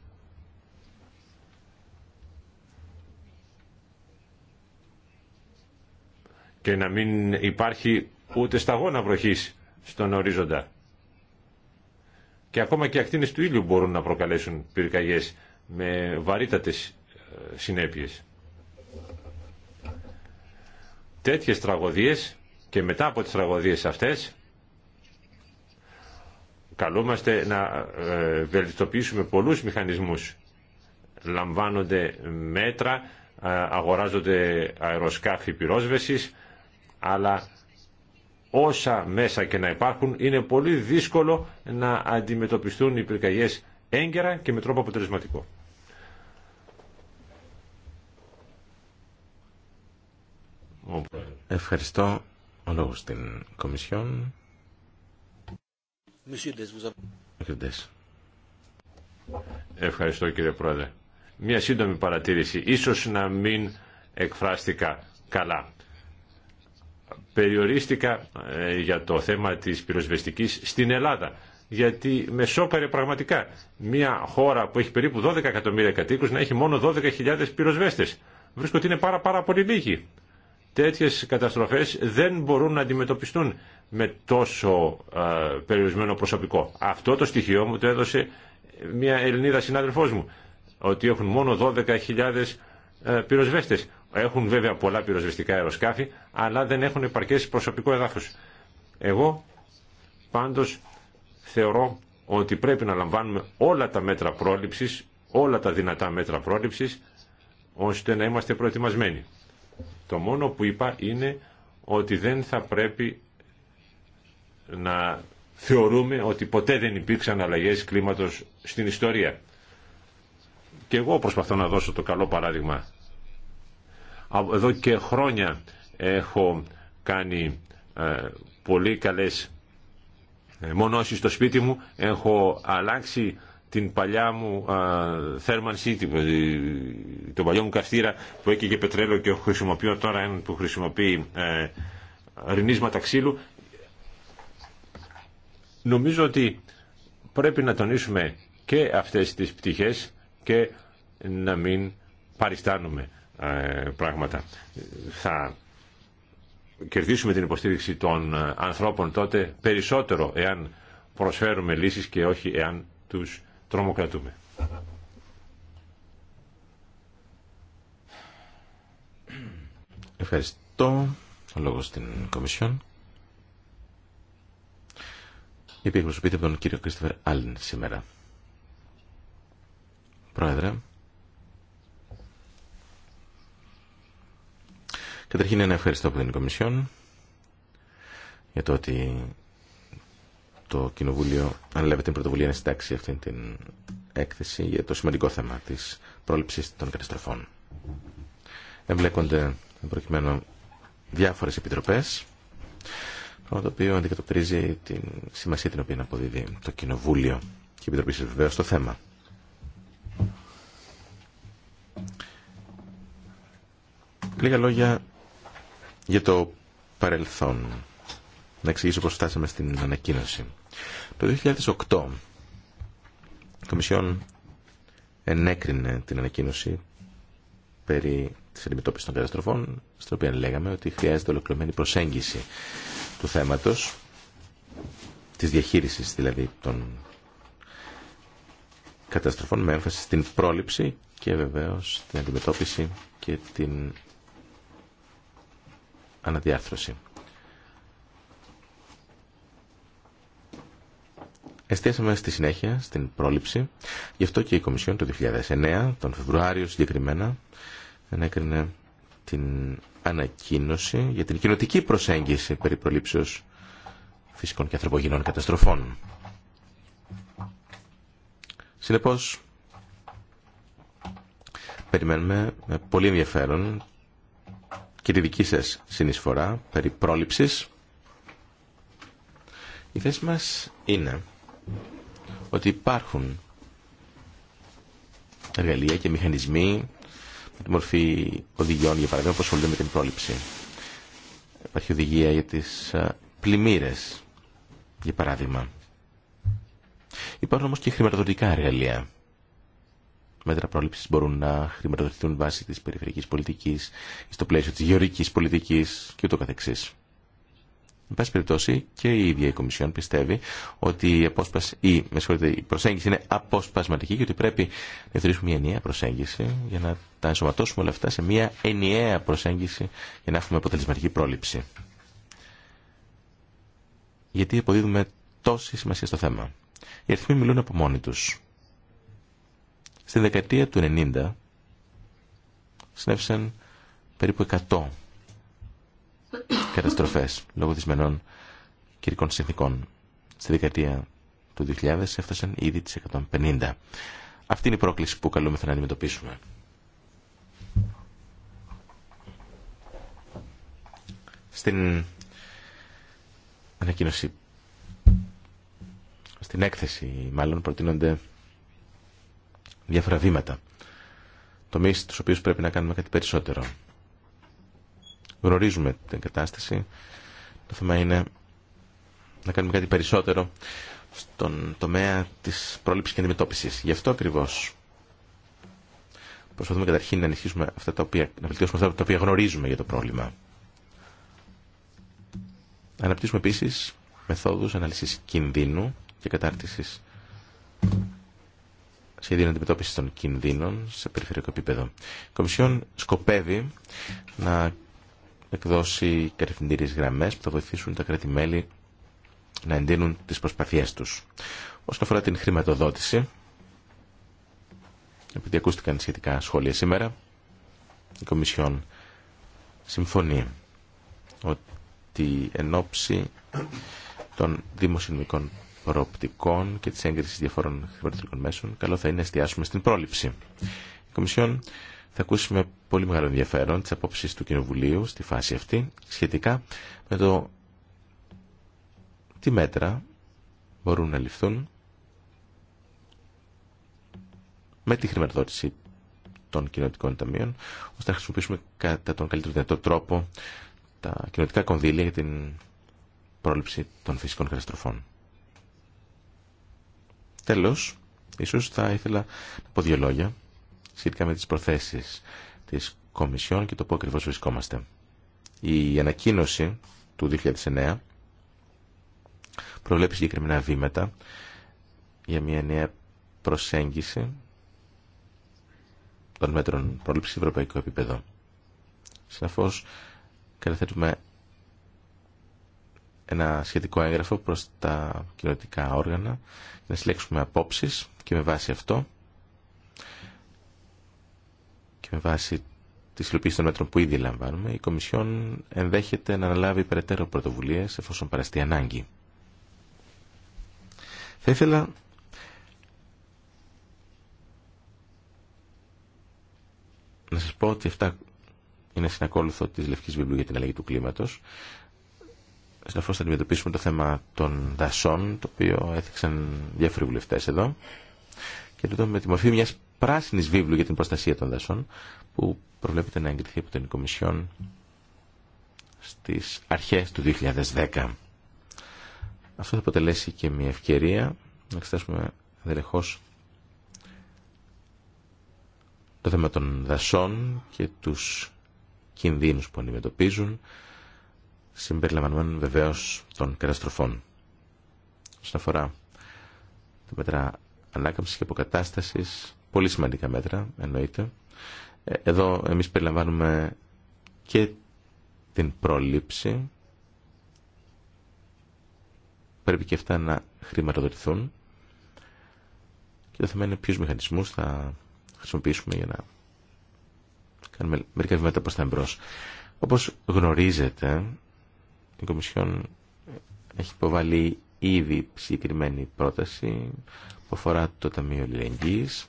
Και να μην υπάρχει ούτε σταγόνα βροχής στον ορίζοντα και ακόμα και οι ακτίνες του ήλιου μπορούν να προκαλέσουν πυρκαγιές με βαρύτατε ε, συνέπειες. Τέτοιε τραγωδίες και μετά από τις τραγωδίες αυτές καλούμαστε να ε, βελτιστοποιήσουμε πολλούς μηχανισμούς. Λαμβάνονται μέτρα, ε, αγοράζονται αεροσκάφη πυρόσβεσης, αλλά όσα μέσα και να υπάρχουν, είναι πολύ δύσκολο να αντιμετωπιστούν οι πυρκαγιές έγκαιρα και με τρόπο αποτελεσματικό. Ευχαριστώ. Ο λόγος στην Κομισιόν. Ευχαριστώ κύριε Πρόεδρε. Μια σύντομη παρατήρηση. Ίσως να μην εκφράστηκα καλά περιορίστηκα ε, για το θέμα της πυροσβεστικής στην Ελλάδα γιατί με σώπαρε πραγματικά μια χώρα που έχει περίπου 12 εκατομμύρια κατοίκους να έχει μόνο 12.000 πυροσβέστες. Βρίσκω ότι είναι πάρα, πάρα πολύ λίγοι. Τέτοιες καταστροφές δεν μπορούν να αντιμετωπιστούν με τόσο ε, περιορισμένο προσωπικό. Αυτό το στοιχείο μου το έδωσε μια Ελληνίδα συνάδελφός μου, ότι έχουν μόνο 12.000 ε, πυροσβέστες. Έχουν βέβαια πολλά πυροσβεστικά αεροσκάφη, αλλά δεν έχουν επαρκές προσωπικό εδάφος. Εγώ πάντως θεωρώ ότι πρέπει να λαμβάνουμε όλα τα μέτρα πρόληψης, όλα τα δυνατά μέτρα πρόληψης, ώστε να είμαστε προετοιμασμένοι. Το μόνο που είπα είναι ότι δεν θα πρέπει να θεωρούμε ότι ποτέ δεν υπήρξαν αλλαγές κλίματος στην ιστορία. Και εγώ προσπαθώ να δώσω το καλό παράδειγμα. Εδώ και χρόνια έχω κάνει ε, πολύ καλές ε, μονώσεις στο σπίτι μου. Έχω αλλάξει την παλιά μου ε, θέρμανση, τον παλιό μου καυστήρα που έχει και πετρέλαιο και χρησιμοποιώ τώρα έναν που χρησιμοποιεί ρινίσματα ξύλου. Νομίζω ότι πρέπει να τονίσουμε και αυτές τις πτυχές και να μην παριστάνουμε. Ε, πράγματα. Θα κερδίσουμε την υποστήριξη των ε, ανθρώπων τότε περισσότερο εάν προσφέρουμε λύσεις και όχι εάν τους τρομοκρατούμε. Ευχαριστώ. Λόγω στην Κομισιόν. Η πείτε από τον κύριο Κρίστοφερ Άλλην σήμερα. Πρόεδρε, Καταρχήν ένα ευχαριστώ από την Κομισιόν για το ότι το Κοινοβούλιο ανέλαβε την πρωτοβουλία να συντάξει αυτή την έκθεση για το σημαντικό θέμα της πρόληψης των καταστροφών. Εμπλέκονται προκειμένου διάφορες επιτροπές, το οποίο αντικατοπτρίζει τη σημασία την οποία αποδίδει το Κοινοβούλιο και η Επιτροπή σας στο θέμα. Λίγα λόγια για το παρελθόν. Να εξηγήσω πώς φτάσαμε στην ανακοίνωση. Το 2008 η Κομισιόν ενέκρινε την ανακοίνωση περί της αντιμετώπισης των καταστροφών, στην οποία λέγαμε ότι χρειάζεται ολοκληρωμένη προσέγγιση του θέματος, της διαχείρισης δηλαδή των καταστροφών με έμφαση στην πρόληψη και βεβαίως την αντιμετώπιση και την αναδιάρθρωση. Εστιάσαμε στη συνέχεια στην πρόληψη, γι' αυτό και η Κομισιόν το 2009, τον Φεβρουάριο συγκεκριμένα, ενέκρινε την ανακοίνωση για την κοινοτική προσέγγιση περί προλήψεως φυσικών και ανθρωπογενών καταστροφών. Συνεπώς, περιμένουμε με πολύ ενδιαφέρον και τη δική σας συνεισφορά περί πρόληψης. Η θέση μας είναι ότι υπάρχουν εργαλεία και μηχανισμοί με τη μορφή οδηγιών, για παράδειγμα, που ασχολούνται με την πρόληψη. Υπάρχει οδηγία για τις πλημμύρες, για παράδειγμα. Υπάρχουν όμως και χρηματοδοτικά εργαλεία μέτρα πρόληψη μπορούν να χρηματοδοτηθούν βάσει της περιφερειακής πολιτικής, στο πλαίσιο τη γεωρικής πολιτική και ούτω καθεξής. Εν πάση περιπτώσει και η ίδια η Κομισιόν πιστεύει ότι η, απόσπαση, ή, προσέγγιση είναι αποσπασματική και ότι πρέπει να ιδρύσουμε μια ενιαία προσέγγιση για να τα ενσωματώσουμε όλα αυτά σε μια ενιαία προσέγγιση για να έχουμε αποτελεσματική πρόληψη. Γιατί αποδίδουμε τόση σημασία στο θέμα. Οι αριθμοί μιλούν από μόνοι του. Στη δεκαετία του 90 συνέβησαν περίπου 100 καταστροφές λόγω δυσμενών κυρικών συνθήκων. Στη δεκαετία του 2000 έφτασαν ήδη τις 150. Αυτή είναι η πρόκληση που καλούμεθα να αντιμετωπίσουμε. Στην ανακοίνωση, στην έκθεση μάλλον προτείνονται διάφορα βήματα. Τομείς στους οποίους πρέπει να κάνουμε κάτι περισσότερο. Γνωρίζουμε την κατάσταση. Το θέμα είναι να κάνουμε κάτι περισσότερο στον τομέα της πρόληψης και αντιμετώπισης. Γι' αυτό ακριβώς προσπαθούμε καταρχήν να ενισχύσουμε αυτά τα οποία, να βελτιώσουμε αυτά τα οποία γνωρίζουμε για το πρόβλημα. Αναπτύσσουμε επίσης μεθόδους ανάλυσης κινδύνου και κατάρτισης σχεδίων αντιμετώπιση των κινδύνων σε περιφερειακό επίπεδο. Η Κομισιόν σκοπεύει να εκδώσει κατευθυντήριε γραμμέ που θα βοηθήσουν τα κράτη-μέλη να εντείνουν τι προσπαθίε του. Όσον αφορά την χρηματοδότηση, επειδή ακούστηκαν σχετικά σχόλια σήμερα, η Κομισιόν συμφωνεί ότι εν ώψη των δημοσιονομικών προοπτικών και τη έγκριση διαφόρων χρηματοδοτικών μέσων, καλό θα είναι να εστιάσουμε στην πρόληψη. Η Κομισιόν θα ακούσει με πολύ μεγάλο ενδιαφέρον τι απόψει του Κοινοβουλίου στη φάση αυτή σχετικά με το τι μέτρα μπορούν να ληφθούν με τη χρηματοδότηση των κοινωτικών ταμείων, ώστε να χρησιμοποιήσουμε κατά τον καλύτερο δυνατό τρόπο τα κοινωτικά κονδύλια για την πρόληψη των φυσικών καταστροφών. Τέλος, ίσως θα ήθελα να πω δύο λόγια σχετικά με τις προθέσεις της Κομισιόν και το πού ακριβώ βρισκόμαστε. Η ανακοίνωση του 2009 προβλέπει συγκεκριμένα βήματα για μια νέα προσέγγιση των μέτρων πρόληψη σε ευρωπαϊκό επίπεδο. Σαφώ καταθέτουμε ένα σχετικό έγγραφο προς τα κοινωτικά όργανα να συλλέξουμε απόψεις και με βάση αυτό και με βάση τις υλοποίησεις των μέτρων που ήδη λαμβάνουμε, η Κομισιόν ενδέχεται να αναλάβει περαιτέρω πρωτοβουλίες εφόσον παραστεί ανάγκη. Θα ήθελα να σας πω ότι αυτά είναι συνακόλουθο της Λευκής Βιβλίου για την αλλαγή του κλίματος σαφώς θα αντιμετωπίσουμε το θέμα των δασών, το οποίο έθιξαν διάφοροι βουλευτέ εδώ, και το με τη μορφή μια πράσινης βίβλου για την προστασία των δασών, που προβλέπεται να εγκριθεί από την Κομισιόν στις αρχές του 2010. Αυτό θα αποτελέσει και μια ευκαιρία να εξετάσουμε δελεχώ το θέμα των δασών και τους κινδύνους που αντιμετωπίζουν, συμπεριλαμβανομένων βεβαίω των καταστροφών. Όσον αφορά τα μέτρα ανάκαμψη και αποκατάσταση, πολύ σημαντικά μέτρα εννοείται. Ε, εδώ εμείς περιλαμβάνουμε και την πρόληψη. Πρέπει και αυτά να χρηματοδοτηθούν. Και το θέμα είναι ποιους μηχανισμούς θα χρησιμοποιήσουμε για να κάνουμε μερικά βήματα προς τα εμπρός. Όπως γνωρίζετε, η Κομισιόν έχει υποβάλει ήδη συγκεκριμένη πρόταση που αφορά το Ταμείο Λιλεγγύης.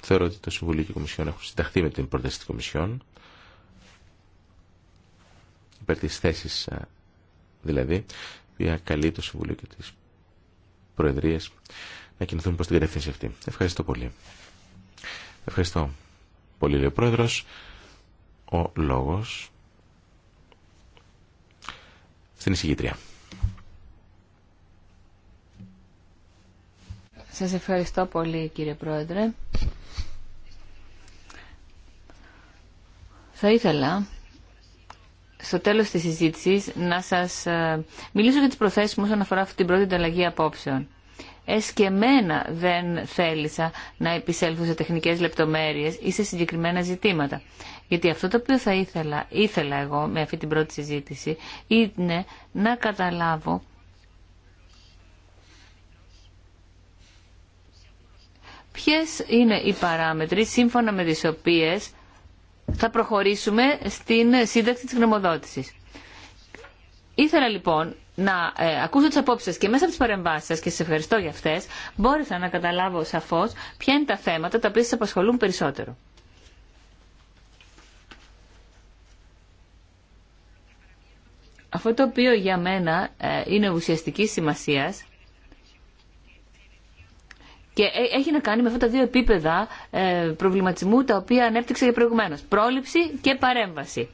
Θεωρώ ότι το Συμβουλίο και η Κομισιόν έχουν συνταχθεί με την πρόταση της Κομισιόν υπέρ της θέσης δηλαδή που καλεί το Συμβουλίο και τις Προεδρίες να κινηθούν προς την κατεύθυνση αυτή. Ευχαριστώ πολύ. Ευχαριστώ πολύ λέει ο Πρόεδρος ο λόγος στην εισηγήτρια. Σας ευχαριστώ πολύ κύριε Πρόεδρε. Θα ήθελα στο τέλος της συζήτησης να σας ε, μιλήσω για τις προθέσεις μου όσον αφορά αυτή την πρώτη ανταλλαγή απόψεων εσκεμένα δεν θέλησα να επισέλθω σε τεχνικές λεπτομέρειες ή σε συγκεκριμένα ζητήματα. Γιατί αυτό το οποίο θα ήθελα, ήθελα εγώ με αυτή την πρώτη συζήτηση είναι να καταλάβω ποιες είναι οι παράμετροι σύμφωνα με τις οποίες θα προχωρήσουμε στην σύνταξη της γνωμοδότησης. Ήθελα λοιπόν να ε, ακούσω τι απόψει και μέσα από τι παρεμβάσει σα και σα ευχαριστώ για αυτέ, μπόρεσα να καταλάβω σαφώ ποια είναι τα θέματα τα οποία σα απασχολούν περισσότερο. Αυτό το οποίο για μένα ε, είναι ουσιαστική σημασία και ε, έχει να κάνει με αυτά τα δύο επίπεδα προβληματισμού τα οποία ανέπτυξα για προηγουμένω. Πρόληψη και παρέμβαση.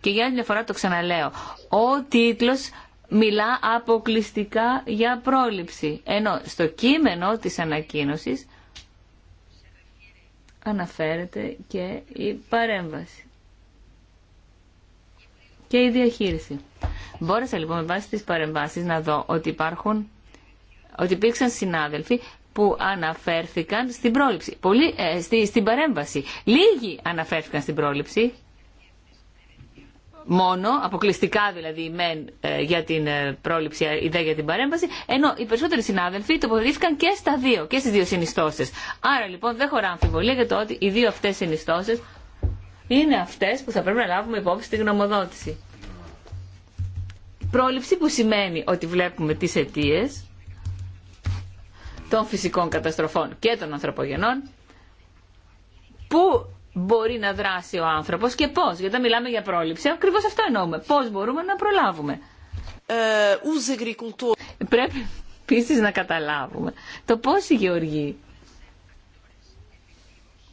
Και για άλλη φορά το ξαναλέω. Ο τίτλος μιλά αποκλειστικά για πρόληψη. Ενώ στο κείμενο της ανακοίνωσης αναφέρεται και η παρέμβαση και η διαχείριση. Μπόρεσα λοιπόν με βάση τις παρεμβάσεις να δω ότι υπάρχουν, ότι υπήρξαν συνάδελφοι που αναφέρθηκαν στην πρόληψη, πολύ, ε, στη, στην παρέμβαση. Λίγοι αναφέρθηκαν στην πρόληψη, μόνο, αποκλειστικά δηλαδή μεν ε, για την ε, πρόληψη, η δε για την παρέμβαση, ενώ οι περισσότεροι συνάδελφοι τοποθετήθηκαν και στα δύο, και στι δύο συνιστώσει. Άρα λοιπόν δεν χωρά αμφιβολία για το ότι οι δύο αυτές συνιστώσει είναι αυτές που θα πρέπει να λάβουμε υπόψη στη γνωμοδότηση. Πρόληψη που σημαίνει ότι βλέπουμε τις αιτίε των φυσικών καταστροφών και των ανθρωπογενών που μπορεί να δράσει ο άνθρωπος και πώς. Γιατί μιλάμε για πρόληψη, ακριβώ αυτό εννοούμε. Πώς μπορούμε να προλάβουμε. Ε, Πρέπει επίση να καταλάβουμε το πώς οι γεωργοί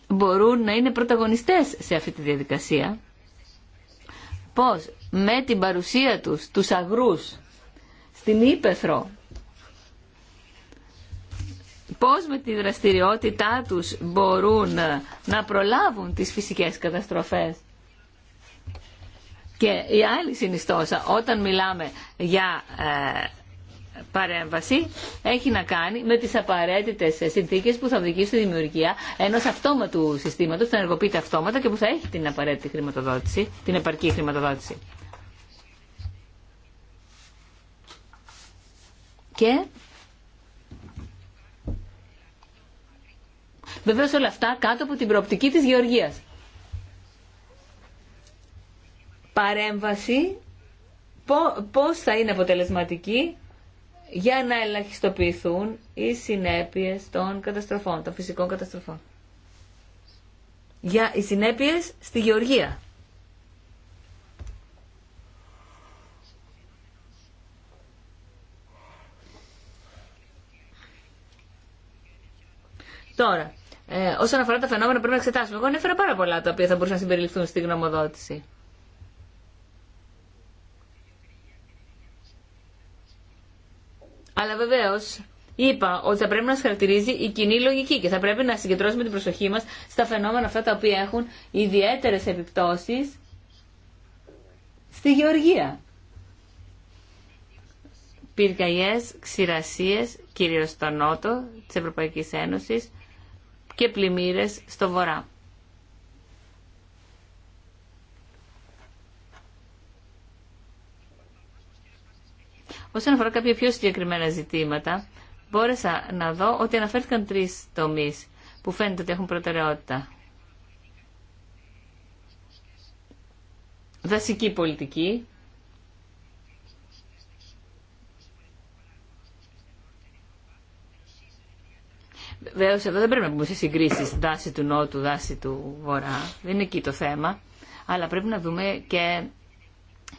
μπορούν να είναι πρωταγωνιστές σε αυτή τη διαδικασία. Πώς με την παρουσία τους, τους αγρούς, στην Ήπεθρο, πώς με τη δραστηριότητά τους μπορούν ε, να προλάβουν τις φυσικές καταστροφές. Και η άλλη συνιστόσα, όταν μιλάμε για ε, παρέμβαση, έχει να κάνει με τις απαραίτητες συνθήκες που θα οδηγήσουν στη δημιουργία ενός αυτόματου συστήματος που θα ενεργοποιείται αυτόματα και που θα έχει την απαραίτητη χρηματοδότηση, την επαρκή χρηματοδότηση. Και Βεβαίω όλα αυτά κάτω από την προοπτική της γεωργίας. Παρέμβαση πώς θα είναι αποτελεσματική για να ελαχιστοποιηθούν οι συνέπειες των καταστροφών, των φυσικών καταστροφών. Για οι συνέπειες στη γεωργία. Τώρα, ε, όσον αφορά τα φαινόμενα πρέπει να εξετάσουμε. Εγώ ανέφερα πάρα πολλά τα οποία θα μπορούσαν να συμπεριληφθούν στη γνωμοδότηση. Αλλά βεβαίω είπα ότι θα πρέπει να χαρακτηρίζει η κοινή λογική και θα πρέπει να συγκεντρώσουμε την προσοχή μα στα φαινόμενα αυτά τα οποία έχουν ιδιαίτερε επιπτώσει στη γεωργία. Πυρκαγιές, ξηρασίες, κυρίω στο νότο τη Ευρωπαϊκή Ένωση, και πλημμύρες στο βορρά. Όσον αφορά κάποια πιο συγκεκριμένα ζητήματα, μπόρεσα να δω ότι αναφέρθηκαν τρεις τομείς που φαίνεται ότι έχουν προτεραιότητα. Δασική πολιτική, Βέβαια, εδώ δεν πρέπει να πούμε σε συγκρίσει δάση του νότου, δάση του βορρά. Δεν είναι εκεί το θέμα. Αλλά πρέπει να δούμε και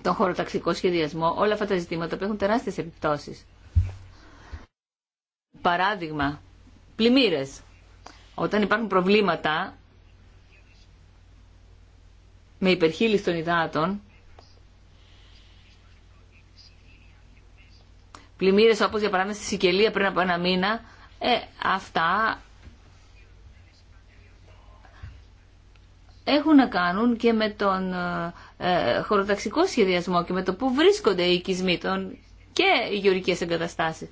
τον χωροταξικό σχεδιασμό, όλα αυτά τα ζητήματα που έχουν τεράστιε επιπτώσει. Παράδειγμα, πλημμύρε. Όταν υπάρχουν προβλήματα με υπερχείληση των υδάτων, πλημμύρε όπω για παράδειγμα στη Σικελία πριν από ένα μήνα, ε, αυτά έχουν να κάνουν και με τον ε, χωροταξικό σχεδιασμό και με το που βρίσκονται οι οικισμοί των και οι γεωργικές εγκαταστάσεις.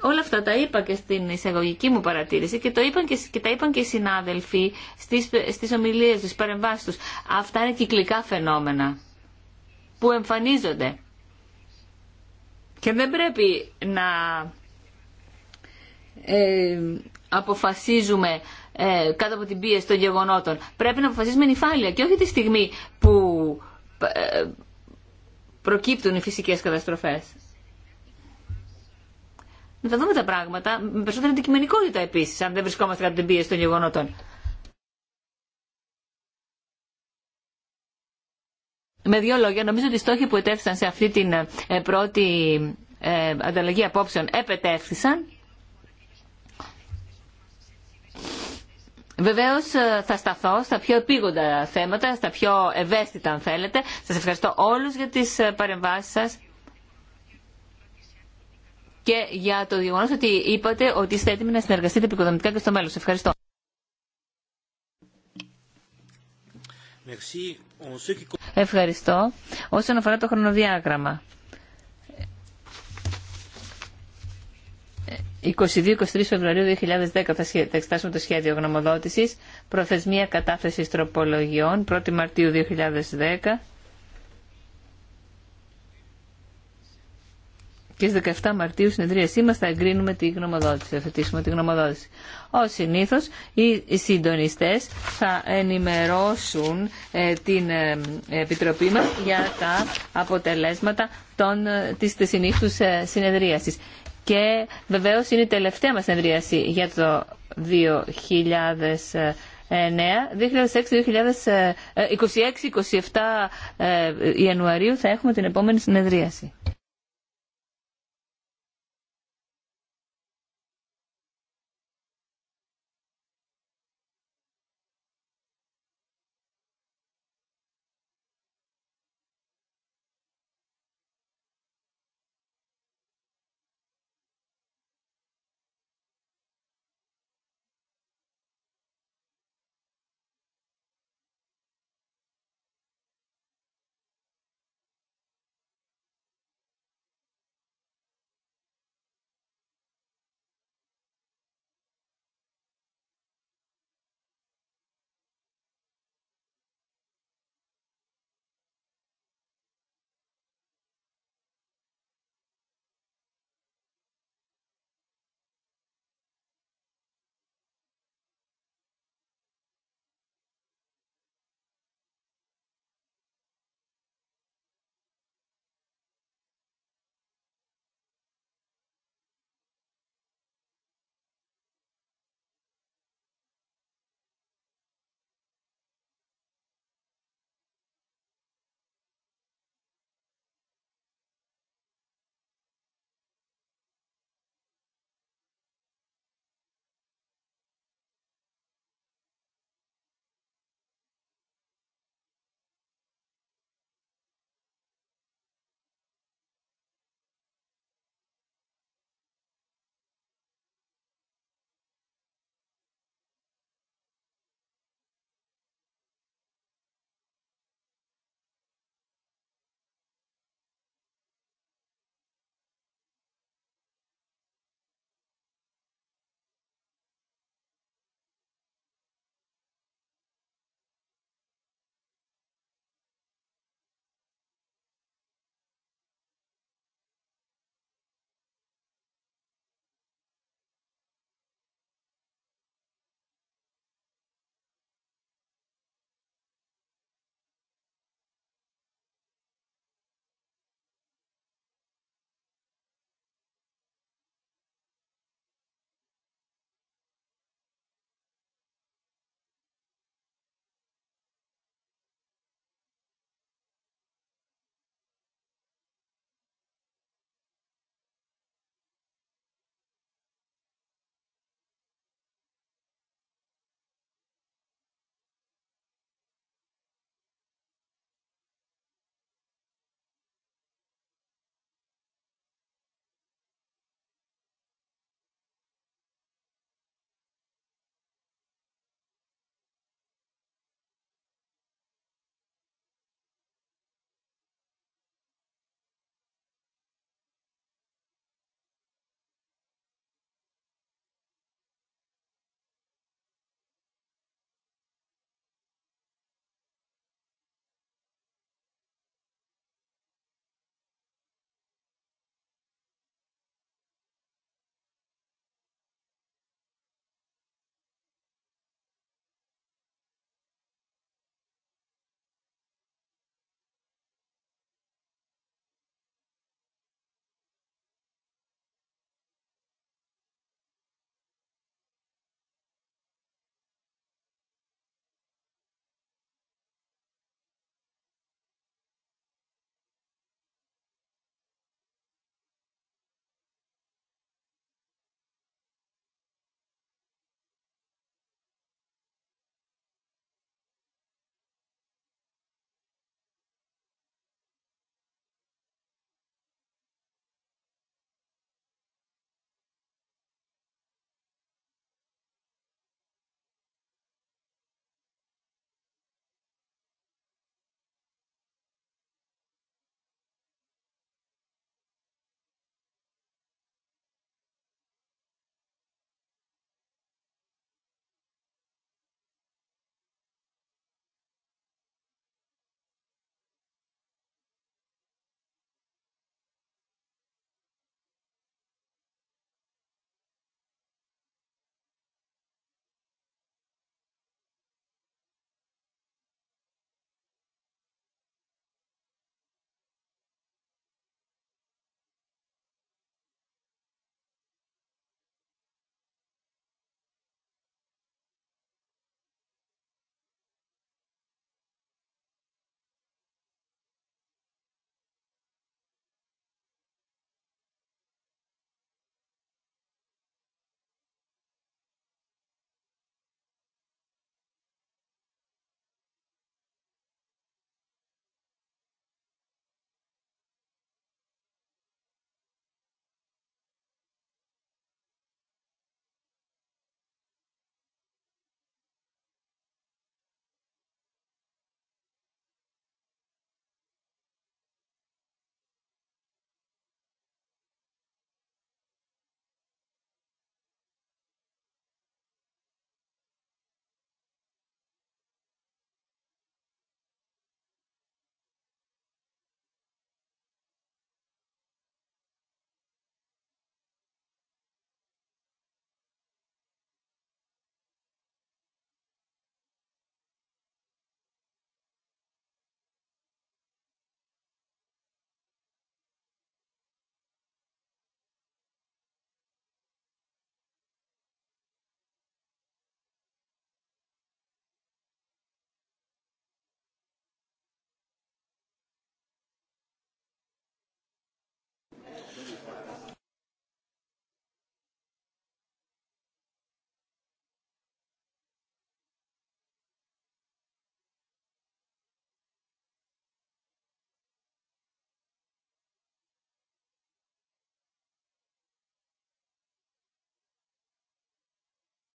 Όλα αυτά τα είπα και στην εισαγωγική μου παρατήρηση και, το είπαν και, τα είπαν και οι συνάδελφοι στις, στις ομιλίες τους, στις παρεμβάσεις τους. Αυτά είναι κυκλικά φαινόμενα που εμφανίζονται. Και δεν πρέπει να ε, αποφασίζουμε ε, κάτω από την πίεση των γεγονότων. Πρέπει να αποφασίζουμε νυφάλια και όχι τη στιγμή που ε, προκύπτουν οι φυσικές καταστροφές. Να τα δούμε τα πράγματα με περισσότερη αντικειμενικότητα επίσης, αν δεν βρισκόμαστε κάτω από την πίεση των γεγονότων. με δύο λόγια, νομίζω ότι οι στόχοι που ετέθησαν σε αυτή την ε, πρώτη ε, ανταλλαγή απόψεων επετέφθησαν. Βεβαίω ε, θα σταθώ στα πιο επίγοντα θέματα, στα πιο ευαίσθητα αν θέλετε. Σα ευχαριστώ όλου για τι παρεμβάσει σα και για το γεγονό ότι είπατε ότι είστε έτοιμοι να συνεργαστείτε επικοδομητικά και στο μέλλον. Σας ευχαριστώ. Ευχαριστώ. Όσον αφορά το χρονοδιάγραμμα. 22-23 Φεβρουαρίου 2010 θα εξετάσουμε το σχέδιο γνωμοδότησης, προθεσμία κατάθεσης τροπολογιών 1η Μαρτίου 2010 και 17 Μαρτίου συνεδρίασή μα θα εγκρίνουμε τη γνωμοδότηση, θα θετήσουμε τη γνωμοδότηση. Ω συνήθω, οι συντονιστέ θα ενημερώσουν ε, την ε, Επιτροπή μας για τα αποτελέσματα τη ε, της του συνεδρίασης. Και βεβαίω είναι η τελευταία μας συνεδρίαση για το 2009. 2006, 2026-27 Ιανουαρίου θα έχουμε την επόμενη συνεδρίαση.